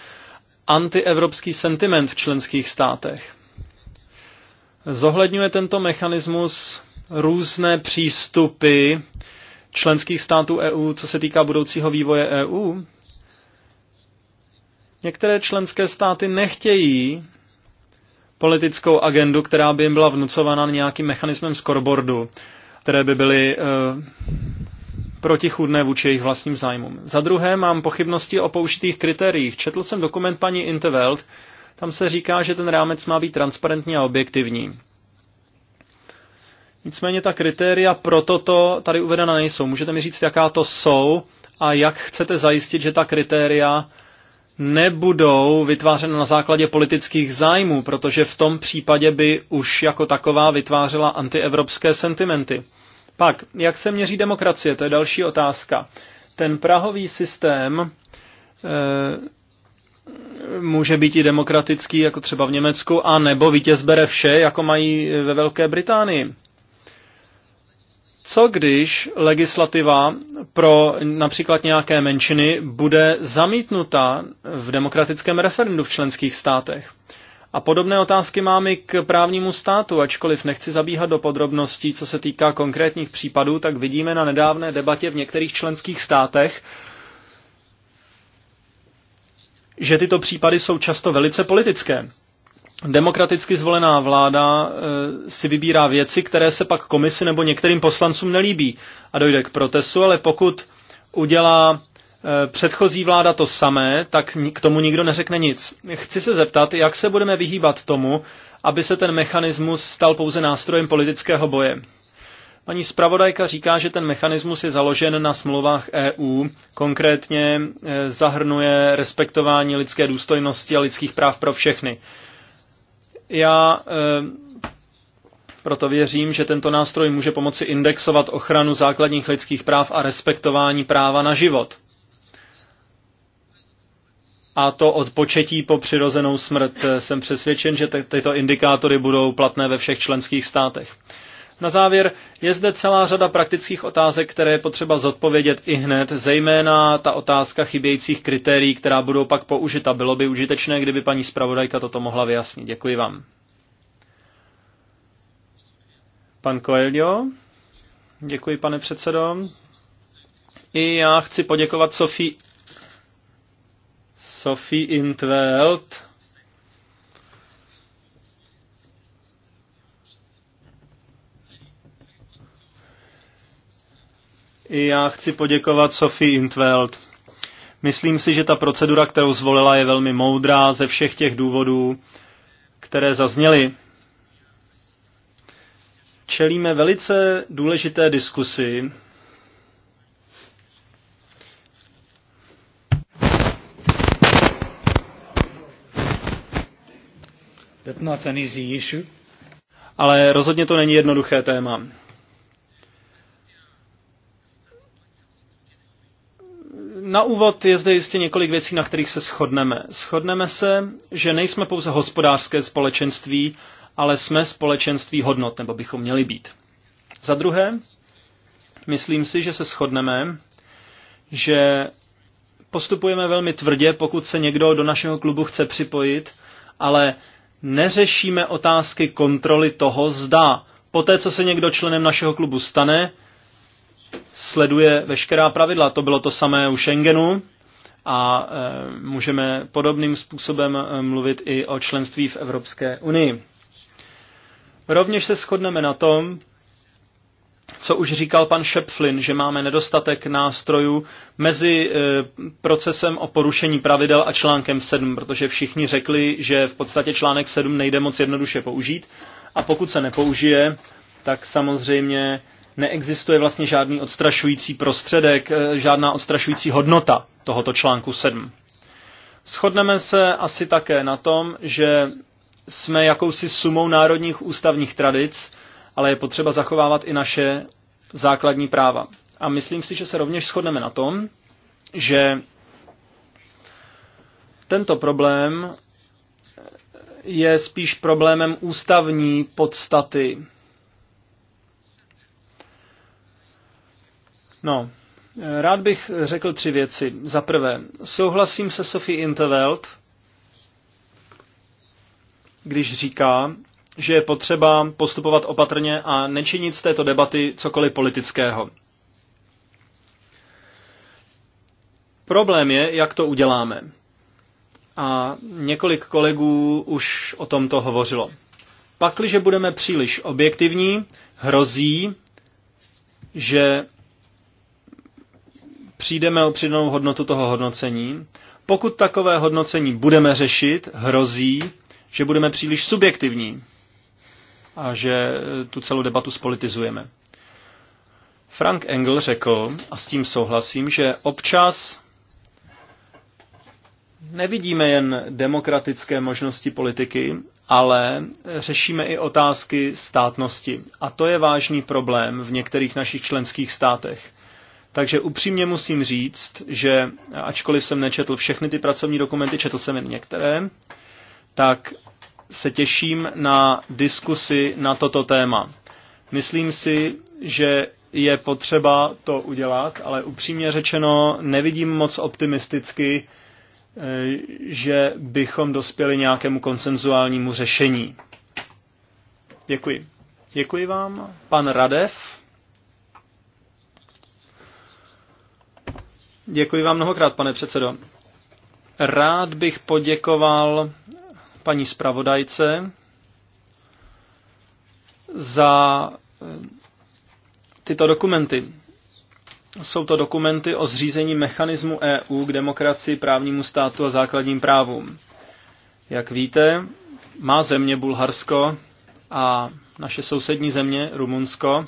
antievropský sentiment v členských státech. Zohledňuje tento mechanismus různé přístupy členských států EU, co se týká budoucího vývoje EU? Některé členské státy nechtějí politickou agendu, která by jim byla vnucována nějakým mechanismem skorbordu, které by byly e, protichůdné vůči jejich vlastním zájmům. Za druhé mám pochybnosti o použitých kritériích. Četl jsem dokument paní Interveld, tam se říká, že ten rámec má být transparentní a objektivní. Nicméně ta kritéria pro toto tady uvedena nejsou. Můžete mi říct, jaká to jsou a jak chcete zajistit, že ta kritéria nebudou vytvářena na základě politických zájmů, protože v tom případě by už jako taková vytvářela antievropské sentimenty. Pak, jak se měří demokracie, to je další otázka. Ten prahový systém e, může být i demokratický, jako třeba v Německu, a nebo vítěz bere vše, jako mají ve Velké Británii. Co když legislativa pro například nějaké menšiny bude zamítnuta v demokratickém referendu v členských státech? A podobné otázky mám i k právnímu státu, ačkoliv nechci zabíhat do podrobností, co se týká konkrétních případů, tak vidíme na nedávné debatě v některých členských státech, že tyto případy jsou často velice politické demokraticky zvolená vláda eh, si vybírá věci, které se pak komisi nebo některým poslancům nelíbí a dojde k protestu, ale pokud udělá eh, předchozí vláda to samé, tak k tomu nikdo neřekne nic. Chci se zeptat, jak se budeme vyhýbat tomu, aby se ten mechanismus stal pouze nástrojem politického boje. Paní zpravodajka říká, že ten mechanismus je založen na smlouvách EU, konkrétně eh, zahrnuje respektování lidské důstojnosti a lidských práv pro všechny. Já ehm, proto věřím, že tento nástroj může pomoci indexovat ochranu základních lidských práv a respektování práva na život. A to od početí po přirozenou smrt. Jsem přesvědčen, že tyto indikátory budou platné ve všech členských státech. Na závěr je zde celá řada praktických otázek, které je potřeba zodpovědět i hned, zejména ta otázka chybějících kritérií, která budou pak použita. Bylo by užitečné, kdyby paní zpravodajka toto mohla vyjasnit. Děkuji vám. Pan Coelho. Děkuji, pane předsedo. I já chci poděkovat Sofii Sophie Intveld I já chci poděkovat Sophie Intveld. Myslím si, že ta procedura, kterou zvolila, je velmi moudrá ze všech těch důvodů, které zazněly. Čelíme velice důležité diskusy. That's not an easy issue. Ale rozhodně to není jednoduché téma. Na úvod je zde jistě několik věcí, na kterých se shodneme. Shodneme se, že nejsme pouze hospodářské společenství, ale jsme společenství hodnot, nebo bychom měli být. Za druhé, myslím si, že se shodneme, že postupujeme velmi tvrdě, pokud se někdo do našeho klubu chce připojit, ale neřešíme otázky kontroly toho, zda poté, co se někdo členem našeho klubu stane, sleduje veškerá pravidla. To bylo to samé u Schengenu a eh, můžeme podobným způsobem eh, mluvit i o členství v Evropské unii. Rovněž se shodneme na tom, co už říkal pan Šepflin, že máme nedostatek nástrojů mezi eh, procesem o porušení pravidel a článkem 7, protože všichni řekli, že v podstatě článek 7 nejde moc jednoduše použít a pokud se nepoužije, tak samozřejmě neexistuje vlastně žádný odstrašující prostředek, eh, žádná odstrašující hodnota tohoto článku 7. Shodneme se asi také na tom, že jsme jakousi sumou národních ústavních tradic, ale je potřeba zachovávat i naše základní práva. A myslím si, že se rovněž shodneme na tom, že tento problém je spíš problémem ústavní podstaty No, rád bych řekl tři věci. Za prvé, souhlasím se Sophie Intervelt, když říká, že je potřeba postupovat opatrně a nečinit z této debaty cokoliv politického. Problém je, jak to uděláme. A několik kolegů už o tomto hovořilo. Pakliže budeme příliš objektivní, hrozí, že přijdeme o přidanou hodnotu toho hodnocení. Pokud takové hodnocení budeme řešit, hrozí, že budeme příliš subjektivní a že eh, tu celou debatu spolitizujeme. Frank Engel řekl, a s tím souhlasím, že občas nevidíme jen demokratické možnosti politiky, ale řešíme i otázky státnosti. A to je vážný problém v některých našich členských státech. Takže upřímně musím říct, že ačkoliv jsem nečetl všechny ty pracovní dokumenty, četl jsem jen některé, tak se těším na diskusy na toto téma. Myslím si, že je potřeba to udělat, ale upřímně řečeno nevidím moc optimisticky, eh, že bychom dospěli nějakému konsenzuálnímu řešení. Děkuji. Děkuji vám. Pan Radev. Děkuji vám mnohokrát, pane předsedo. Rád bych poděkoval paní zpravodajce za eh, tyto dokumenty. Jsou to dokumenty o zřízení mechanismu EU k demokracii, právnímu státu a základním právům. Jak víte, má země Bulharsko a naše sousední země Rumunsko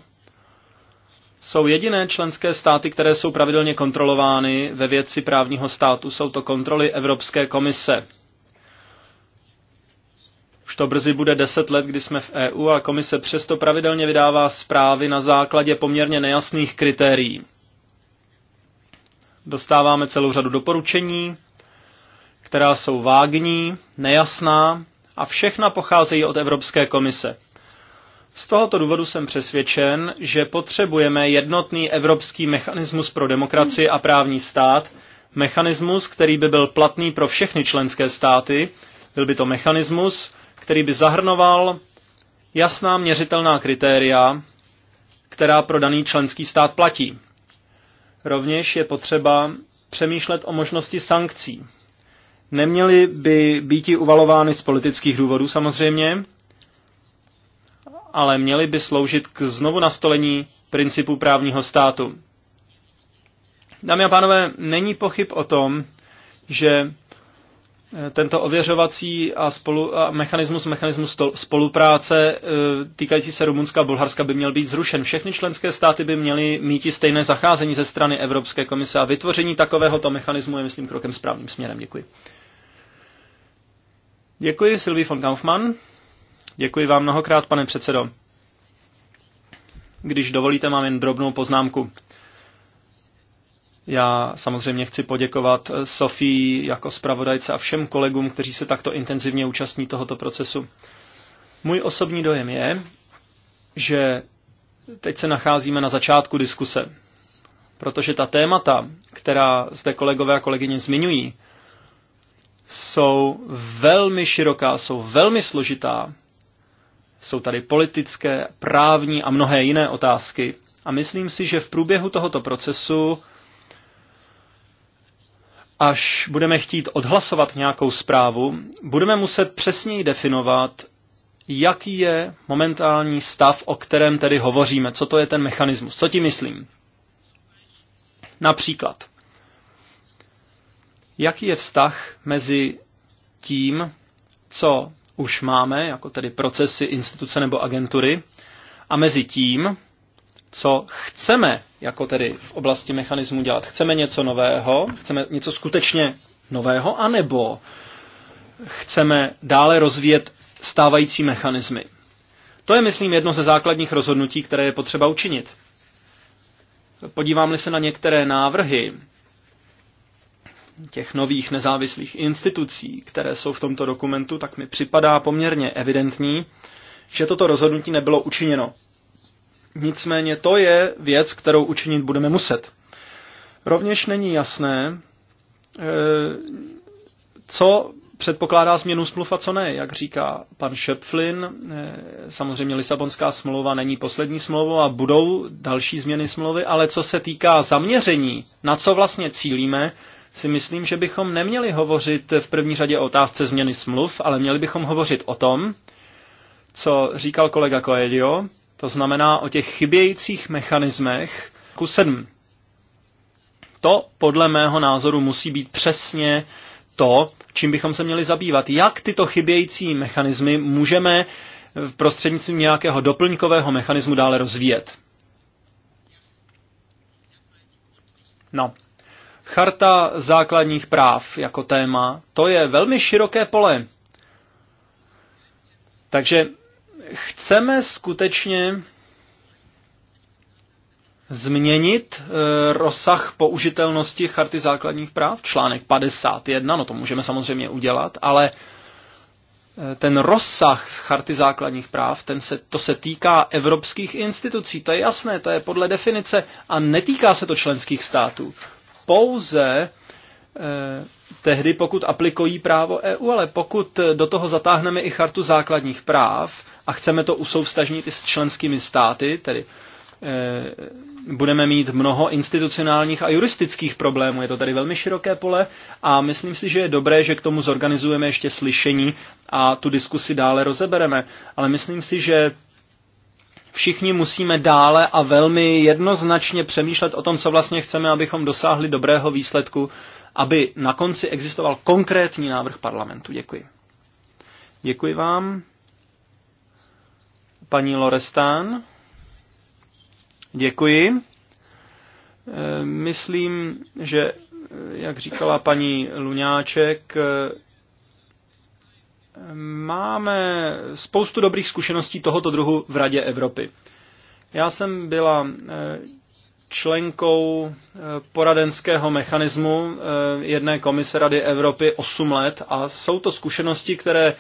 jsou jediné členské státy, které jsou pravidelně kontrolovány ve věci právního státu. Jsou to kontroly Evropské komise. Už to brzy bude deset let, kdy jsme v EU, a komise přesto pravidelně vydává zprávy na základě poměrně nejasných kritérií. Dostáváme celou řadu doporučení, která jsou vágní, nejasná a všechna pocházejí od Evropské komise. Z tohoto důvodu jsem přesvědčen, že potřebujeme jednotný evropský mechanismus pro demokracii a právní stát, mechanismus, který by byl platný pro všechny členské státy, byl by to mechanismus, který by zahrnoval jasná měřitelná kritéria, která pro daný členský stát platí. Rovněž je potřeba přemýšlet o možnosti sankcí. Neměly by být uvalovány z politických důvodů samozřejmě, ale měly by sloužit k znovu nastolení principu právního státu. Dámy a pánové, není pochyb o tom, že eh, tento ověřovací a, spolu, a mechanismus, mechanismus spolupráce eh, týkající se Rumunska a Bulharska by měl být zrušen. Všechny členské státy by měly mít stejné zacházení ze strany Evropské komise a vytvoření takovéhoto mechanismu je, myslím, krokem správným směrem. Děkuji. Děkuji, Sylvie von Kaufmann. Děkuji vám mnohokrát, pane předsedo. Když dovolíte, mám jen drobnou poznámku. Já samozřejmě chci poděkovat Sofii jako zpravodajce a všem kolegům, kteří se takto intenzivně účastní tohoto procesu. Můj osobní dojem je, že teď se nacházíme na začátku diskuse, protože ta témata, která zde kolegové a kolegyně zmiňují, jsou velmi široká, jsou velmi složitá jsou tady politické, právní a mnohé jiné otázky. A myslím si, že v průběhu tohoto procesu, až budeme chtít odhlasovat nějakou zprávu, budeme muset přesněji definovat, jaký je momentální stav, o kterém tedy hovoříme, co to je ten mechanismus, co ti myslím. Například, jaký je vztah mezi tím, co už máme, jako tedy procesy, instituce nebo agentury, a mezi tím, co chceme, jako tedy v oblasti mechanismu dělat. Chceme něco nového, chceme něco skutečně nového, anebo chceme dále rozvíjet stávající mechanismy. To je, myslím, jedno ze základních rozhodnutí, které je potřeba učinit. Podívám-li se na některé návrhy, těch nových nezávislých institucí, které jsou v tomto dokumentu, tak mi připadá poměrně evidentní, že toto rozhodnutí nebylo učiněno. Nicméně to je věc, kterou učinit budeme muset. Rovněž není jasné, e, co předpokládá změnu smluv a co ne. Jak říká pan Šepflin, e, samozřejmě Lisabonská smlouva není poslední smlouvou a budou další změny smlouvy, ale co se týká zaměření, na co vlastně cílíme, si myslím, že bychom neměli hovořit v první řadě o otázce změny smluv, ale měli bychom hovořit o tom, co říkal kolega Coelho, to znamená o těch chybějících mechanismech q 7. To podle mého názoru musí být přesně to, čím bychom se měli zabývat. Jak tyto chybějící mechanismy můžeme v prostřednictvím nějakého doplňkového mechanismu dále rozvíjet. No, Charta základních práv jako téma, to je velmi široké pole. Takže chceme skutečně změnit e, rozsah použitelnosti Charty základních práv, článek 51, no to můžeme samozřejmě udělat, ale e, ten rozsah Charty základních práv, ten se, to se týká evropských institucí, to je jasné, to je podle definice a netýká se to členských států pouze eh, tehdy, pokud aplikují právo EU, ale pokud do toho zatáhneme i chartu základních práv a chceme to usoustažnit i s členskými státy, tedy eh, budeme mít mnoho institucionálních a juristických problémů. Je to tady velmi široké pole a myslím si, že je dobré, že k tomu zorganizujeme ještě slyšení a tu diskusi dále rozebereme. Ale myslím si, že všichni musíme dále a velmi jednoznačně přemýšlet o tom, co vlastně chceme, abychom dosáhli dobrého výsledku, aby na konci existoval konkrétní návrh parlamentu. Děkuji. Děkuji vám. Paní Lorestán. Děkuji. Eh, myslím, že, eh, jak říkala paní Luňáček, eh, máme spoustu dobrých zkušeností tohoto druhu v Radě Evropy. Já jsem byla eh, členkou eh, poradenského mechanismu eh, jedné komise Rady Evropy 8 let a jsou to zkušenosti, které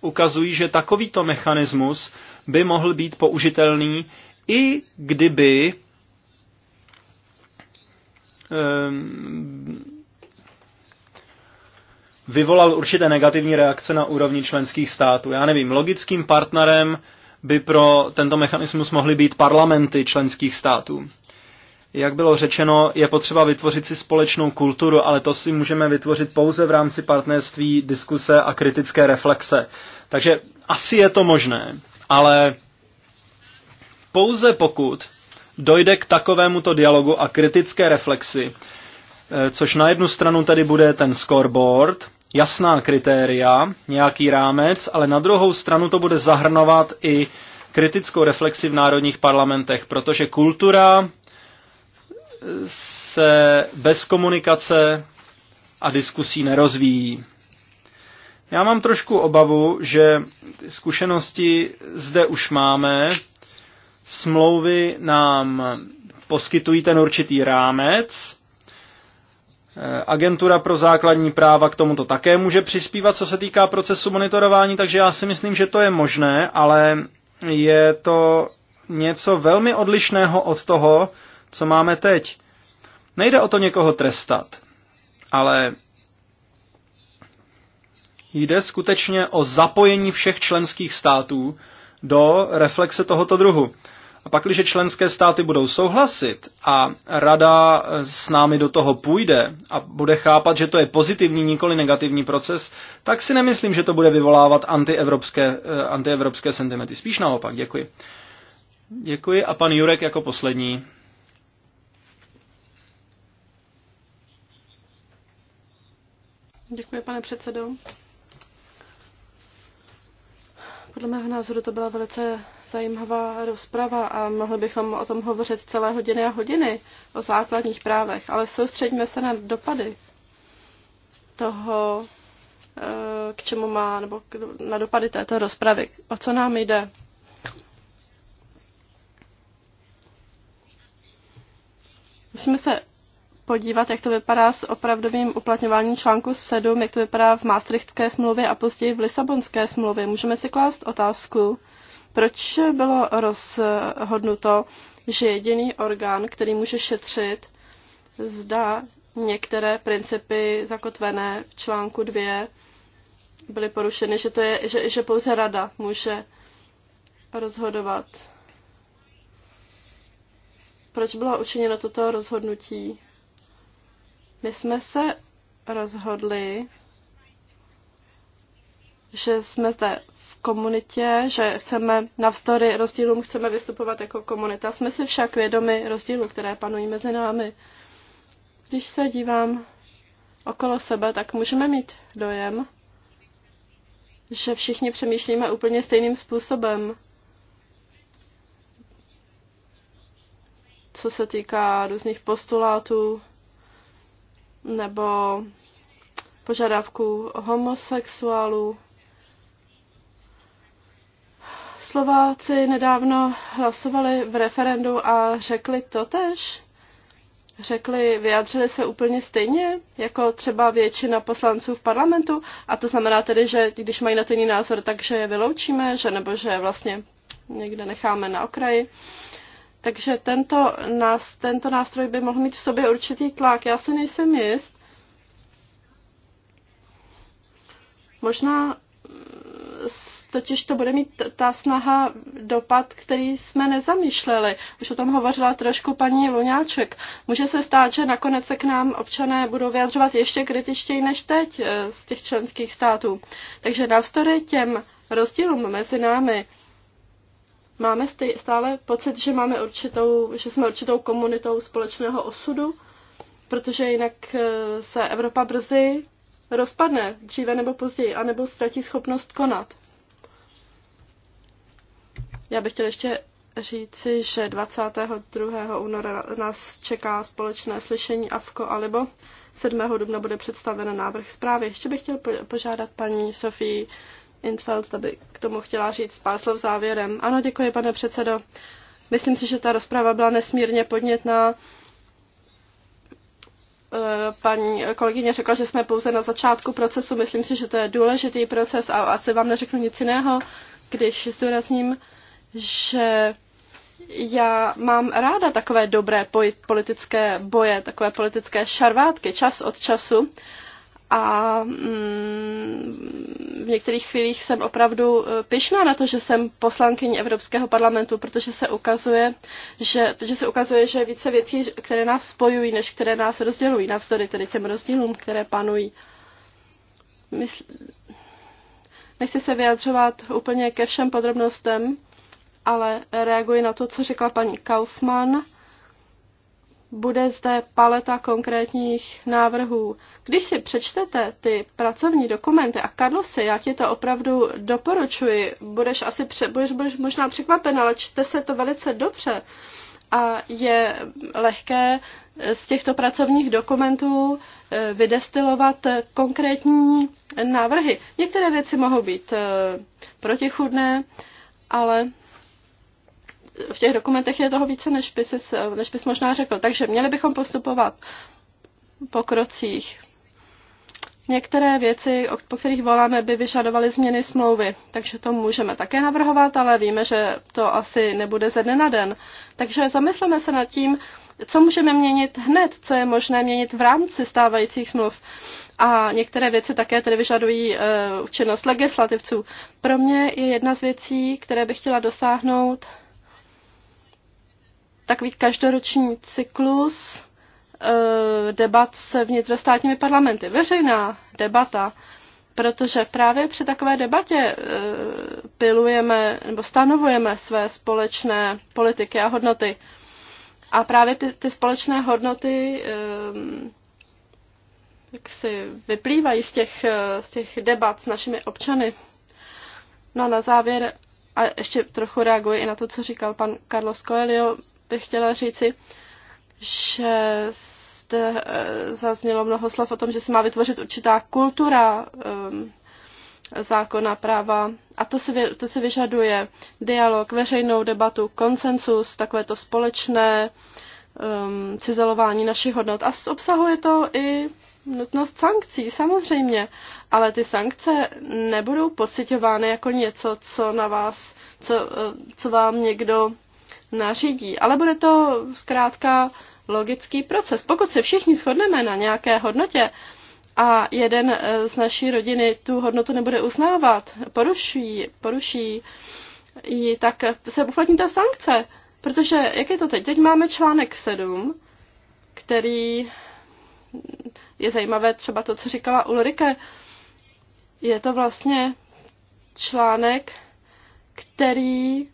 ukazují, že takovýto mechanismus by mohl být použitelný, i kdyby vyvolal určité negativní reakce na úrovni členských států. Já nevím, logickým partnerem by pro tento mechanismus mohly být parlamenty členských států. Jak bylo řečeno, je potřeba vytvořit si společnou kulturu, ale to si můžeme vytvořit pouze v rámci partnerství, diskuse a kritické reflexe. Takže asi je to možné, ale pouze pokud dojde k takovémuto dialogu a kritické reflexi, eh, což na jednu stranu tedy bude ten scoreboard, jasná kritéria, nějaký rámec, ale na druhou stranu to bude zahrnovat i kritickou reflexi v národních parlamentech, protože kultura eh, se bez komunikace a diskusí nerozvíjí. Já mám trošku obavu, že zkušenosti zde už máme, smlouvy nám poskytují ten určitý rámec, Eh, agentura pro základní práva k tomuto také může přispívat, co se týká procesu monitorování, takže já si myslím, že to je možné, ale je to něco velmi odlišného od toho, co máme teď. Nejde o to někoho trestat, ale jde skutečně o zapojení všech členských států do reflexe tohoto druhu. A pak, když členské státy budou souhlasit a rada s námi do toho půjde a bude chápat, že to je pozitivní, nikoli negativní proces, tak si nemyslím, že to bude vyvolávat antievropské, eh, antievropské sentimenty. Spíš naopak. Děkuji. Děkuji a pan Jurek jako poslední. Děkuji, pane předsedo. Podle mého názoru to byla velice zajímavá rozprava a mohli bychom o tom hovořit celé hodiny a hodiny, o základních právech, ale soustředíme se na dopady toho, eh, k čemu má, nebo na dopady této rozpravy, o co nám jde. Musíme se podívat, jak to vypadá s opravdovým uplatňováním článku 7, jak to vypadá v Maastrichtské smlouvě a později v Lisabonské smlouvě. Můžeme si klást otázku, proč bylo rozhodnuto, že jediný orgán, který může šetřit, zda některé principy zakotvené v článku 2 byly porušeny, že, to je, že, že pouze rada může rozhodovat. Proč bylo učiněno toto rozhodnutí? My jsme se rozhodli, že jsme zde komunitě, že chceme navzdory rozdílům chceme vystupovat jako komunita. Jsme si však vědomi rozdílů, které panují mezi námi. Když se dívám okolo sebe, tak můžeme mít dojem, že všichni přemýšlíme úplně stejným způsobem. Co se týká různých postulátů nebo požadavků homosexuálů. Slováci nedávno hlasovali v referendu a řekli to tež. Řekli, vyjádřili se úplně stejně, jako třeba většina poslanců v parlamentu. A to znamená tedy, že když mají na to jiný názor, takže je vyloučíme, že nebo že vlastně někde necháme na okraji. Takže tento, nás, tento nástroj by mohl mít v sobě určitý tlak. Já se nejsem jist. Možná totiž to bude mít ta snaha dopad, který jsme nezamýšleli. Už o tom hovořila trošku paní Luňáček. Může se stát, že nakonec se k nám občané budou vyjadřovat ještě kritičtěji než teď eh, z těch členských států. Takže navzdory těm rozdílům mezi námi máme stále pocit, že, máme určitou, že jsme určitou komunitou společného osudu, protože jinak eh, se Evropa brzy rozpadne dříve nebo později, anebo ztratí schopnost konat. Já bych chtěla ještě říci, že 22. února nás čeká společné slyšení AFKO alebo 7. dubna bude představen návrh zprávy. Ještě bych chtěl požádat paní Sofii Infeld, aby k tomu chtěla říct pár slov závěrem. Ano, děkuji, pane předsedo. Myslím si, že ta rozprava byla nesmírně podnětná. Eh, paní kolegyně řekla, že jsme pouze na začátku procesu. Myslím si, že to je důležitý proces a asi vám neřeknu nic jiného, když zdůrazním, že já mám ráda takové dobré politické boje, takové politické šarvátky čas od času a mm, v některých chvílích jsem opravdu eh, pyšná na to, že jsem poslankyní Evropského parlamentu, protože se ukazuje, že, že se ukazuje, že je více věcí, které nás spojují, než které nás rozdělují, navzdory tedy těm rozdílům, které panují. Mysl... Nechci se vyjadřovat úplně ke všem podrobnostem, ale reaguji na to, co řekla paní Kaufmann bude zde paleta konkrétních návrhů. Když si přečtete ty pracovní dokumenty a Karlosy, já ti to opravdu doporučuji, budeš asi pře- budeš, budeš možná překvapen, ale čte se to velice dobře a je lehké z těchto pracovních dokumentů eh, vydestilovat konkrétní návrhy. Některé věci mohou být eh, protichudné, ale v těch dokumentech je toho více, než bys, než bys možná řekl. Takže měli bychom postupovat po krocích. Některé věci, po kterých voláme, by vyžadovaly změny smlouvy, takže to můžeme také navrhovat, ale víme, že to asi nebude ze dne na den. Takže zamysleme se nad tím, co můžeme měnit hned, co je možné měnit v rámci stávajících smluv. A některé věci také tedy vyžadují uh, účinnost legislativců. Pro mě je jedna z věcí, které bych chtěla dosáhnout, takový každoroční cyklus eh, debat s vnitrostátními parlamenty. Veřejná debata, protože právě při takové debatě eh, pilujeme nebo stanovujeme své společné politiky a hodnoty. A právě ty, ty společné hodnoty eh, jak si vyplývají z těch, z těch debat s našimi občany. No a na závěr, a ještě trochu reaguji i na to, co říkal pan Carlos Coelho, bych chtěla říci, že jste, eh, zaznělo mnoho slov o tom, že se má vytvořit určitá kultura ehm, zákona práva. A to se, to se vyžaduje dialog, veřejnou debatu, konsensus, takové to společné um, cizelování našich hodnot. A obsahuje to i nutnost sankcí, samozřejmě. Ale ty sankce nebudou pocitovány jako něco, co na vás, co, eh, co vám někdo nařídí, ale bude to zkrátka logický proces. Pokud se všichni shodneme na nějaké hodnotě a jeden eh, z naší rodiny tu hodnotu nebude uznávat, poruší, poruší ji, tak se uplatní ta sankce. Protože jak je to teď? Teď máme článek 7, který je zajímavé třeba to, co říkala Ulrike. Je to vlastně článek, který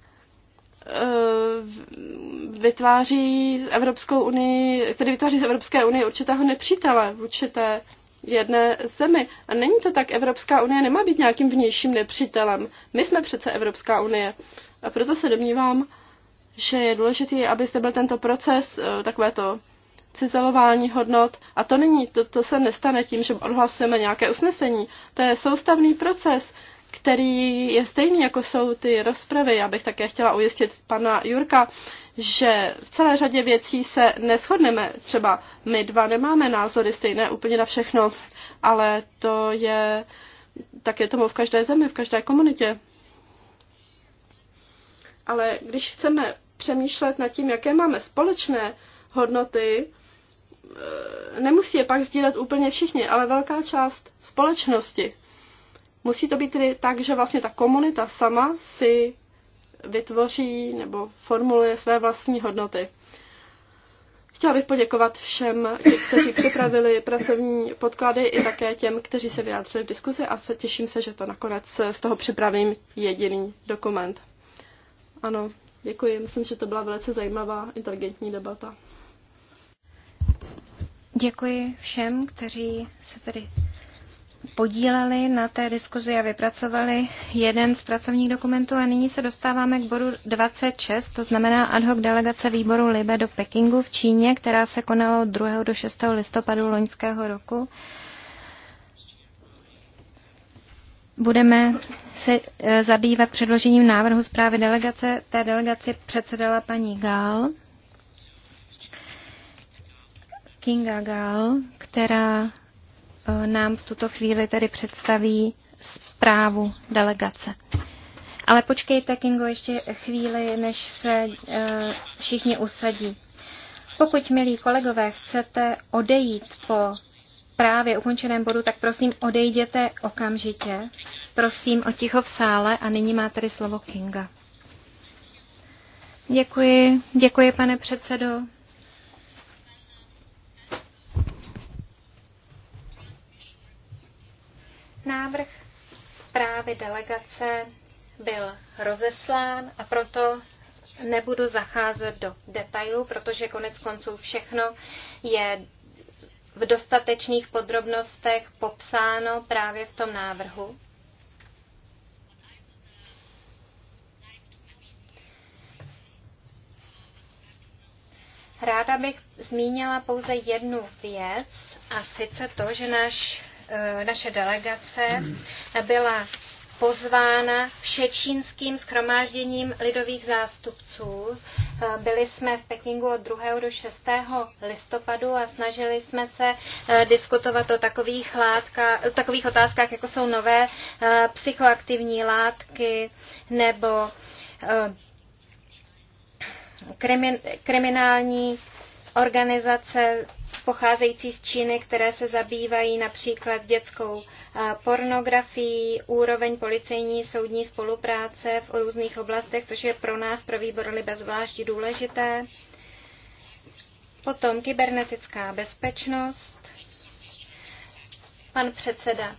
Eh, vytváří Evropskou unii, který vytváří z Evropské unie určitého nepřítele v určité jedné zemi. A není to tak, Evropská unie nemá být nějakým vnějším nepřítelem. My jsme přece Evropská unie. A proto se domnívám, že je důležité, aby se byl tento proces, eh, takovéto cizelování hodnot. A to není, to, to se nestane tím, že odhlasujeme nějaké usnesení. To je soustavný proces, který je stejný, jako jsou ty rozpravy. Já bych také chtěla ujistit pana Jurka, že v celé řadě věcí se neschodneme. Třeba my dva nemáme názory stejné úplně na všechno, ale to je, tak je tomu v každé zemi, v každé komunitě. Ale když chceme přemýšlet nad tím, jaké máme společné hodnoty, eh, nemusí je pak sdílet úplně všichni, ale velká část společnosti Musí to být tedy tak, že vlastně ta komunita sama si vytvoří nebo formuluje své vlastní hodnoty. Chtěla bych poděkovat všem, kteří připravili pracovní podklady i také těm, kteří se vyjádřili v diskuzi a se těším se, že to nakonec z toho připravím jediný dokument. Ano, děkuji. Myslím, že to byla velice zajímavá, inteligentní debata. Děkuji všem, kteří se tedy podíleli na té diskuzi a vypracovali jeden z pracovních dokumentů a nyní se dostáváme k bodu 26, to znamená ad hoc delegace výboru Libe do Pekingu v Číně, která se konala od 2. do 6. listopadu loňského roku. Budeme se eh, zabývat předložením návrhu zprávy delegace. Té delegaci předsedala paní Gál, Kinga Gál, která Eh, nám v tuto chvíli tedy představí zprávu delegace. Ale počkejte, Kingo, ještě chvíli, než se eh, všichni usadí. Pokud, milí kolegové, chcete odejít po právě ukončeném bodu, tak prosím odejděte okamžitě. Prosím o ticho v sále a nyní má tady slovo Kinga. Děkuji, děkuji pane předsedo. Návrh právě delegace byl rozeslán a proto nebudu zacházet do detailů, protože konec konců všechno je v dostatečných podrobnostech popsáno právě v tom návrhu. Ráda bych zmínila pouze jednu věc, a sice to, že náš Eh, naše delegace byla pozvána všečínským schromážděním lidových zástupců. Eh, byli jsme v Pekingu od 2. do 6. listopadu a snažili jsme se eh, diskutovat o takových, látka, takových otázkách, jako jsou nové psychoaktivní látky nebo kriminální organizace pocházející z Číny, které se zabývají například dětskou eh, pornografií, úroveň policejní soudní spolupráce v různých oblastech, což je pro nás, pro výbor Libe zvlášť důležité. Potom kybernetická bezpečnost. Pan předseda.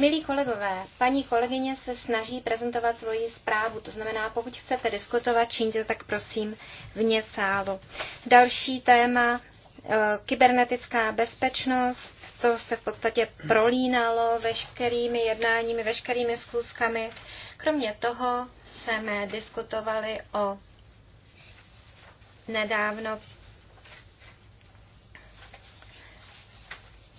Milí kolegové, paní kolegyně se snaží prezentovat svoji zprávu, to znamená, pokud chcete diskutovat, činíte tak prosím vně sálu. Další téma Kybernetická bezpečnost, to se v podstatě prolínalo veškerými jednáními, veškerými schůzkami. Kromě toho jsme diskutovali o nedávno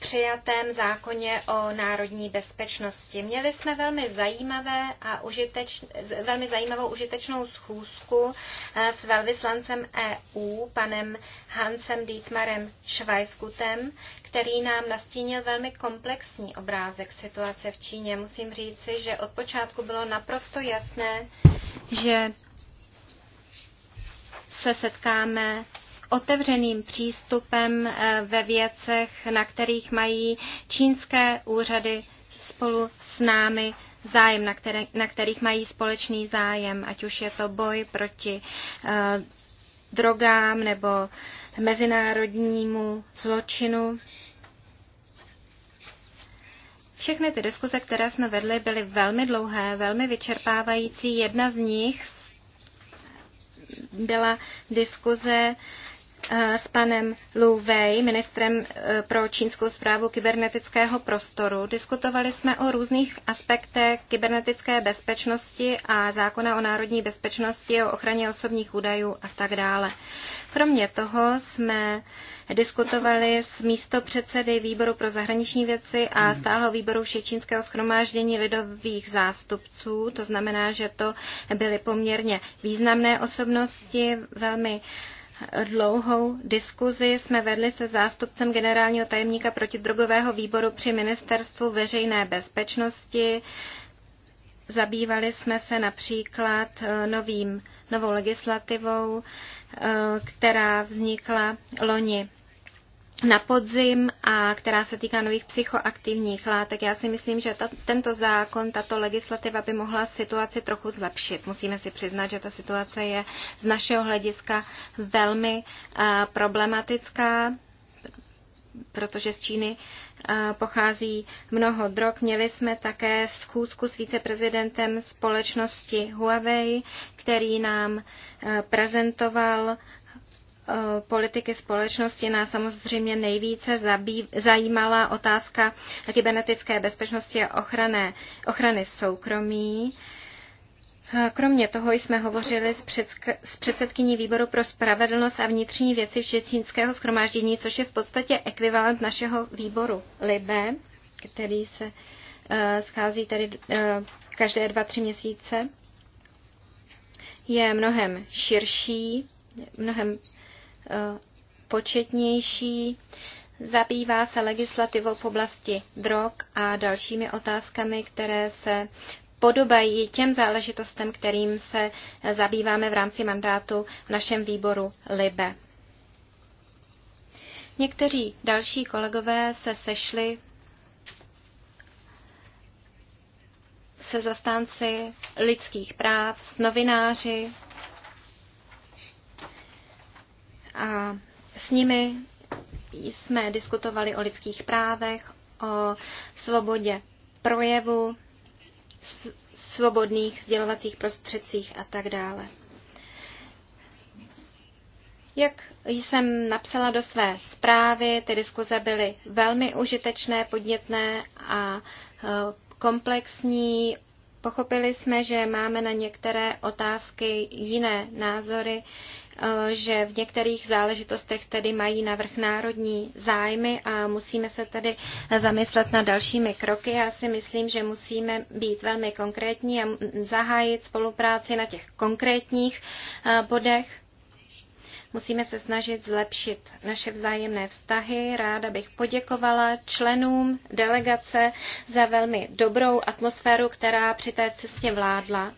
přijatém zákoně o národní bezpečnosti. Měli jsme velmi, zajímavé a užiteč, velmi zajímavou užitečnou schůzku eh, s velvyslancem EU, panem Hansem Dietmarem Schweiskutem, který nám nastínil velmi komplexní obrázek situace v Číně. Musím říci, že od počátku bylo naprosto jasné, že se setkáme otevřeným přístupem eh, ve věcech, na kterých mají čínské úřady spolu s námi zájem, na, které, na kterých mají společný zájem, ať už je to boj proti eh, drogám nebo mezinárodnímu zločinu. Všechny ty diskuze, které jsme vedli, byly velmi dlouhé, velmi vyčerpávající. Jedna z nich byla diskuze Eh, s panem Lu Wei, ministrem eh, pro čínskou zprávu kybernetického prostoru. Diskutovali jsme o různých aspektech kybernetické bezpečnosti a zákona o národní bezpečnosti, o ochraně osobních údajů a tak dále. Kromě toho jsme diskutovali s místopředsedy výboru pro zahraniční věci a stáleho výboru Všečínského schromáždění lidových zástupců. To znamená, že to byly poměrně významné osobnosti, velmi uh, dlouhou diskuzi jsme vedli se zástupcem generálního tajemníka protidrogového výboru při ministerstvu veřejné bezpečnosti. Zabývali jsme se například eh, novým, novou legislativou, eh, která vznikla loni na podzim a která se týká nových psychoaktivních látek. Já si myslím, že ta, tento zákon, tato legislativa by mohla situaci trochu zlepšit. Musíme si přiznat, že ta situace je z našeho hlediska velmi uh, problematická, protože z Číny uh, pochází mnoho drog. Měli jsme také schůzku s viceprezidentem společnosti Huawei, který nám uh, prezentoval politiky společnosti nás samozřejmě nejvíce zajímala otázka kybernetické bezpečnosti a ochrany, ochrany soukromí. Kromě toho jsme hovořili s, předsedkyní výboru pro spravedlnost a vnitřní věci Všečínského schromáždění, což je v podstatě ekvivalent našeho výboru LIBE, který se eh, schází tady eh, každé dva, tři měsíce. Je mnohem širší, mnohem početnější, zabývá se legislativou v oblasti drog a dalšími otázkami, které se podobají těm záležitostem, kterým se zabýváme v rámci mandátu v našem výboru LIBE. Někteří další kolegové se sešli se zastánci lidských práv, s novináři, A s nimi jsme diskutovali o lidských právech, o svobodě projevu, svobodných sdělovacích prostředcích a tak dále. Jak jsem napsala do své zprávy, ty diskuze byly velmi užitečné, podnětné a e, komplexní. Pochopili jsme, že máme na některé otázky jiné názory. Eh, že v některých záležitostech tedy mají navrh národní zájmy a musíme se tedy zamyslet na dalšími kroky. Já si myslím, že musíme být velmi konkrétní a zahájit spolupráci na těch konkrétních eh, bodech. Musíme se snažit zlepšit naše vzájemné vztahy. Ráda bych poděkovala členům delegace za velmi dobrou atmosféru, která při té cestě vládla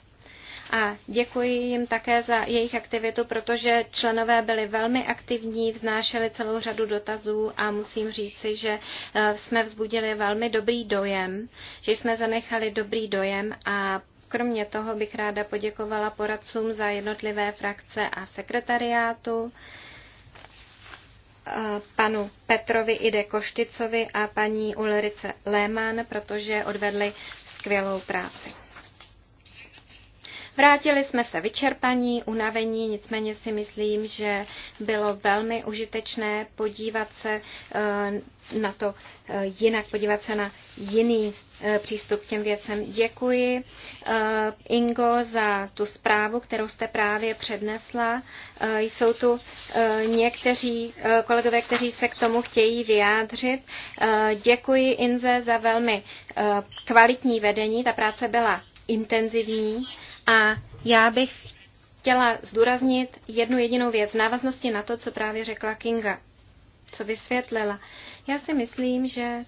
a děkuji jim také za jejich aktivitu, protože členové byli velmi aktivní, vznášeli celou řadu dotazů a musím říci, že eh, jsme vzbudili velmi dobrý dojem, že jsme zanechali dobrý dojem a kromě toho bych ráda poděkovala poradcům za jednotlivé frakce a sekretariátu eh, panu Petrovi Ide Košticovi a paní Ulrice Lehmann, protože odvedli skvělou práci. Vrátili jsme se vyčerpaní, unavení, nicméně si myslím, že bylo velmi užitečné podívat se eh, na to eh, jinak, podívat se na jiný eh, přístup k těm věcem. Děkuji, Ingo, za tu zprávu, kterou jste právě přednesla. Jsou tu někteří kolegové, kteří se k tomu chtějí vyjádřit. Děkuji, Inze, za velmi kvalitní vedení. Ta práce byla intenzivní. A já bych chtěla zdůraznit jednu jedinou věc v návaznosti na to, co právě řekla Kinga, co vysvětlila. Já si myslím, že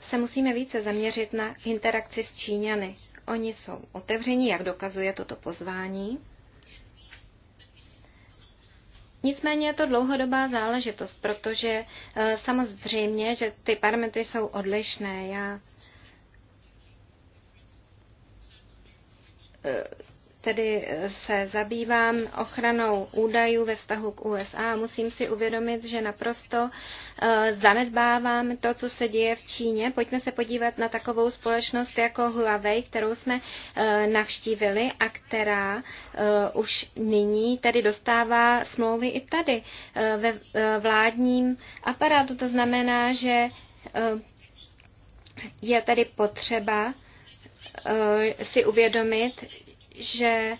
se musíme více zaměřit na interakci s Číňany. Oni jsou otevření, jak dokazuje toto pozvání. Nicméně je to dlouhodobá záležitost, protože eh, samozřejmě, že ty parametry jsou odlišné. Já tedy se zabývám ochranou údajů ve vztahu k USA, musím si uvědomit, že naprosto eh, zanedbávám to, co se děje v Číně. Pojďme se podívat na takovou společnost jako Huawei, kterou jsme eh, navštívili a která eh, už nyní tedy dostává smlouvy i tady ve vládním aparátu. To znamená, že je tedy potřeba Eh, si uvědomit, že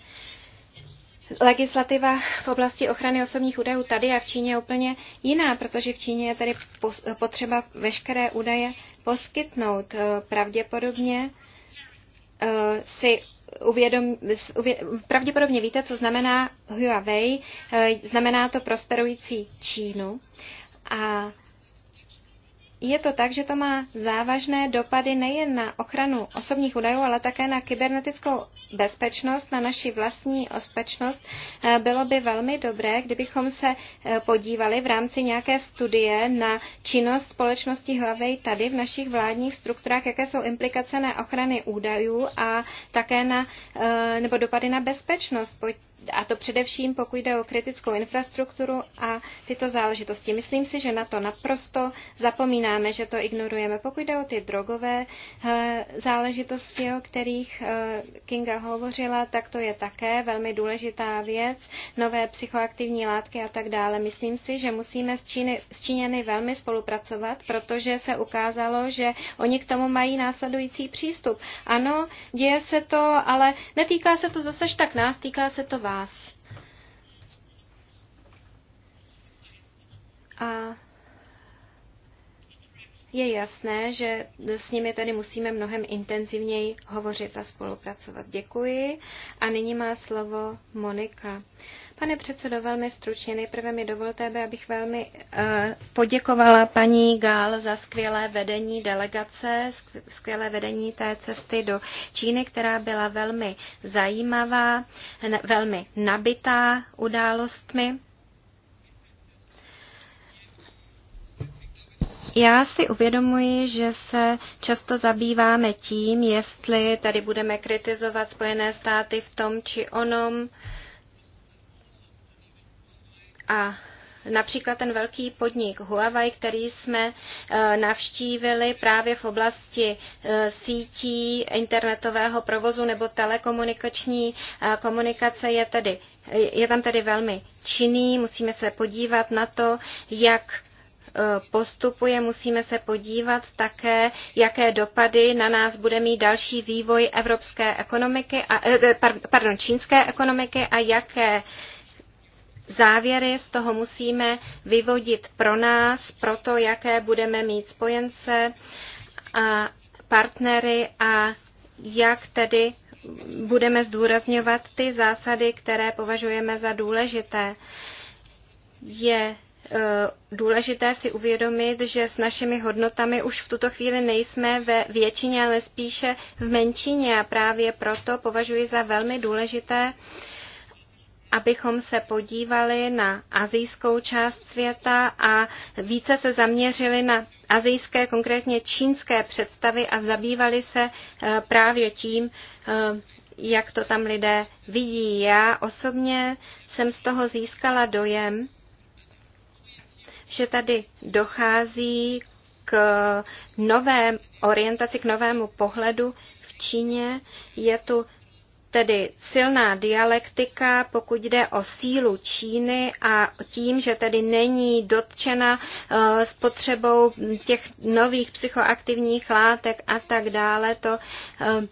legislativa v oblasti ochrany osobních údajů tady a v Číně je úplně jiná, protože v Číně je tady potřeba veškeré údaje poskytnout. Eh, pravděpodobně eh, si uvědom, pravděpodobně víte, co znamená Huawei. Znamená to prosperující Čínu. A je to tak, že to má závažné dopady nejen na ochranu osobních údajů, ale také na kybernetickou bezpečnost, na naši vlastní bezpečnost. Eh, bylo by velmi dobré, kdybychom se eh, podívali v rámci nějaké studie na činnost společnosti Huawei tady v našich vládních strukturách, jaké jsou implikace na ochrany údajů a také na, eh, nebo dopady na bezpečnost a to především pokud jde o kritickou infrastrukturu a tyto záležitosti. Myslím si, že na to naprosto zapomínáme, že to ignorujeme. Pokud jde o ty drogové eh, záležitosti, o kterých eh, Kinga hovořila, tak to je také velmi důležitá věc, nové psychoaktivní látky a tak dále. Myslím si, že musíme s, Číny, s Číněny velmi spolupracovat, protože se ukázalo, že oni k tomu mají následující přístup. Ano, děje se to, ale netýká se to zase tak nás, týká se to vás vás. A je jasné, že s nimi tady musíme mnohem intenzivněji hovořit a spolupracovat. Děkuji. A nyní má slovo Monika. Pane předsedo, velmi stručně. Nejprve mi dovolte, abych velmi eh, poděkovala paní Gál za skvělé vedení delegace, skvělé vedení té cesty do Číny, která byla velmi zajímavá, velmi nabitá událostmi. Já si uvědomuji, že se často zabýváme tím, jestli tady budeme kritizovat Spojené státy v tom či onom. A například ten velký podnik Huawei, který jsme eh, navštívili právě v oblasti eh, sítí internetového provozu nebo telekomunikační eh, komunikace je, tedy, je tam tedy velmi činný. Musíme se podívat na to, jak E, postupuje, musíme se podívat také, jaké dopady na nás bude mít další vývoj evropské ekonomiky, a, e, e, pardon, čínské ekonomiky a jaké závěry z toho musíme vyvodit pro nás, pro to, jaké budeme mít spojence a partnery a jak tedy budeme zdůrazňovat ty zásady, které považujeme za důležité. Je Eh, důležité si uvědomit, že s našimi hodnotami už v tuto chvíli nejsme ve většině, ale spíše v menšině a právě proto považuji za velmi důležité, abychom se podívali na azijskou část světa a více se zaměřili na azijské, konkrétně čínské představy a zabývali se eh, právě tím, eh, jak to tam lidé vidí. Já osobně jsem z toho získala dojem, že tady dochází k nové orientaci, k novému pohledu v Číně. Je tu tedy silná dialektika, pokud jde o sílu Číny a tím, že tedy není dotčena eh, spotřebou těch nových psychoaktivních látek a tak dále, to eh,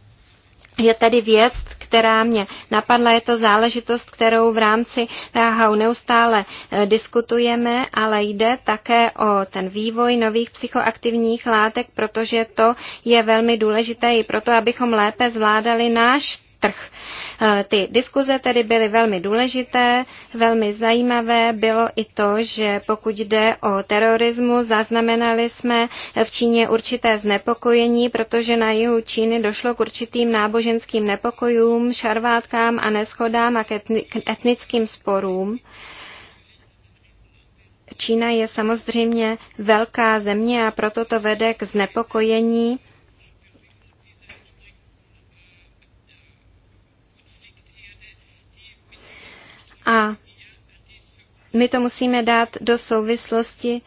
je tedy věc, která mě napadla. Je to záležitost, kterou v rámci VHU neustále eh, diskutujeme, ale jde také o ten vývoj nových psychoaktivních látek, protože to je velmi důležité i proto, abychom lépe zvládali náš trh. Eh, ty diskuze tedy byly velmi důležité, velmi zajímavé bylo i to, že pokud jde o terorismu, zaznamenali jsme v Číně určité znepokojení, protože na jihu Číny došlo k určitým náboženským nepokojům, šarvátkám a neschodám a k etnickým sporům. Čína je samozřejmě velká země a proto to vede k znepokojení A my to musíme dát do souvislosti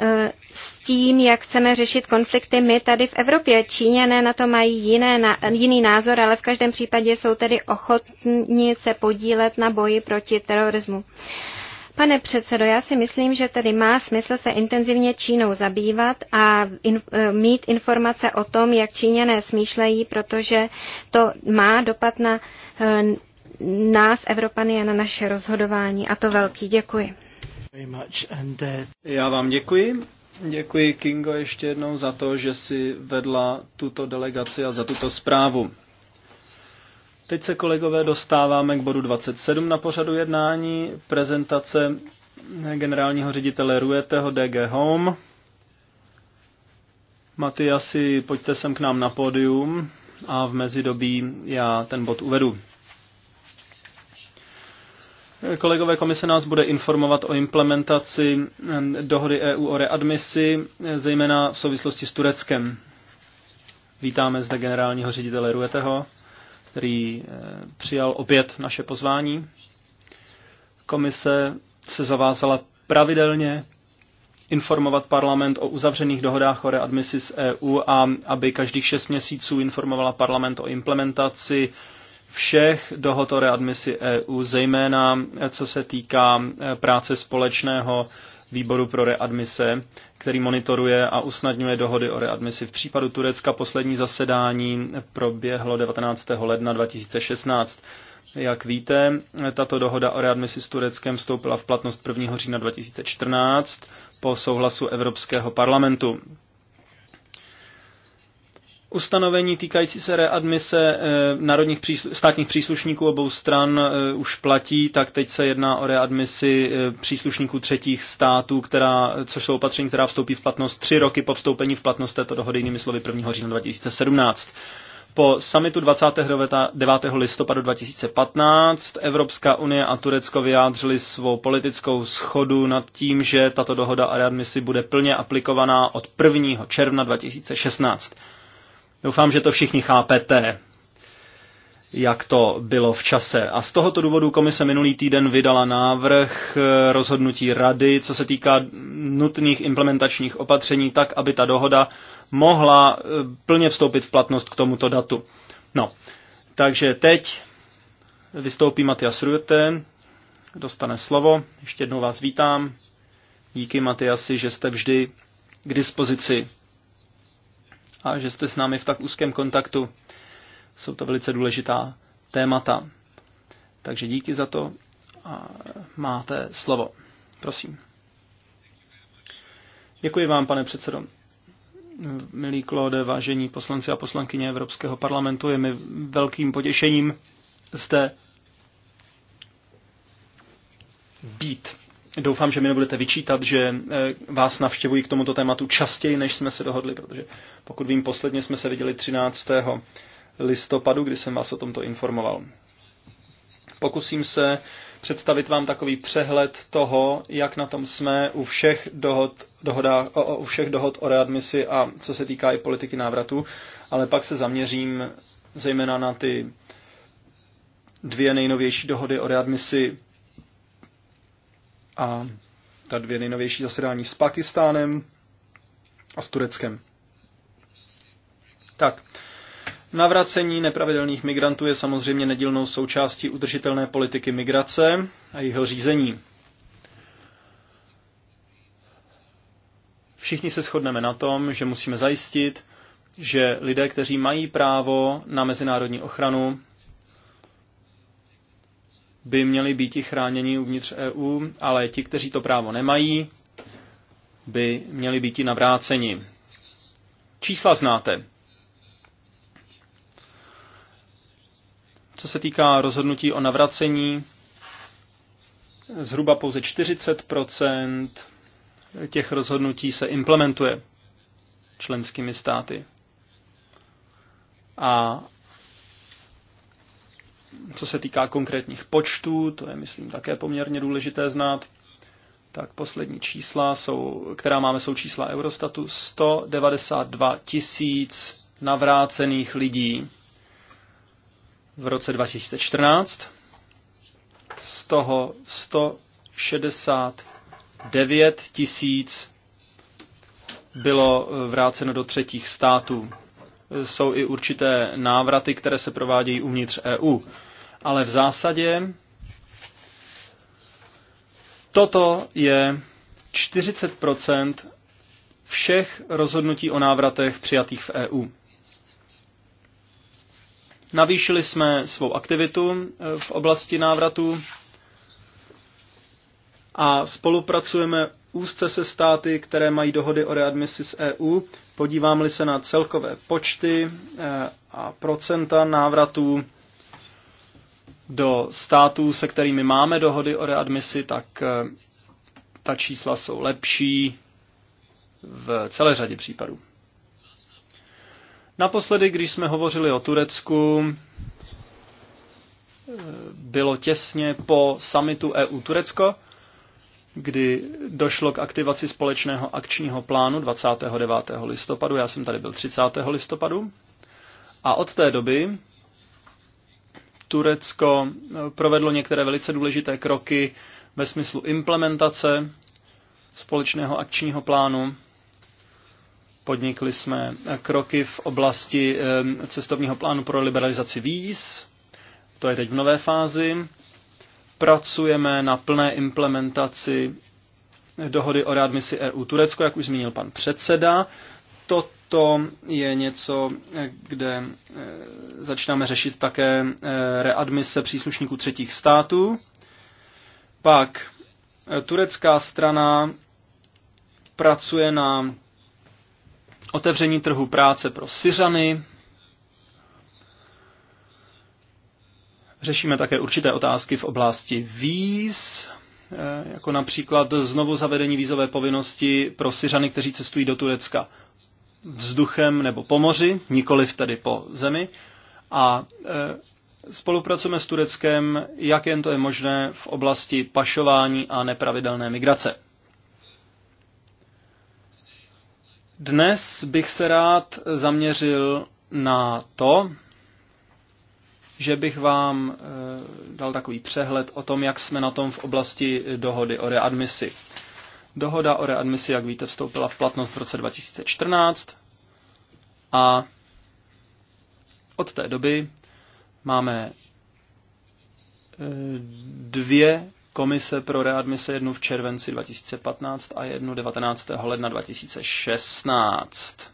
e, s tím, jak chceme řešit konflikty my tady v Evropě. Číňané na to mají jiné, jiný názor, ale v každém případě jsou tedy ochotní se podílet na boji proti terorismu. Pane předsedo, já si myslím, že tedy má smysl se intenzivně Čínou zabývat a in, e, mít informace o tom, jak Číňané smýšlejí, protože to má dopad na e, nás, Evropany, a na naše rozhodování. A to velký děkuji. Uh, já vám děkuji. Děkuji, Kingo, ještě jednou za to, že si vedla tuto delegaci a za tuto zprávu. Teď se, kolegové, dostáváme k bodu 27 na pořadu jednání. Prezentace generálního ředitele Rueteho DG Home. Matyasi, pojďte sem k nám na pódium a v mezidobí já ten bod uvedu. Kolegové komise nás bude informovat o implementaci dohody EU o readmisi, e, zejména v souvislosti s Tureckem. Vítáme zde generálního ředitele Rueteho, který e, přijal opět naše pozvání. Komise se zavázala pravidelně informovat parlament o uzavřených dohodách o readmisi z EU a aby každých šest měsíců informovala parlament o implementaci všech dohod o readmisi EU, zejména eh, co se týká eh, práce společného výboru pro readmise, který monitoruje a usnadňuje dohody o readmisi. V případu Turecka poslední zasedání eh, proběhlo 19. ledna 2016. Jak víte, tato dohoda o readmisi s Tureckem vstoupila v platnost 1. října 2014 po souhlasu Evropského parlamentu. Ustanovení týkající se readmise eh, národních příslu, státních příslušníků obou stran eh, už platí, tak teď se jedná o readmisi eh, příslušníků třetích států, která, což jsou opatření, která vstoupí v platnost tři roky po vstoupení v platnost této dohody, jinými slovy 1. října 2017. Po samitu 29. listopadu 2015 Evropská unie a Turecko vyjádřili svou politickou schodu nad tím, že tato dohoda a readmisi bude plně aplikovaná od 1. června 2016. Doufám, že to všichni chápete, jak to bylo v čase. A z tohoto důvodu komise minulý týden vydala návrh eh, rozhodnutí rady, co se týká nutných implementačních opatření, tak, aby ta dohoda mohla eh, plně vstoupit v platnost k tomuto datu. No, takže teď vystoupí Matias Rujete, dostane slovo. Ještě jednou vás vítám. Díky, Matiasi, že jste vždy k dispozici a že jste s námi v tak úzkém kontaktu. Jsou to velice důležitá témata. Takže díky za to a máte slovo. Prosím. Děkuji vám, pane předsedo. Milí Klode, vážení poslanci a poslankyně Evropského parlamentu, je mi velkým potěšením zde být. Doufám, že mi nebudete vyčítat, že eh, vás navštěvují k tomuto tématu častěji, než jsme se dohodli, protože pokud vím, posledně jsme se viděli 13. listopadu, kdy jsem vás o tomto informoval. Pokusím se představit vám takový přehled toho, jak na tom jsme u všech dohod, dohodách, o, u všech dohod o readmisi a co se týká i politiky návratu, ale pak se zaměřím zejména na ty dvě nejnovější dohody o readmisi a ta dvě nejnovější zasedání s Pakistánem a s Tureckem. Tak, Navracení nepravidelných migrantů je samozřejmě nedílnou součástí udržitelné politiky migrace a jeho řízení. Všichni se shodneme na tom, že musíme zajistit, že lidé, kteří mají právo na mezinárodní ochranu, by měli být chráněni uvnitř EU, ale ti, kteří to právo nemají, by měli být i navráceni. Čísla znáte. Co se týká rozhodnutí o navracení, zhruba pouze 40 těch rozhodnutí se implementuje členskými státy. A co se týká konkrétních počtů, to je, myslím, také poměrně důležité znát, tak poslední čísla, jsou, která máme, jsou čísla Eurostatu. 192 tisíc navrácených lidí v roce 2014. Z toho 169 tisíc bylo vráceno do třetích států jsou i určité návraty, které se provádějí uvnitř EU. Ale v zásadě toto je 40 všech rozhodnutí o návratech přijatých v EU. Navýšili jsme svou aktivitu e, v oblasti návratu a spolupracujeme úzce se státy, které mají dohody o readmisi s EU, Podívám-li se na celkové počty eh, a procenta návratů do států, se kterými máme dohody o readmisi, tak eh, ta čísla jsou lepší v celé řadě případů. Naposledy, když jsme hovořili o Turecku, eh, bylo těsně po samitu EU-Turecko kdy došlo k aktivaci společného akčního plánu 29. listopadu, já jsem tady byl 30. listopadu, a od té doby Turecko eh, provedlo některé velice důležité kroky ve smyslu implementace společného akčního plánu. Podnikli jsme eh, kroky v oblasti eh, cestovního plánu pro liberalizaci víz, to je teď v nové fázi pracujeme na plné implementaci dohody o readmisi EU Turecko, jak už zmínil pan předseda. Toto je něco, kde eh, začínáme řešit také eh, readmise příslušníků třetích států. Pak eh, turecká strana pracuje na otevření trhu práce pro Syřany, Řešíme také určité otázky v oblasti víz, eh, jako například znovu zavedení vízové povinnosti pro Syřany, kteří cestují do Turecka vzduchem nebo po moři, nikoliv tedy po zemi. A eh, spolupracujeme s Tureckem, jak jen to je možné v oblasti pašování a nepravidelné migrace. Dnes bych se rád zaměřil na to, že bych vám eh, dal takový přehled o tom, jak jsme na tom v oblasti dohody o readmisi. Dohoda o readmisi, jak víte, vstoupila v platnost v roce 2014 a od té doby máme eh, dvě komise pro readmise, jednu v červenci 2015 a jednu 19. ledna 2016.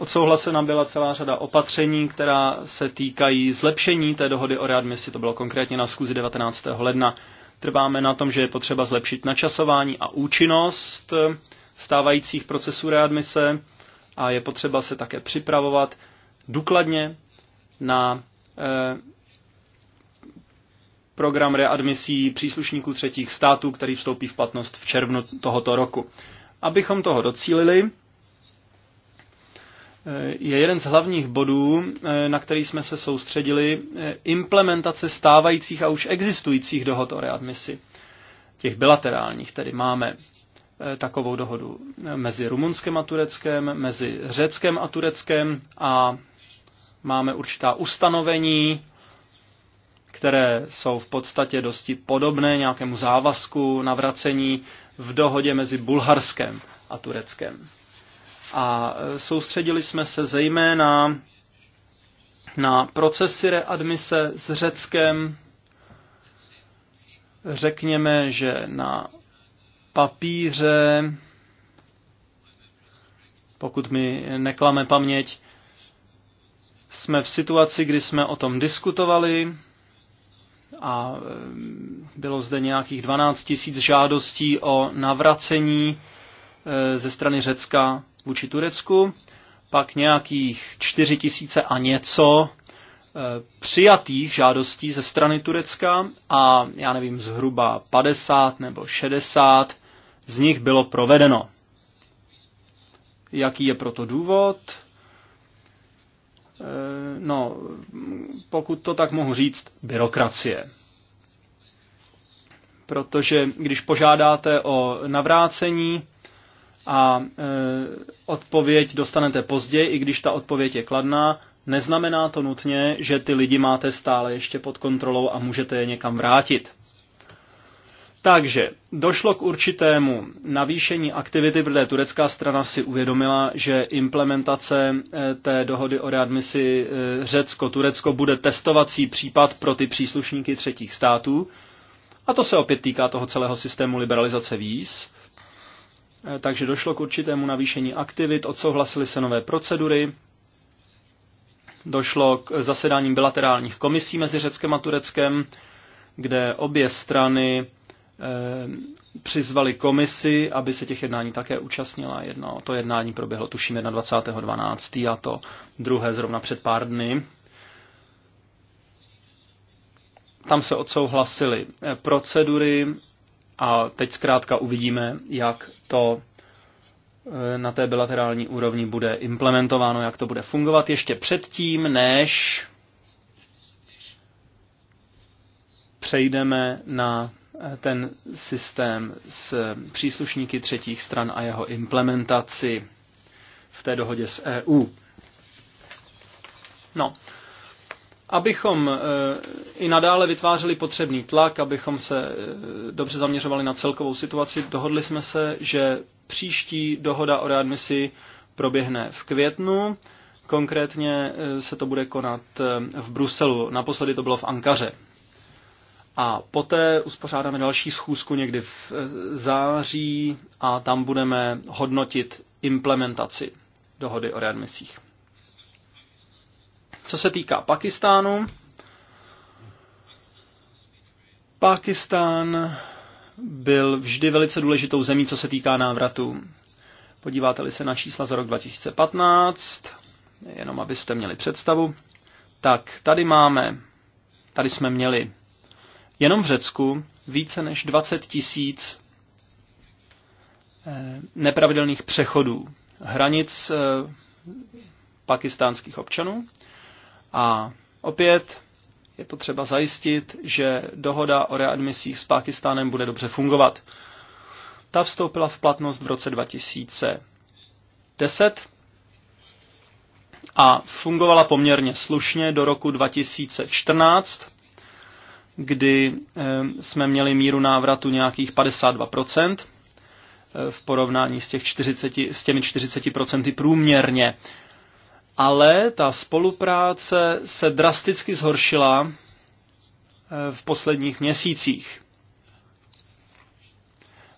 Odsouhlasena byla celá řada opatření, která se týkají zlepšení té dohody o readmisi, to bylo konkrétně na schůzi 19. ledna. Trváme na tom, že je potřeba zlepšit načasování a účinnost eh, stávajících procesů readmise a je potřeba se také připravovat důkladně na eh, program readmisí příslušníků třetích států, který vstoupí v platnost v červnu tohoto roku. Abychom toho docílili, je jeden z hlavních bodů, eh, na který jsme se soustředili, eh, implementace stávajících a už existujících dohod o readmisi. Těch bilaterálních tedy máme eh, takovou dohodu mezi Rumunskem a Tureckem, mezi Řeckem a Tureckem a máme určitá ustanovení, které jsou v podstatě dosti podobné nějakému závazku na vracení v dohodě mezi Bulharskem a Tureckem a soustředili jsme se zejména na procesy readmise s Řeckem. Řekněme, že na papíře, pokud mi neklame paměť, jsme v situaci, kdy jsme o tom diskutovali a eh, bylo zde nějakých 12 tisíc žádostí o navracení eh, ze strany Řecka vůči Turecku, pak nějakých 4 tisíce a něco eh, přijatých žádostí ze strany Turecka a já nevím, zhruba 50 nebo 60 z nich bylo provedeno. Jaký je proto důvod? Eh, no, pokud to tak mohu říct, byrokracie. Protože když požádáte o navrácení, a e, odpověď dostanete později, i když ta odpověď je kladná, neznamená to nutně, že ty lidi máte stále ještě pod kontrolou a můžete je někam vrátit. Takže došlo k určitému navýšení aktivity, protože turecká strana si uvědomila, že implementace e, té dohody o readmisi e, Řecko-Turecko bude testovací případ pro ty příslušníky třetích států. A to se opět týká toho celého systému liberalizace víz. Eh, takže došlo k určitému navýšení aktivit, odsouhlasily se nové procedury, došlo k zasedáním bilaterálních komisí mezi Řeckem a Tureckem, kde obě strany eh, přizvali komisi, aby se těch jednání také účastnila. Jedno, to jednání proběhlo tuším 21.12. a to druhé zrovna před pár dny. Tam se odsouhlasily eh, procedury a teď zkrátka uvidíme, jak to eh, na té bilaterální úrovni bude implementováno, jak to bude fungovat ještě předtím, než přejdeme na eh, ten systém s příslušníky třetích stran a jeho implementaci v té dohodě s EU. No, abychom eh, i nadále vytvářeli potřebný tlak, abychom se eh, dobře zaměřovali na celkovou situaci, dohodli jsme se, že příští dohoda o readmisi proběhne v květnu. Konkrétně eh, se to bude konat v Bruselu. Naposledy to bylo v Ankaře. A poté uspořádáme další schůzku někdy v září a tam budeme hodnotit implementaci dohody o readmisích. Co se týká Pakistánu, Pakistán byl vždy velice důležitou zemí, co se týká návratu. Podíváte-li se na čísla za rok 2015, jenom abyste měli představu, tak tady máme, tady jsme měli jenom v Řecku více než 20 tisíc eh, nepravidelných přechodů hranic eh, pakistánských občanů a opět je potřeba zajistit, že dohoda o readmisích s Pákistánem bude dobře fungovat. Ta vstoupila v platnost v roce 2010 a fungovala poměrně slušně do roku 2014, kdy eh, jsme měli míru návratu nějakých 52% eh, v porovnání s, těch 40, s těmi 40% průměrně ale ta spolupráce se drasticky zhoršila eh, v posledních měsících.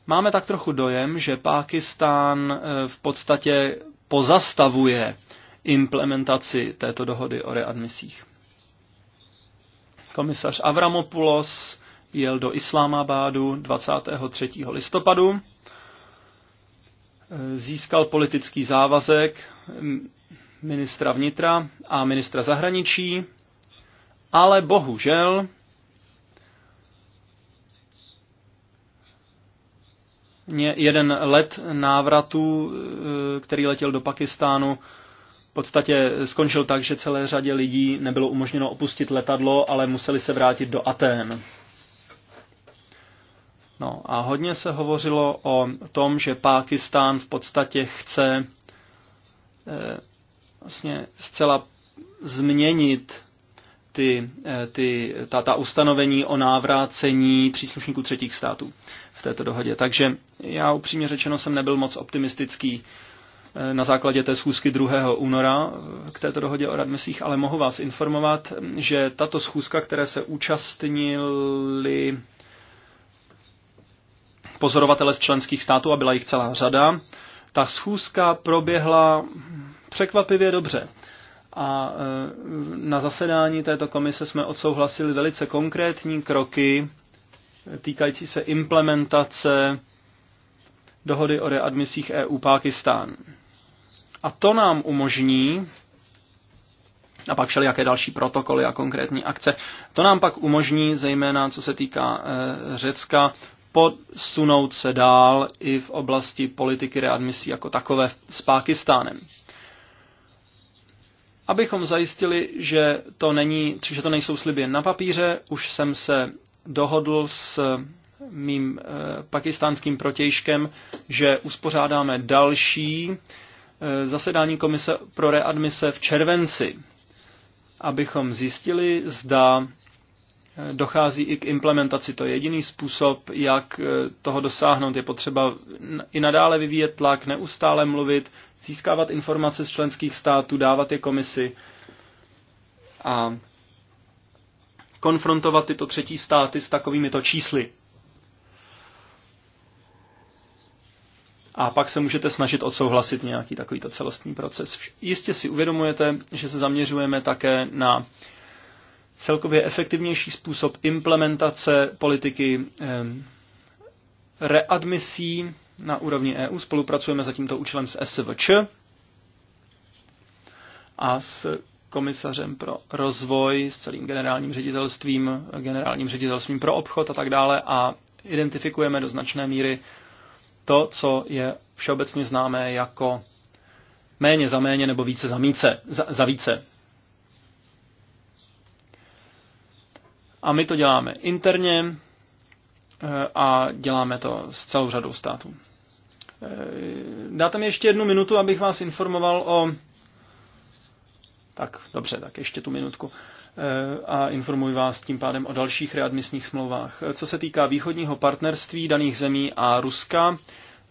Máme tak trochu dojem, že Pákistán eh, v podstatě pozastavuje implementaci této dohody o readmisích. Komisař Avramopoulos jel do Islámabádu 23. listopadu, eh, získal politický závazek ministra vnitra a ministra zahraničí, ale bohužel jeden let návratu, e, který letěl do Pakistánu, v podstatě skončil tak, že celé řadě lidí nebylo umožněno opustit letadlo, ale museli se vrátit do Atén. No a hodně se hovořilo o tom, že Pákistán v podstatě chce e, vlastně zcela změnit ty, eh, ty, ta, ta ustanovení o návrácení příslušníků třetích států v této dohodě. Takže já upřímně řečeno jsem nebyl moc optimistický eh, na základě té schůzky 2. února eh, k této dohodě o radmesích, ale mohu vás informovat, že tato schůzka, které se účastnili pozorovatele z členských států, a byla jich celá řada, ta schůzka proběhla překvapivě dobře. A e, na zasedání této komise jsme odsouhlasili velice konkrétní kroky týkající se implementace dohody o readmisích EU Pákistán. A to nám umožní, a pak všelijaké další protokoly a konkrétní akce, to nám pak umožní, zejména co se týká e, Řecka, posunout se dál i v oblasti politiky readmisí jako takové s Pákistánem. Abychom zajistili, že to, není, že to nejsou sliby na papíře, už jsem se dohodl s mým e, pakistánským protějškem, že uspořádáme další e, zasedání komise pro readmise v červenci, abychom zjistili, zda dochází i k implementaci. To je jediný způsob, jak eh, toho dosáhnout. Je potřeba i nadále vyvíjet tlak, neustále mluvit, získávat informace z členských států, dávat je komisi a konfrontovat tyto třetí státy s takovými to čísly. A pak se můžete snažit odsouhlasit nějaký takovýto celostní proces. Jistě si uvědomujete, že se zaměřujeme také na celkově efektivnější způsob implementace politiky readmisí na úrovni EU. Spolupracujeme za tímto účelem s SVČ a s komisařem pro rozvoj, s celým generálním ředitelstvím, generálním ředitelstvím pro obchod a tak dále a identifikujeme do značné míry to, co je všeobecně známé jako méně za méně nebo více za, více, za, za více. A my to děláme interně eh, a děláme to s celou řadou států. Eh, dáte mi ještě jednu minutu, abych vás informoval o. Tak, dobře, tak ještě tu minutku. Eh, a informuji vás tím pádem o dalších readmisních smlouvách. Co se týká východního partnerství daných zemí a Ruska,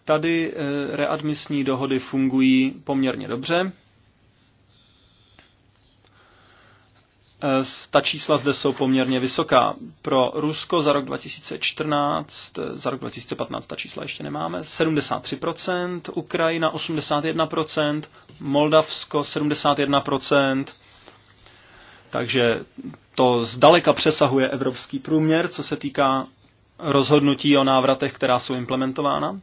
tady readmisní dohody fungují poměrně dobře. Eh, ta čísla zde jsou poměrně vysoká. Pro Rusko za rok 2014, eh, za rok 2015 ta čísla ještě nemáme, 73%, Ukrajina 81%, Moldavsko 71%, takže to zdaleka přesahuje evropský průměr, co se týká rozhodnutí o návratech, která jsou implementována.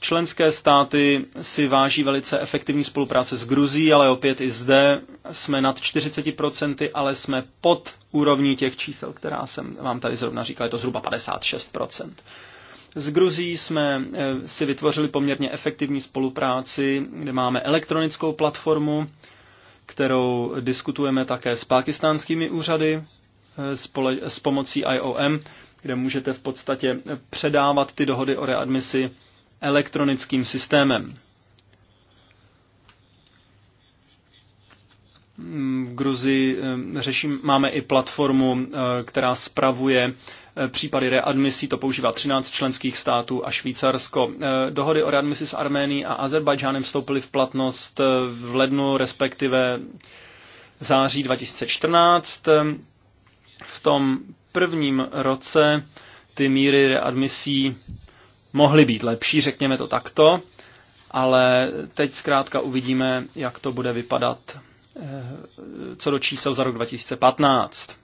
Členské státy si váží velice efektivní spolupráce s Gruzí, ale opět i zde jsme nad 40%, ale jsme pod úrovní těch čísel, která jsem vám tady zrovna říkal, je to zhruba 56%. S Gruzí jsme eh, si vytvořili poměrně efektivní spolupráci, kde máme elektronickou platformu, kterou diskutujeme také s pakistánskými úřady eh, s pomocí IOM, kde můžete v podstatě předávat ty dohody o readmisi elektronickým systémem. V Gruzi eh, řeším, máme i platformu, eh, která spravuje eh, případy readmisí, to používá 13 členských států a Švýcarsko. Dohody o readmisi s Arménií a Azerbajdžánem vstoupily v platnost v lednu, respektive září 2014. V tom prvním roce ty míry readmisí mohly být lepší, řekněme to takto, ale teď zkrátka uvidíme, jak to bude vypadat eh, co do čísel za rok 2015.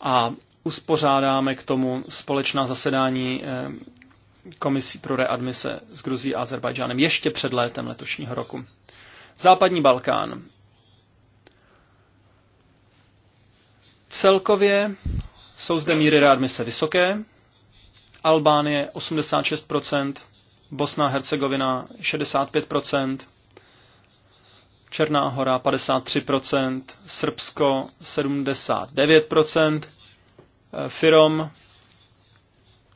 A uspořádáme k tomu společná zasedání eh, komisí pro readmise s Gruzí a Azerbajdžánem ještě před létem letošního roku. Západní Balkán. Celkově jsou zde míry readmise vysoké, Albánie 86%, Bosna a Hercegovina 65%, Černá hora 53%, Srbsko 79%, eh, Firom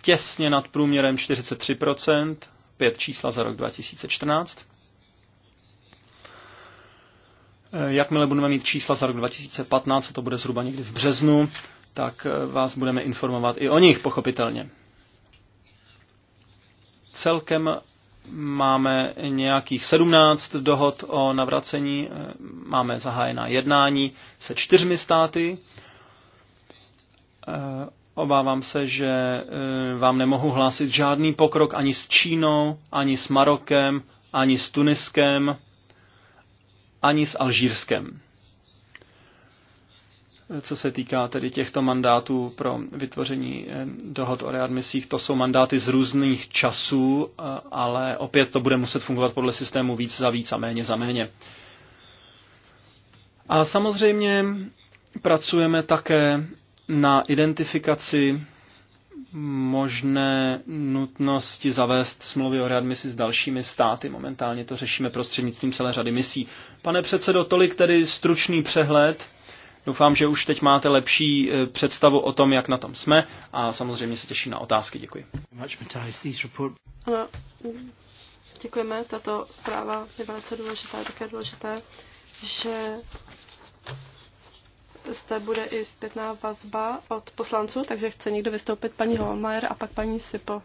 těsně nad průměrem 43%, pět čísla za rok 2014. Eh, jakmile budeme mít čísla za rok 2015, a to bude zhruba někdy v březnu, tak eh, vás budeme informovat i o nich, pochopitelně. Celkem máme nějakých 17 dohod o navracení, máme zahájená jednání se čtyřmi státy. Eh, obávám se, že eh, vám nemohu hlásit žádný pokrok ani s Čínou, ani s Marokem, ani s Tuniskem, ani s Alžírskem co se týká tedy těchto mandátů pro vytvoření eh, dohod o readmisích, to jsou mandáty z různých časů, eh, ale opět to bude muset fungovat podle systému víc za víc a méně za méně. A samozřejmě pracujeme také na identifikaci možné nutnosti zavést smlouvy o readmisi s dalšími státy. Momentálně to řešíme prostřednictvím celé řady misí. Pane předsedo, tolik tedy stručný přehled Doufám, že už teď máte lepší eh, představu o tom, jak na tom jsme a samozřejmě se těším na otázky. Děkuji. Ano, děkujeme. Tato zpráva je velice důležitá, je také důležité, že zde bude i zpětná vazba od poslanců, takže chce někdo vystoupit paní Holmajer a pak paní Sipo.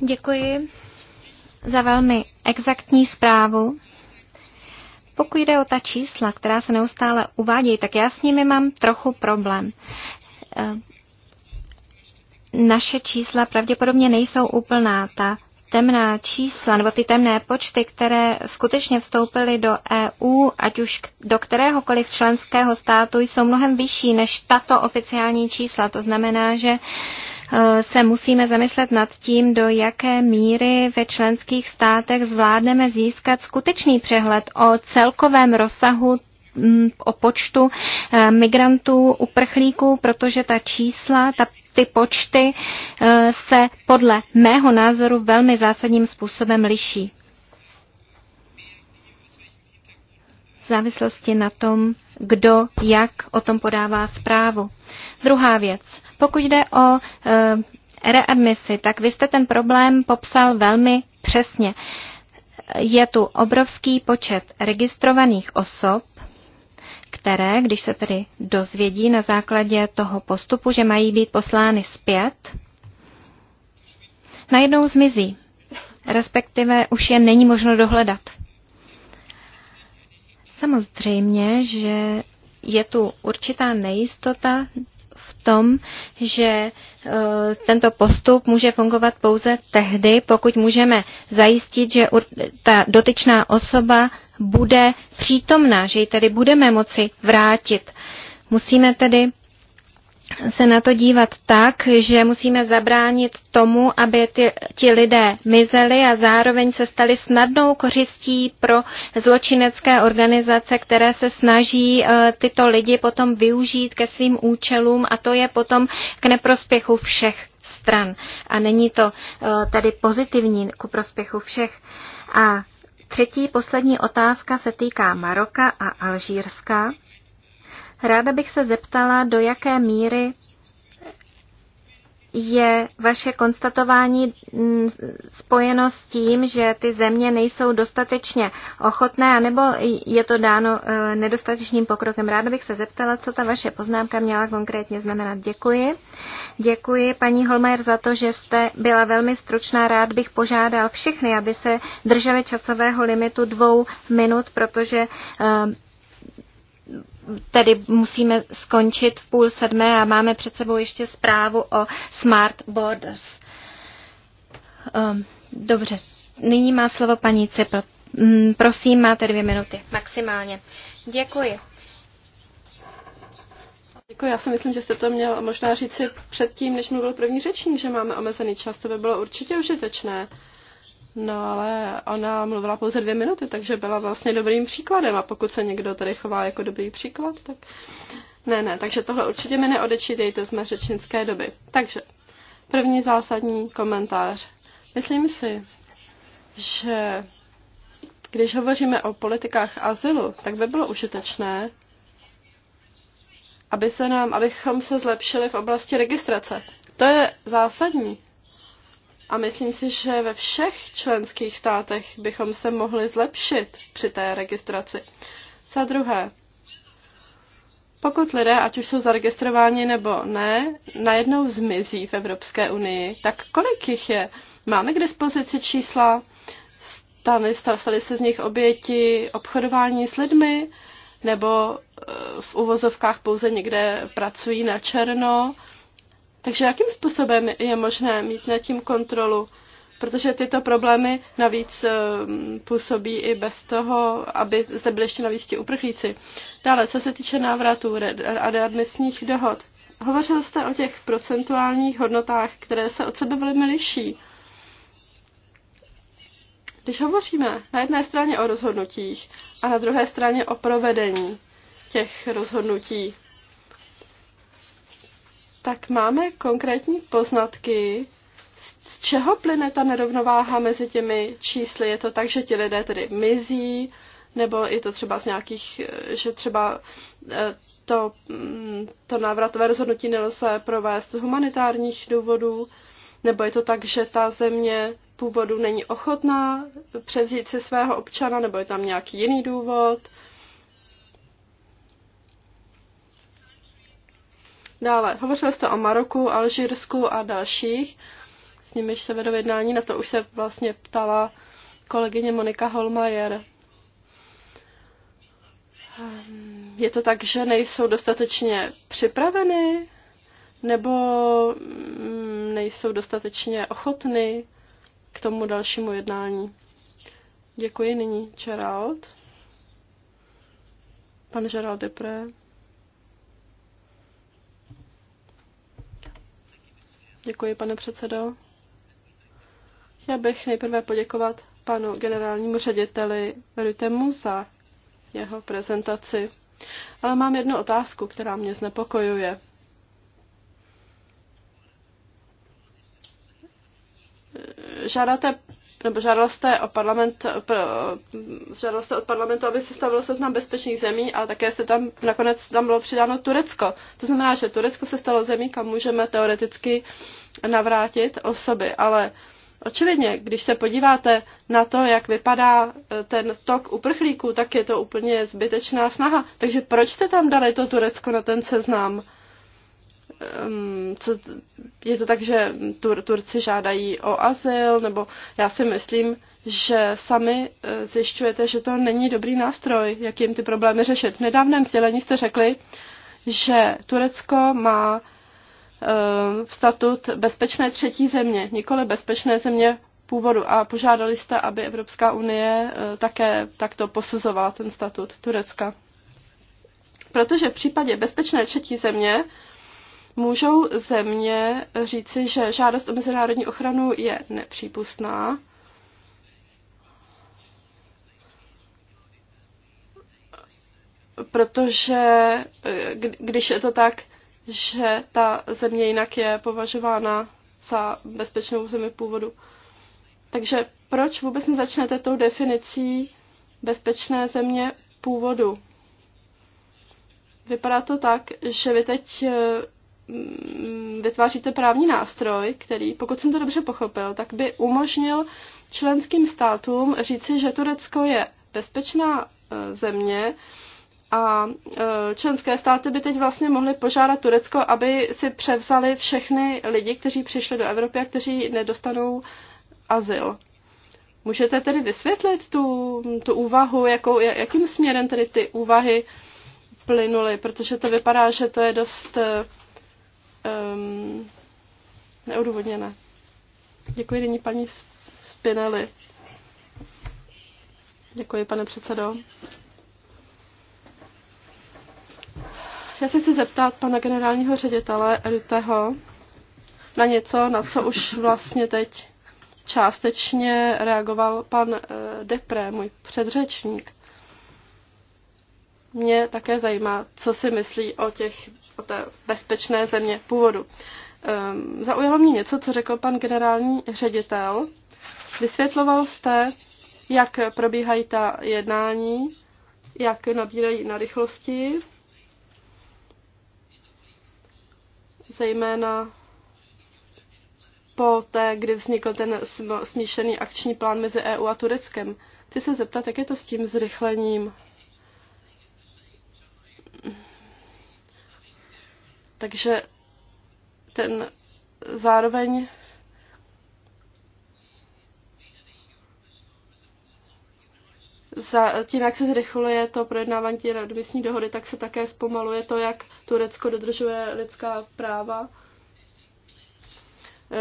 Děkuji za velmi exaktní zprávu. Pokud jde o ta čísla, která se neustále uvádějí, tak já s nimi mám trochu problém. Eh, naše čísla pravděpodobně nejsou úplná. Ta temná čísla nebo ty temné počty, které skutečně vstoupily do EU, ať už do kteréhokoliv členského státu, jsou mnohem vyšší než tato oficiální čísla. To znamená, že uh, Eh, se musíme zamyslet nad tím, do jaké míry ve členských státech zvládneme získat skutečný přehled o celkovém rozsahu mm, o počtu eh, migrantů, uprchlíků, protože ta čísla, ta ty počty eh, se podle mého názoru velmi zásadním způsobem liší. V závislosti na tom, kdo jak o tom podává zprávu. Druhá věc. Pokud jde o e, readmisi, tak vy jste ten problém popsal velmi přesně. Je tu obrovský počet registrovaných osob, které, když se tedy dozvědí na základě toho postupu, že mají být poslány zpět, najednou zmizí, respektive už je není možno dohledat. Samozřejmě, že je tu určitá nejistota v tom, že e, tento postup může fungovat pouze tehdy, pokud můžeme zajistit, že ta dotyčná osoba bude přítomná, že ji tedy budeme moci vrátit. Musíme tedy se na to dívat tak, že musíme zabránit tomu, aby ty, ti lidé mizeli a zároveň se stali snadnou kořistí pro zločinecké organizace, které se snaží uh, tyto lidi potom využít ke svým účelům a to je potom k neprospěchu všech stran. A není to uh, eh, tady pozitivní ku prospěchu všech. A třetí, poslední otázka se týká Maroka a Alžírska. Ráda bych se zeptala, do jaké míry je vaše konstatování mm, spojeno s tím, že ty země nejsou dostatečně ochotné, anebo je to dáno e, nedostatečným pokrokem. Ráda bych se zeptala, co ta vaše poznámka měla konkrétně znamenat. Děkuji. Děkuji, paní Holmer, za to, že jste byla velmi stručná. Rád bych požádal všechny, aby se drželi časového limitu dvou minut, protože e, tedy musíme skončit v půl sedmé a máme před sebou ještě zprávu o Smart Borders. Ehm, dobře, nyní má slovo paní Cipl. Mm, prosím, máte dvě minuty maximálně. Děkuji. Děkuji, já si myslím, že jste to měl možná si předtím, než mluvil první řečník, že máme omezený čas, to by bylo určitě užitečné. No ale ona mluvila pouze dvě minuty, takže byla vlastně dobrým příkladem a pokud se někdo tady chová jako dobrý příklad, tak... Ne, ne, takže tohle určitě mi neodečítejte z mé řečnické doby. Takže, první zásadní komentář. Myslím si, že když hovoříme o politikách azylu, tak by bylo užitečné, aby se nám, abychom se zlepšili v oblasti registrace. To je zásadní, a myslím si, že ve všech členských státech bychom se mohli zlepšit při té registraci. Za druhé, pokud lidé, ať už jsou zaregistrováni nebo ne, najednou zmizí v Evropské unii, tak kolik jich je? Máme k dispozici čísla? Stany, staly se z nich oběti obchodování s lidmi? Nebo eh, v uvozovkách pouze někde pracují na černo? Takže jakým způsobem je možné mít nad tím kontrolu? Protože tyto problémy navíc eh, působí i bez toho, aby zde byly ještě navíc ti uprchlíci. Dále, co se týče návratů a readmisních dohod. Hovořil jste o těch procentuálních hodnotách, které se od sebe velmi liší. Když hovoříme na jedné straně o rozhodnutích a na druhé straně o provedení těch rozhodnutí, tak máme konkrétní poznatky, z čeho plyne ta nerovnováha mezi těmi čísly. Je to tak, že ti lidé tedy mizí, nebo je to třeba z nějakých, eh, že třeba eh, to, mm, to návratové rozhodnutí nelze provést z humanitárních důvodů, nebo je to tak, že ta země původu není ochotná převzít si svého občana, nebo je tam nějaký jiný důvod. Dále, hovořili jste o Maroku, Alžírsku a dalších, s nimiž se vedou jednání, na to už se vlastně ptala kolegyně Monika Holmajer. Ehm, je to tak, že nejsou dostatečně připraveny, nebo mm, nejsou dostatečně ochotny k tomu dalšímu jednání? Děkuji nyní, Gerald. Pan Gerald Depré. Děkuji, pane předsedo. Já bych nejprve poděkovat panu generálnímu řediteli Rutemu za jeho prezentaci. Ale mám jednu otázku, která mě znepokojuje. Žádáte nebo žádala jste, o parlament, žádala jste od parlamentu, aby se stavilo seznam bezpečných zemí a také se tam nakonec tam bylo přidáno Turecko. To znamená, že Turecko se stalo zemí, kam můžeme teoreticky navrátit osoby, ale očividně, když se podíváte na to, jak vypadá eh, ten tok uprchlíků, tak je to úplně zbytečná snaha. Takže proč jste tam dali to Turecko na ten seznam? um, co, je to tak, že Tur, Turci žádají o azyl, nebo já si myslím, že sami uh, zjišťujete, že to není dobrý nástroj, jak jim ty problémy řešit. V nedávném sdělení jste řekli, že Turecko má uh, statut bezpečné třetí země, nikoli bezpečné země původu a požádali jste, aby Evropská unie eh, také takto posuzovala ten statut Turecka. Protože v případě bezpečné třetí země Můžou země říci, že žádost o mezinárodní ochranu je nepřípustná, protože eh, když je to tak, že ta země jinak je považována za bezpečnou zemi původu. Takže proč vůbec nezačnete tou definicí bezpečné země původu? Vypadá to tak, že vy teď eh, Mm, vytváříte právní nástroj, který, pokud jsem to dobře pochopil, tak by umožnil členským státům říci, že Turecko je bezpečná e, země a e, členské státy by teď vlastně mohly požádat Turecko, aby si převzali všechny lidi, kteří přišli do Evropy a kteří nedostanou azyl. Můžete tedy vysvětlit tu, tu úvahu, jakou, jakým směrem tedy ty úvahy plynuly, protože to vypadá, že to je dost e, um, neodůvodněné. Děkuji nyní paní Spinelli. Děkuji, pane předsedo. Já se chci zeptat pana generálního ředitele Ruteho na něco, na co už vlastně teď částečně reagoval pan eh, Depré, můj předřečník. Mě také zajímá, co si myslí o těch o té bezpečné země původu. Ehm, zaujalo mě něco, co řekl pan generální ředitel. Vysvětloval jste, jak probíhají ta jednání, jak nabírají na rychlosti, zejména po té, kdy vznikl ten smíšený akční plán mezi EU a Tureckem. Chci se zeptat, jak je to s tím zrychlením Takže ten zároveň za, tím, jak se zrychluje to projednávání té readmisní dohody, tak se také zpomaluje to, jak Turecko dodržuje lidská práva.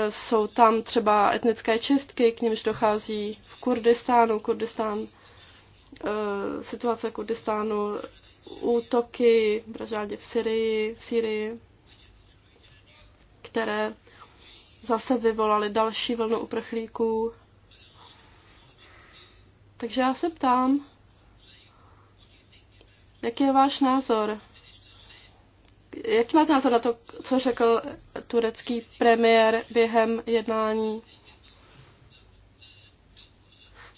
Jsou tam třeba etnické čistky, k nimž dochází v Kurdistánu. Kurdistán, eh, situace Kurdistánu útoky vraždě v Syrii, v Syrii, které zase vyvolaly další vlnu uprchlíků. Takže já se ptám, jaký je váš názor? Jaký máte názor na to, co řekl turecký premiér během jednání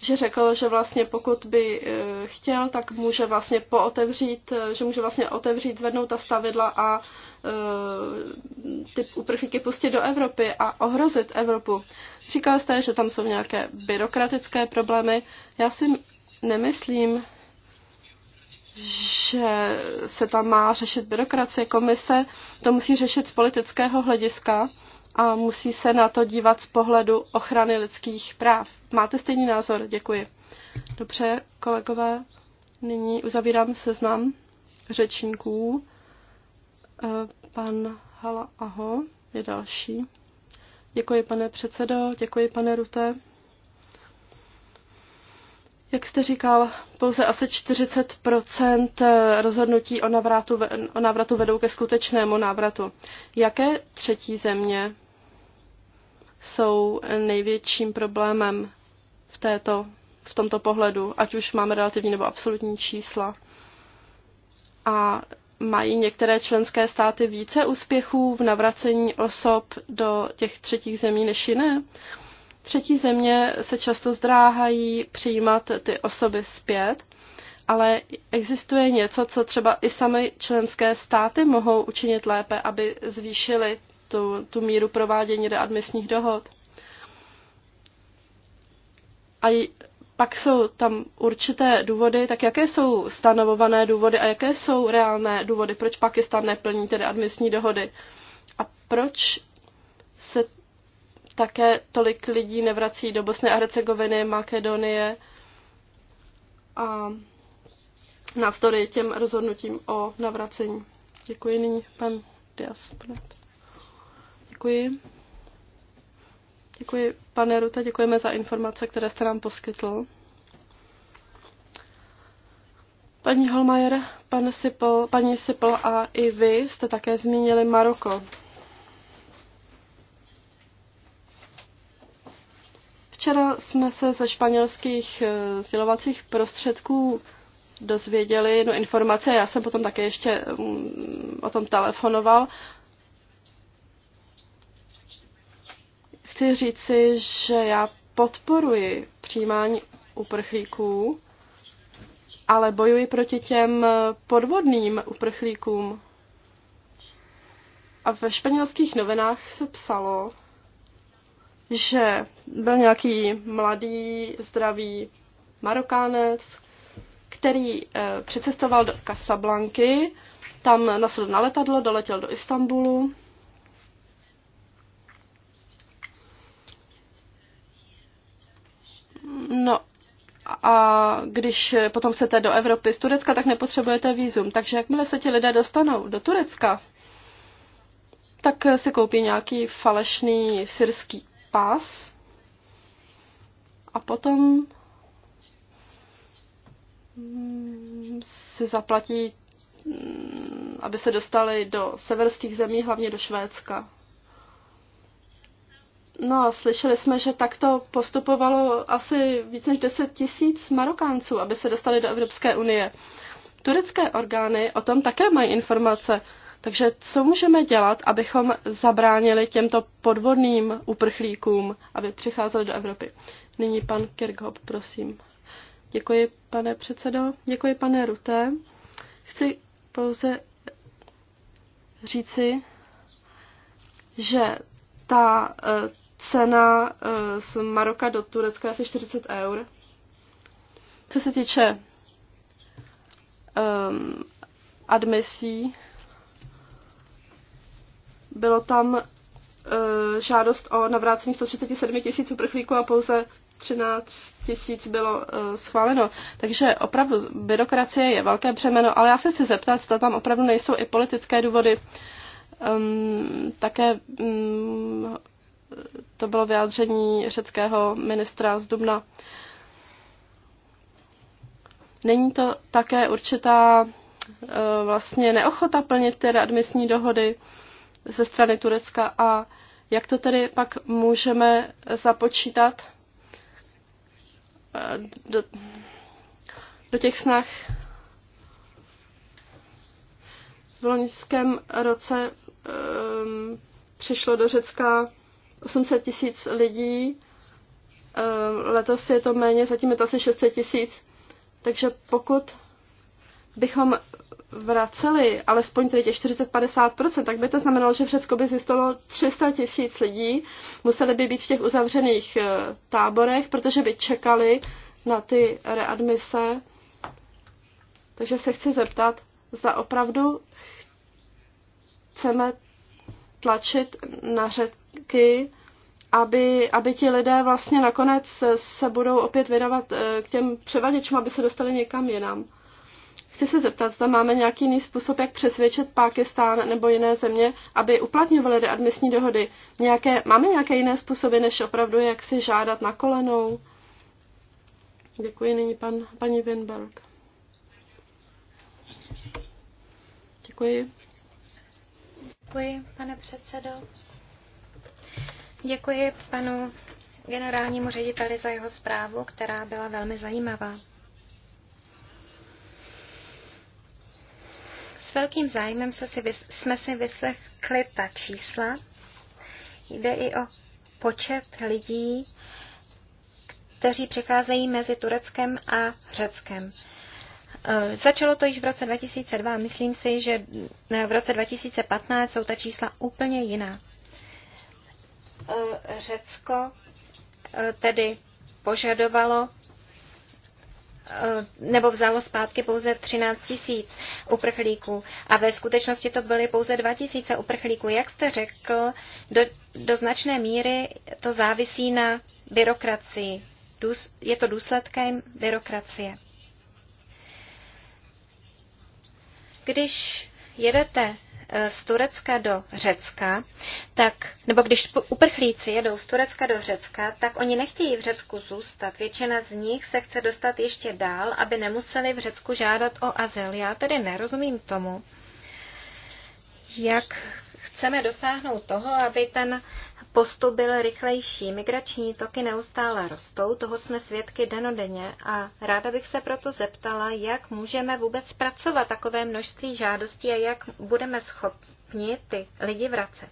že řekl, že vlastně pokud by eh, chtěl, tak může vlastně pootevřít, eh, že může vlastně otevřít, zvednout ta stavidla a eh, ty uprchlíky pustit do Evropy a ohrozit Evropu. Říkal jste, že tam jsou nějaké byrokratické problémy. Já si nemyslím, že se tam má řešit byrokracie komise, to musí řešit z politického hlediska a musí se na to dívat z pohledu ochrany lidských práv. Máte stejný názor? Děkuji. Dobře, kolegové, nyní uzavírám seznam řečníků. Eh, pan Hala Aho je další. Děkuji, pane předsedo, děkuji, pane Rute. Jak jste říkal, pouze asi 40 eh, rozhodnutí o návratu, o návratu vedou ke skutečnému návratu. Jaké třetí země jsou největším problémem v, této, v tomto pohledu, ať už máme relativní nebo absolutní čísla. A mají některé členské státy více úspěchů v navracení osob do těch třetích zemí než jiné? Třetí země se často zdráhají přijímat ty osoby zpět, ale existuje něco, co třeba i samé členské státy mohou učinit lépe, aby zvýšili tu, tu míru provádění readmisních dohod. A pak jsou tam určité důvody, tak jaké jsou stanovované důvody a jaké jsou reálné důvody, proč Pakistan neplní tedy admisní dohody a proč se také tolik lidí nevrací do Bosny a Hercegoviny, Makedonie a navzdory těm rozhodnutím o navracení. Děkuji nyní pan Dias. Děkuji. Děkuji, pane Ruta, děkujeme za informace, které jste nám poskytl. Paní Holmajer, pan Sipl, paní Sipl a i vy jste také zmínili Maroko. Včera jsme se ze španělských eh, sdělovacích prostředků dozvěděli jednu informaci, já jsem potom také ještě mm, o tom telefonoval, chci říci, že já podporuji přijímání uprchlíků, ale bojuji proti těm podvodným uprchlíkům. A ve španělských novinách se psalo, že byl nějaký mladý, zdravý Marokánec, který eh, přicestoval do Casablanky, tam nasedl na letadlo, doletěl do Istanbulu No a když potom chcete do Evropy z Turecka, tak nepotřebujete výzum. Takže jakmile se ti lidé dostanou do Turecka, tak si koupí nějaký falešný syrský pás a potom mm, si zaplatí, mm, aby se dostali do severských zemí, hlavně do Švédska. No a slyšeli jsme, že takto postupovalo asi víc než 10 tisíc Marokánců, aby se dostali do Evropské unie. Turecké orgány o tom také mají informace. Takže co můžeme dělat, abychom zabránili těmto podvodným uprchlíkům, aby přicházeli do Evropy? Nyní pan Kirchhoff, prosím. Děkuji, pane předsedo. Děkuji, pane Ruté. Chci pouze říci, že ta eh, cena eh, z Maroka do Turecka asi 40 eur. Co se týče um, admisí, bylo tam uh, žádost o navrácení 137 tisíc uprchlíků a pouze 13 tisíc bylo uh, schváleno. Takže opravdu byrokracie je velké břemeno, ale já se chci zeptat, zda tam opravdu nejsou i politické důvody. Um, také um, to bylo vyjádření řeckého ministra z Dubna. Není to také určitá e, vlastně neochota plnit ty readmisní dohody ze strany Turecka a jak to tedy pak můžeme započítat e, do, do těch snah v loňském roce um, přišlo do Řecka 800 tisíc lidí, eh, letos je to méně, zatím je to asi 600 tisíc. Takže pokud bychom vraceli alespoň tedy těch 40-50%, tak by to znamenalo, že v Řecku by zjistilo 300 tisíc lidí, museli by být v těch uzavřených eh, táborech, protože by čekali na ty readmise. Takže se chci zeptat, zda opravdu chceme tlačit na, řet, prostředky, aby, aby ti lidé vlastně nakonec se budou opět vydávat eh, k těm převaděčům, aby se dostali někam jinam. Chci se zeptat, zda máme nějaký jiný způsob, jak přesvědčit Pákistán nebo jiné země, aby uplatňovali readmisní dohody. Nějaké, máme nějaké jiné způsoby, než opravdu jak si žádat na kolenou? Děkuji nyní pan, paní Winberg. Děkuji. Děkuji, pane předsedo. Děkuji panu generálnímu řediteli za jeho zprávu, která byla velmi zajímavá. S velkým zájmem se si vys- jsme si vyslechli ta čísla. Jde i o počet lidí, kteří přicházejí mezi Tureckem a Řeckem. Eh, začalo to již v roce 2002. Myslím si, že v roce 2015 jsou ta čísla úplně jiná. Eh, Řecko eh, tedy požadovalo eh, nebo vzalo zpátky pouze 13 tisíc uprchlíků a ve skutečnosti to byly pouze 2 tisíce uprchlíků. Jak jste řekl, do, do značné míry to závisí na byrokracii. je to důsledkem byrokracie. Když jedete Eh, z Turecka do Řecka, tak, nebo když uprchlíci jedou z Turecka do Řecka, tak oni nechtějí v Řecku zůstat. Většina z nich se chce dostat ještě dál, aby nemuseli v Řecku žádat o azyl. Já tedy nerozumím tomu, jak chceme dosáhnout toho, aby ten postup byl rychlejší. Migrační toky neustále rostou, toho jsme svědky denodenně a ráda bych se proto zeptala, jak můžeme vůbec pracovat takové množství žádostí a jak budeme schopni ty lidi vracet.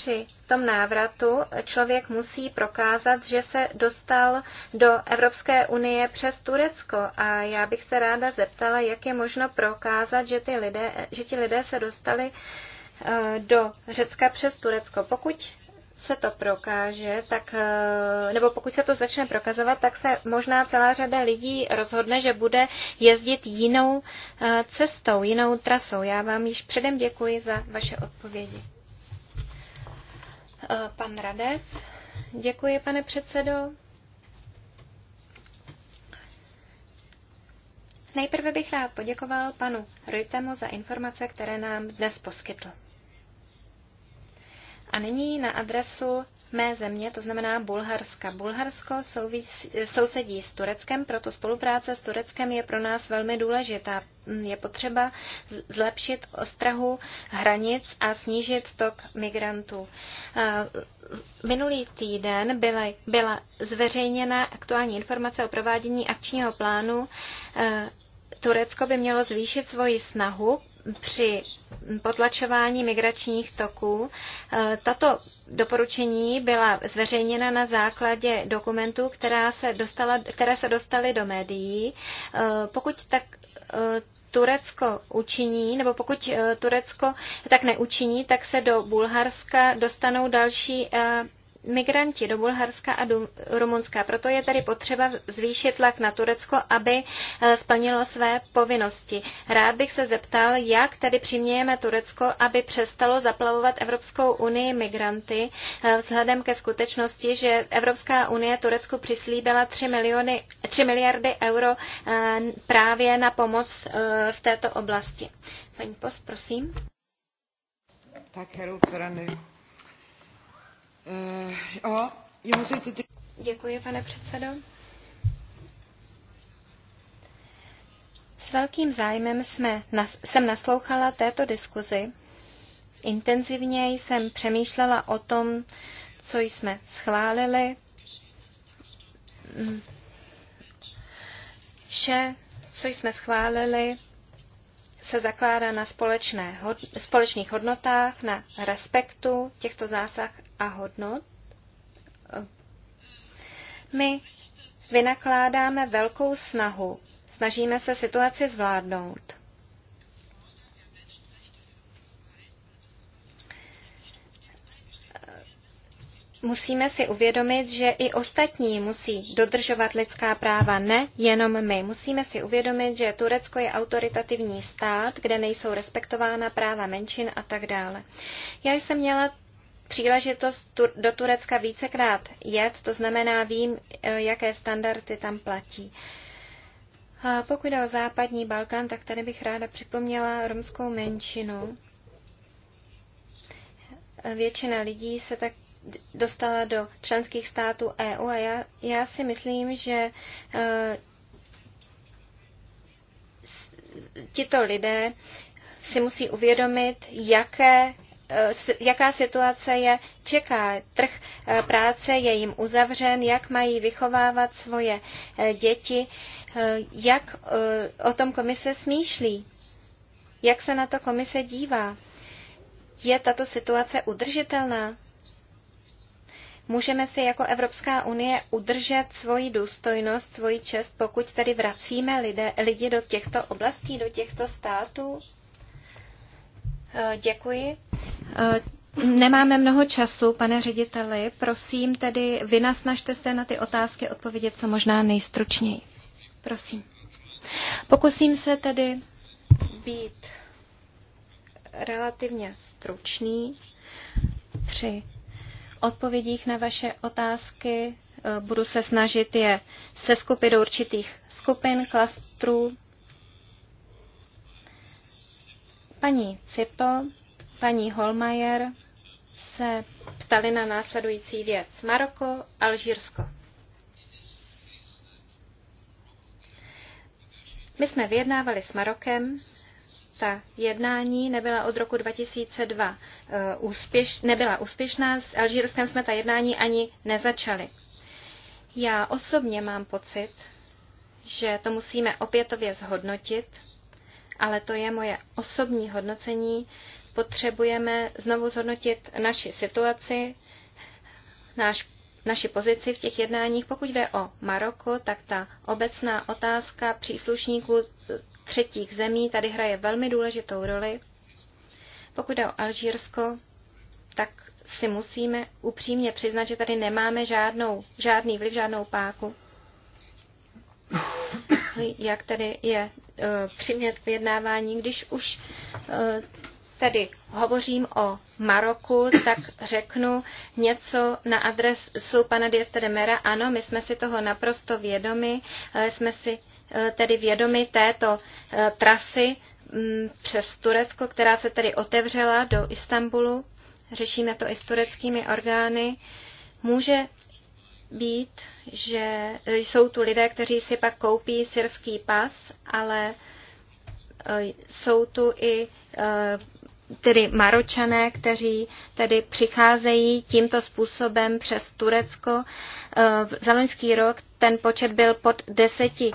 při tom návratu člověk musí prokázat, že se dostal do Evropské unie přes Turecko. A já bych se ráda zeptala, jak je možno prokázat, že, ty lidé, že ti lidé se dostali eh, do Řecka přes Turecko. Pokud se to prokáže, tak, eh, nebo pokud se to začne prokazovat, tak se možná celá řada lidí rozhodne, že bude jezdit jinou eh, cestou, jinou trasou. Já vám již předem děkuji za vaše odpovědi. Eh, pan Radev. Děkuji, pane předsedo. Nejprve bych rád poděkoval panu Rojtemu za informace, které nám dnes poskytl. A nyní na adresu mé země, to znamená Bulharska. Bulharsko souvisí, sousedí s Tureckem, proto spolupráce s Tureckem je pro nás velmi důležitá. Je potřeba zlepšit ostrahu hranic a snížit tok migrantů. Minulý týden byla, byla zveřejněna aktuální informace o provádění akčního plánu Turecko by mělo zvýšit svoji snahu při potlačování migračních toků. E, tato doporučení byla zveřejněna na základě dokumentů, která se dostala, které se dostaly do médií. E, pokud tak e, Turecko učiní, nebo pokud Turecko tak neučiní, tak se do Bulharska dostanou další migranti do Bulharska a do Rumunska. Proto je tady potřeba zvýšit tlak na Turecko, aby eh, splnilo své povinnosti. Rád bych se zeptal, jak tedy přimějeme Turecko, aby přestalo zaplavovat Evropskou unii migranty eh, vzhledem ke skutečnosti, že Evropská unie Turecku přislíbila 3, miliony, 3 miliardy euro eh, právě na pomoc v této oblasti. Paní post, prosím. Tak, heru, Eh, oh, Děkuji, pane předsedo. S velkým zájmem jsme, jsem naslouchala této diskuzi. Intenzivně jsem přemýšlela o tom, co jsme schválili. Mm. Vše, co jsme schválili, se zakládá na společné, společných hodnotách, na respektu těchto zásah a hodnot, my vynakládáme velkou snahu, snažíme se situaci zvládnout. Musíme si uvědomit, že i ostatní musí dodržovat lidská práva, ne jenom my. Musíme si uvědomit, že Turecko je autoritativní stát, kde nejsou respektována práva menšin a tak dále. Já jsem měla příležitost do Turecka vícekrát jet, to znamená, vím, eh, jaké standardy tam platí. Pokud jde o západní Balkán, tak tady bych ráda připomněla romskou menšinu. Většina lidí se tak dostala do členských států EU a já, já si myslím, že eh, tito lidé si musí uvědomit, jaké Eh, jaká situace je čeká. Trh eh, práce je jim uzavřen, jak mají vychovávat svoje eh, děti, jak o tom komise smýšlí, jak se na to komise dívá. Je tato situace udržitelná? Můžeme si jako Evropská unie udržet svoji důstojnost, svoji čest, pokud tedy vracíme lidé, lidi do těchto oblastí, do těchto států? Děkuji. Eh, nemáme mnoho času, pane řediteli. Prosím tedy, vy nasnažte se na ty otázky odpovědět co možná nejstručněji. Prosím. Pokusím se tedy být relativně stručný při odpovědích na vaše otázky. Eh, budu se snažit je seskupit do určitých skupin, klastrů. Paní Cipl paní Holmajer se ptali na následující věc. Maroko, Alžírsko. My jsme vyjednávali s Marokem, ta jednání nebyla od roku 2002 eh, úspěš, nebyla úspěšná, s Alžírskem jsme ta jednání ani nezačali. Já osobně mám pocit, že to musíme opětově zhodnotit, ale to je moje osobní hodnocení potřebujeme znovu zhodnotit naši situaci, náš, naši pozici v těch jednáních. Pokud jde o Maroko, tak ta obecná otázka příslušníků třetích zemí tady hraje velmi důležitou roli. Pokud jde o Alžírsko, tak si musíme upřímně přiznat, že tady nemáme žádnou, žádný vliv, žádnou páku. Jak tady je e, přimět k vyjednávání, když už e, tedy hovořím o Maroku, tak řeknu něco na adresu pana Mera. Ano, my jsme si toho naprosto vědomi, eh, jsme si eh, tedy vědomi této eh, trasy mm, přes Turecko, která se tedy otevřela do Istanbulu. Řešíme to i s tureckými orgány. Může být, že jsou tu lidé, kteří si pak koupí syrský pas, ale jsou tu i tedy Maročané, kteří tedy přicházejí tímto způsobem přes Turecko Eh, za loňský rok ten počet byl pod deseti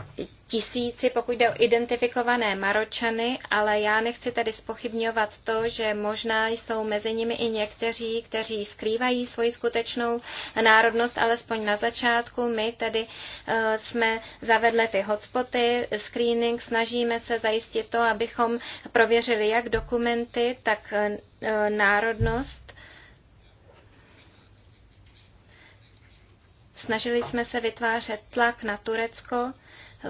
tisíci, pokud jde o identifikované Maročany, ale já nechci tady spochybňovat to, že možná jsou mezi nimi i někteří, kteří skrývají svoji skutečnou národnost, alespoň na začátku. My tedy uh, jsme zavedli ty hotspoty, screening, snažíme se zajistit to, abychom prověřili jak dokumenty, tak uh, národnost Snažili jsme se vytvářet tlak na Turecko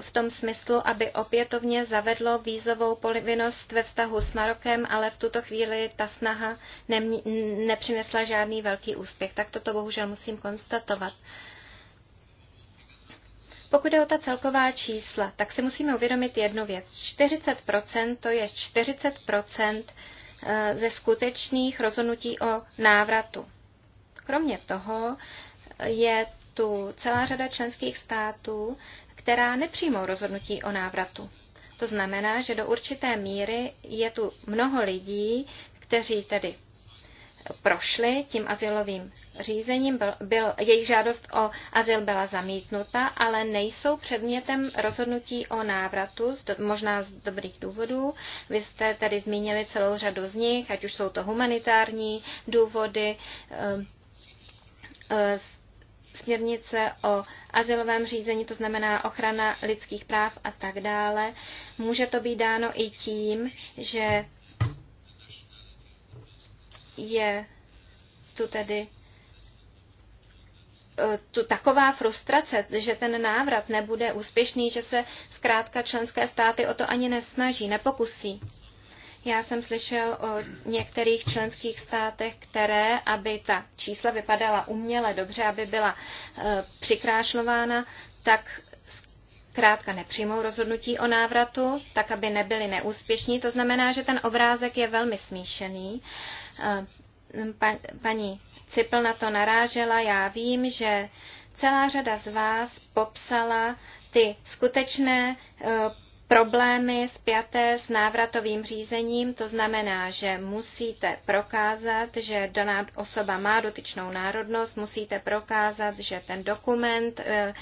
v tom smyslu, aby opětovně zavedlo vízovou povinnost ve vztahu s Marokem, ale v tuto chvíli ta snaha nepřinesla žádný velký úspěch. Tak toto bohužel musím konstatovat. Pokud je o ta celková čísla, tak si musíme uvědomit jednu věc. 40% to je 40% eh, ze skutečných rozhodnutí o návratu. Kromě toho je tu celá řada členských států, která nepřijmou rozhodnutí o návratu. To znamená, že do určité míry je tu mnoho lidí, kteří tedy prošli tím asilovým řízením, byl, byl, jejich žádost o azyl byla zamítnuta, ale nejsou předmětem rozhodnutí o návratu, možná z dobrých důvodů. Vy jste tady zmínili celou řadu z nich, ať už jsou to humanitární důvody, eh, eh, směrnice o azylovém řízení, to znamená ochrana lidských práv a tak dále. Může to být dáno i tím, že je tu tedy eh, tu taková frustrace, že ten návrat nebude úspěšný, že se zkrátka členské státy o to ani nesnaží, nepokusí. Já jsem slyšel o některých členských státech, které, aby ta čísla vypadala uměle dobře, aby byla e, přikrášlována, tak zkrátka nepřijmou rozhodnutí o návratu, tak aby nebyli neúspěšní. To znamená, že ten obrázek je velmi smíšený. E, pa, paní Cipl na to narážela. Já vím, že celá řada z vás popsala ty skutečné e, problémy spjaté s návratovým řízením, to znamená, že musíte prokázat, že daná osoba má dotyčnou národnost, musíte prokázat, že ten dokument, eh,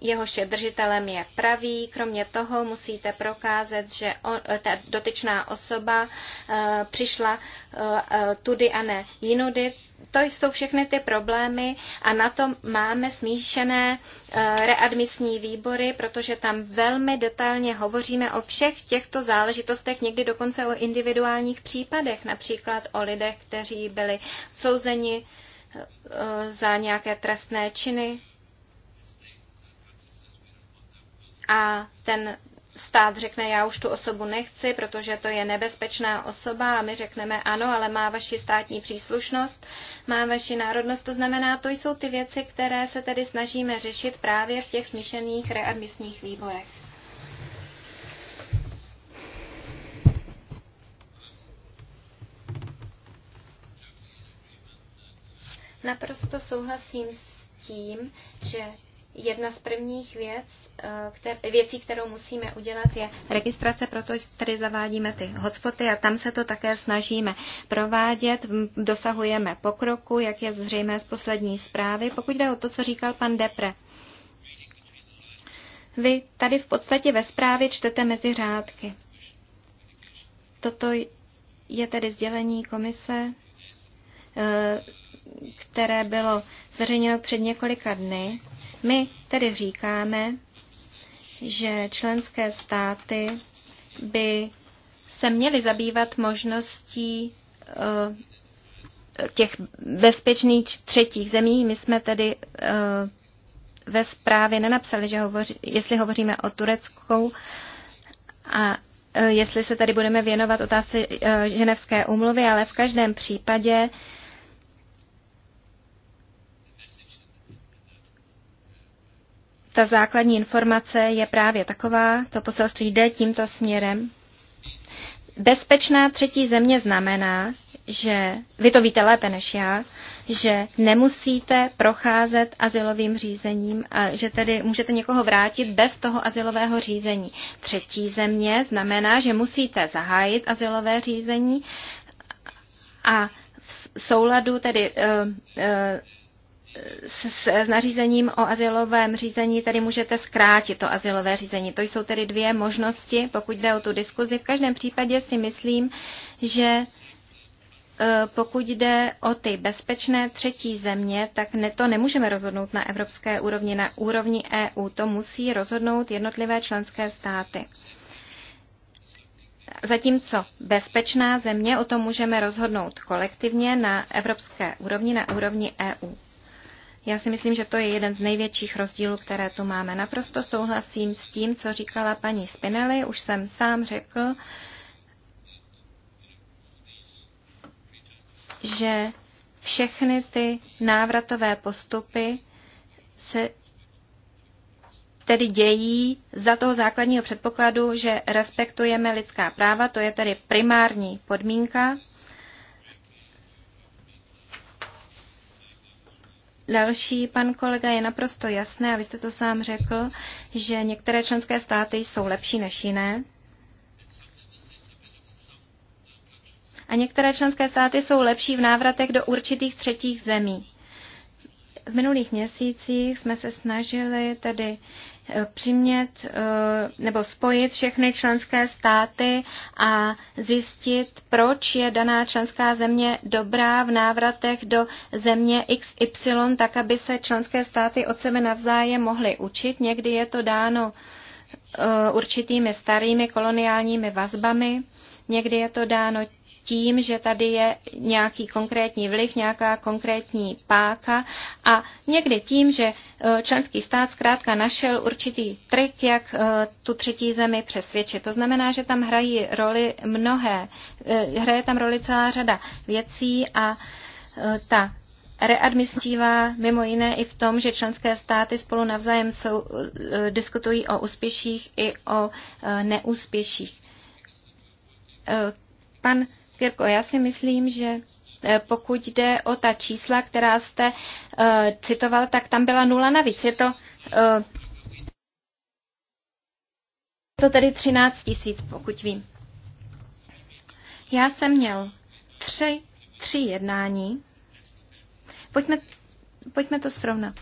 jehož je držitelem, je pravý. Kromě toho musíte prokázat, že eh, ta dotyčná osoba eh, přišla tudy a ne jinudy to jsou všechny ty problémy a na to máme smíšené eh, readmisní výbory, protože tam velmi detailně hovoříme o všech těchto záležitostech, někdy dokonce o individuálních případech, například o lidech, kteří byli souzeni eh, za nějaké trestné činy. A ten stát řekne, já už tu osobu nechci, protože to je nebezpečná osoba a my řekneme ano, ale má vaši státní příslušnost, má vaši národnost, to znamená, to jsou ty věci, které se tedy snažíme řešit právě v těch smíšených readmisních výborech. Naprosto souhlasím s tím, že jedna z prvních věc, eh, kter, věcí, kterou musíme udělat, je registrace, proto tady zavádíme ty hotspoty a tam se to také snažíme provádět. Dosahujeme pokroku, jak je zřejmé z poslední zprávy. Pokud jde o to, co říkal pan Depre, vy tady v podstatě ve zprávě čtete mezi řádky. Toto je tedy sdělení komise, eh, které bylo zveřejněno před několika dny. My tedy říkáme, že členské státy by se měly zabývat možností eh, těch bezpečných třetích zemí. My jsme tedy eh, ve zprávě nenapsali, že hovoři, jestli hovoříme o Tureckou a eh, jestli se tady budeme věnovat otázce ženevské úmluvy, ale v každém případě ta základní informace je právě taková, to poselství jde tímto směrem. Bezpečná třetí země znamená, že vy to víte lépe než já, že nemusíte procházet asilovým řízením a že tedy můžete někoho vrátit bez toho asilového řízení. Třetí země znamená, že musíte zahájit asilové řízení a v souladu tedy eh, eh, s, s nařízením o asilovém řízení tedy můžete zkrátit to asilové řízení. To jsou tedy dvě možnosti, pokud jde o tu diskuzi. V každém případě si myslím, že e, pokud jde o ty bezpečné třetí země, tak ne, to nemůžeme rozhodnout na evropské úrovni, na úrovni EU. To musí rozhodnout jednotlivé členské státy. Zatímco bezpečná země, o tom můžeme rozhodnout kolektivně na evropské úrovni, na úrovni EU. Já si myslím, že to je jeden z největších rozdílů, které tu máme. Naprosto souhlasím s tím, co říkala paní Spinelli, už jsem sám řekl, že všechny ty návratové postupy se tedy dějí za toho základního předpokladu, že respektujeme lidská práva, to je tedy primární podmínka další pan kolega, je naprosto jasné, a vy jste to sám řekl, že některé členské státy jsou lepší než jiné. A některé členské státy jsou lepší v návratech do určitých třetích zemí. V minulých měsících jsme se snažili tedy Eh, přimět eh, nebo spojit všechny členské státy a zjistit, proč je daná členská země dobrá v návratech do země XY, tak aby se členské státy od sebe navzájem mohly učit. Někdy je to dáno eh, určitými starými koloniálními vazbami, někdy je to dáno tím, že tady je nějaký konkrétní vliv, nějaká konkrétní páka a někdy tím, že e, členský stát zkrátka našel určitý trik, jak e, tu třetí zemi přesvědčit. To znamená, že tam hrají roli mnohé, e, hraje tam roli celá řada věcí a ta Readmisívá mimo jiné i v tom, že členské státy spolu navzájem jsou, diskutují o úspěších i o neúspěších. Pan Kirko, já si myslím, že eh, pokud jde o ta čísla, která jste uh, citoval, tak tam byla nula navíc. Je to, uh, to tedy 13 tisíc, pokud vím. Já jsem měl tři, tři jednání. Pojďme, pojďme to srovnat.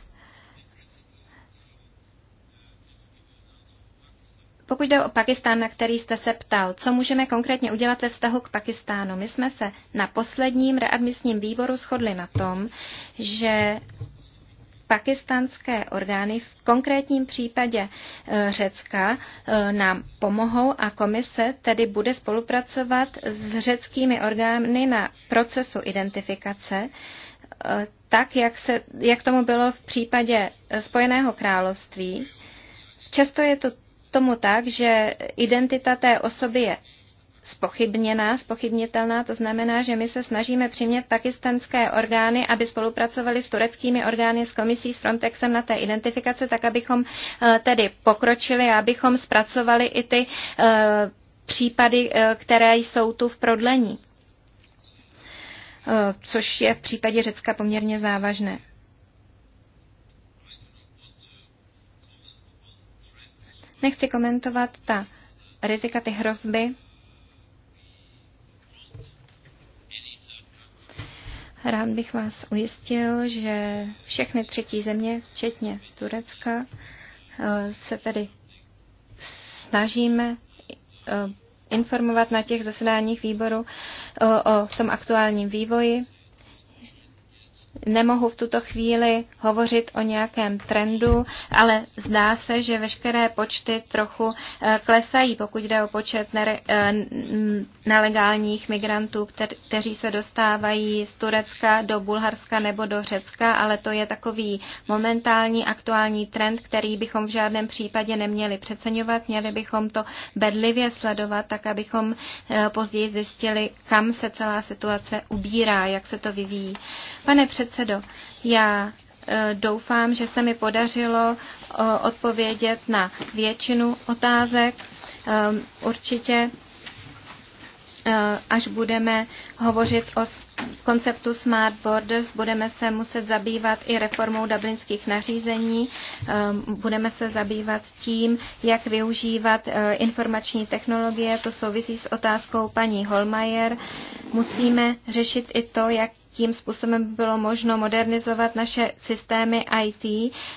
Pokud jde o Pakistán, na který jste se ptal, co můžeme konkrétně udělat ve vztahu k Pakistánu? My jsme se na posledním readmisním výboru shodli na tom, že pakistánské orgány v konkrétním případě e, Řecka e, nám pomohou a komise tedy bude spolupracovat s řeckými orgány na procesu identifikace, e, tak jak, se, jak tomu bylo v případě Spojeného království. Často je to tomu tak, že identita té osoby je spochybněná, spochybnitelná, to znamená, že my se snažíme přimět pakistanské orgány, aby spolupracovali s tureckými orgány, s komisí, s Frontexem na té identifikace, tak abychom eh, tedy pokročili a abychom zpracovali i ty eh, případy, eh, které jsou tu v prodlení, což je v případě Řecka poměrně závažné. Nechci komentovat ta rizika, ty hrozby. Rád bych vás ujistil, že všechny třetí země, včetně Turecka, eh, se tedy snažíme eh, informovat na těch zasedáních výboru o, eh, o tom aktuálním vývoji nemohu v tuto chvíli hovořit o nějakém trendu, ale zdá se, že veškeré počty trochu eh, klesají, pokud jde o počet eh, nelegálních migrantů, kteří se dostávají z Turecka do Bulharska nebo do Řecka, ale to je takový momentální aktuální trend, který bychom v žádném případě neměli přeceňovat, měli bychom to bedlivě sledovat, tak abychom eh, později zjistili, kam se celá situace ubírá, jak se to vyvíjí. Pane předsedo, já e, doufám, že se mi podařilo odpovědět na většinu otázek. Ehm, určitě, e, až budeme hovořit o konceptu Smart Borders, budeme se muset zabývat i reformou dublinských nařízení, ehm, budeme se zabývat tím, jak využívat e, informační technologie, to souvisí s otázkou paní Holmajer. Musíme řešit i to, jak tím způsobem by bylo možno modernizovat naše systémy IT,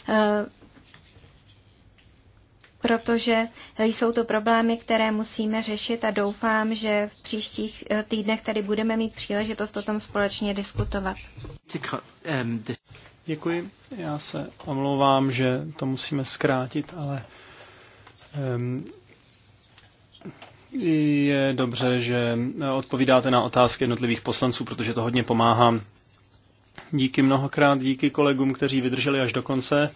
eh, protože jsou to problémy, které musíme řešit a doufám, že v příštích eh, týdnech tady budeme mít příležitost o tom společně diskutovat. Děkuji. Já se omlouvám, že to musíme zkrátit, ale um, je dobře, že odpovídáte na otázky jednotlivých poslanců, protože to hodně pomáhá. Díky mnohokrát, díky kolegům, kteří vydrželi až do konce.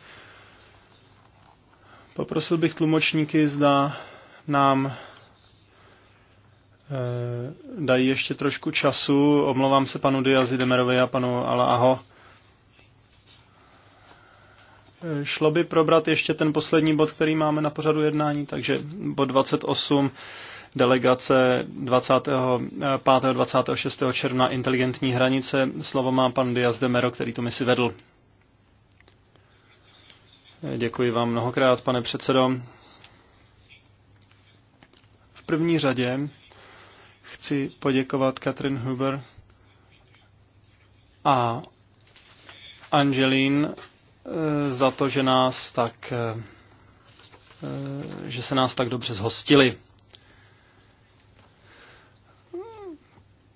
Poprosil bych tlumočníky, zda nám eh, dají ještě trošku času. Omlouvám se panu Diazi Demerovi a panu Alaho. Eh, šlo by probrat ještě ten poslední bod, který máme na pořadu jednání, takže bod 28 delegace 25. a 26. června inteligentní hranice. Slovo má pan Diaz de Mero, který tu misi vedl. Děkuji vám mnohokrát, pane předsedo. V první řadě chci poděkovat Katrin Huber a Angelín eh, za to, že nás tak eh, eh, že se nás tak dobře zhostili.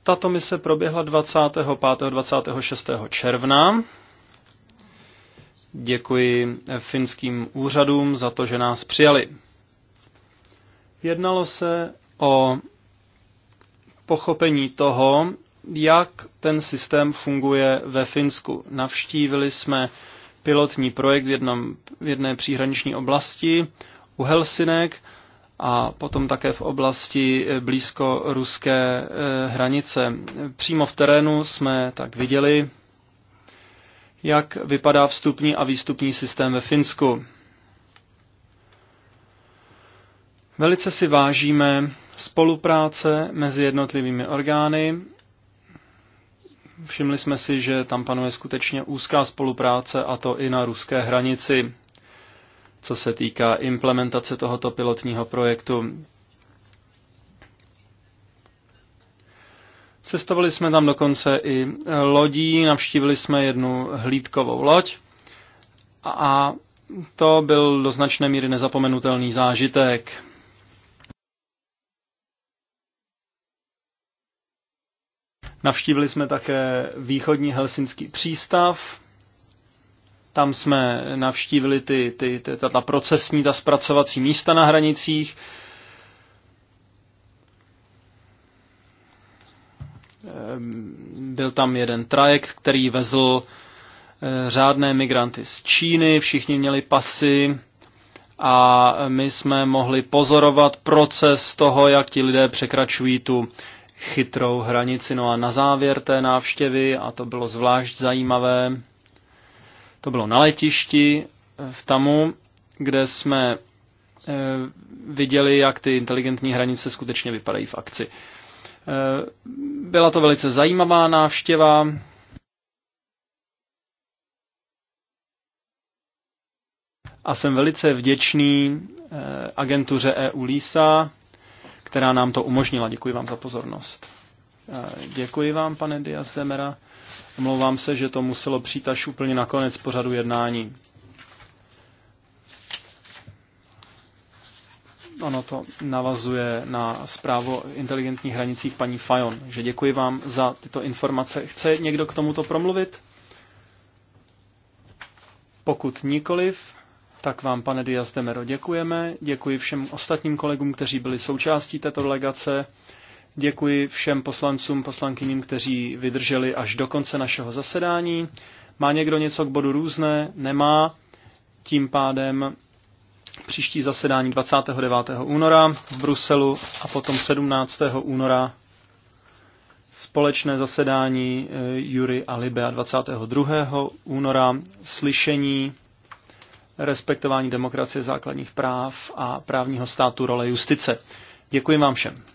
Tato mise proběhla 25. 26. června. Děkuji finským úřadům za to, že nás přijali. Jednalo se o pochopení toho, jak ten systém funguje ve Finsku. Navštívili jsme pilotní projekt v, jednom, v jedné příhraniční oblasti u Helsinek a potom také v oblasti eh, blízko ruské eh, hranice. Přímo v terénu jsme tak viděli, jak vypadá vstupní a výstupní systém ve Finsku. Velice si vážíme spolupráce mezi jednotlivými orgány. Všimli jsme si, že tam panuje skutečně úzká spolupráce a to i na ruské hranici co se týká implementace tohoto pilotního projektu. Cestovali jsme tam dokonce i lodí, navštívili jsme jednu hlídkovou loď a to byl do značné míry nezapomenutelný zážitek. Navštívili jsme také východní helsinský přístav, tam jsme navštívili ty, ty, ty, ta, ta procesní, ta zpracovací místa na hranicích. Ehm, byl tam jeden trajekt, který vezl eh, řádné migranty z Číny, všichni měli pasy a my jsme mohli pozorovat proces toho, jak ti lidé překračují tu chytrou hranici. No a na závěr té návštěvy, a to bylo zvlášť zajímavé, to bylo na letišti eh, v Tamu, kde jsme eh, viděli, jak ty inteligentní hranice skutečně vypadají v akci. Eh, byla to velice zajímavá návštěva. A jsem velice vděčný agentuře EU LISA, která nám to umožnila. Děkuji vám za pozornost. Děkuji vám, pane Diaz Demera. Omlouvám se, že to muselo přijít až úplně na konec pořadu jednání. Ono to navazuje na zprávu o inteligentních hranicích paní Fajon. Že děkuji vám za tyto informace. Chce někdo k tomuto promluvit? Pokud nikoliv, tak vám, pane Diaz Demero, děkujeme. Děkuji všem ostatním kolegům, kteří byli součástí této delegace. Děkuji všem poslancům, poslankyním, kteří vydrželi až do konce našeho zasedání. Má někdo něco k bodu různé? Nemá. Tím pádem příští zasedání 29. února v Bruselu a potom 17. února společné zasedání eh, Jury a Libe a 22. února slyšení respektování demokracie základních práv a právního státu role justice. Děkuji vám všem.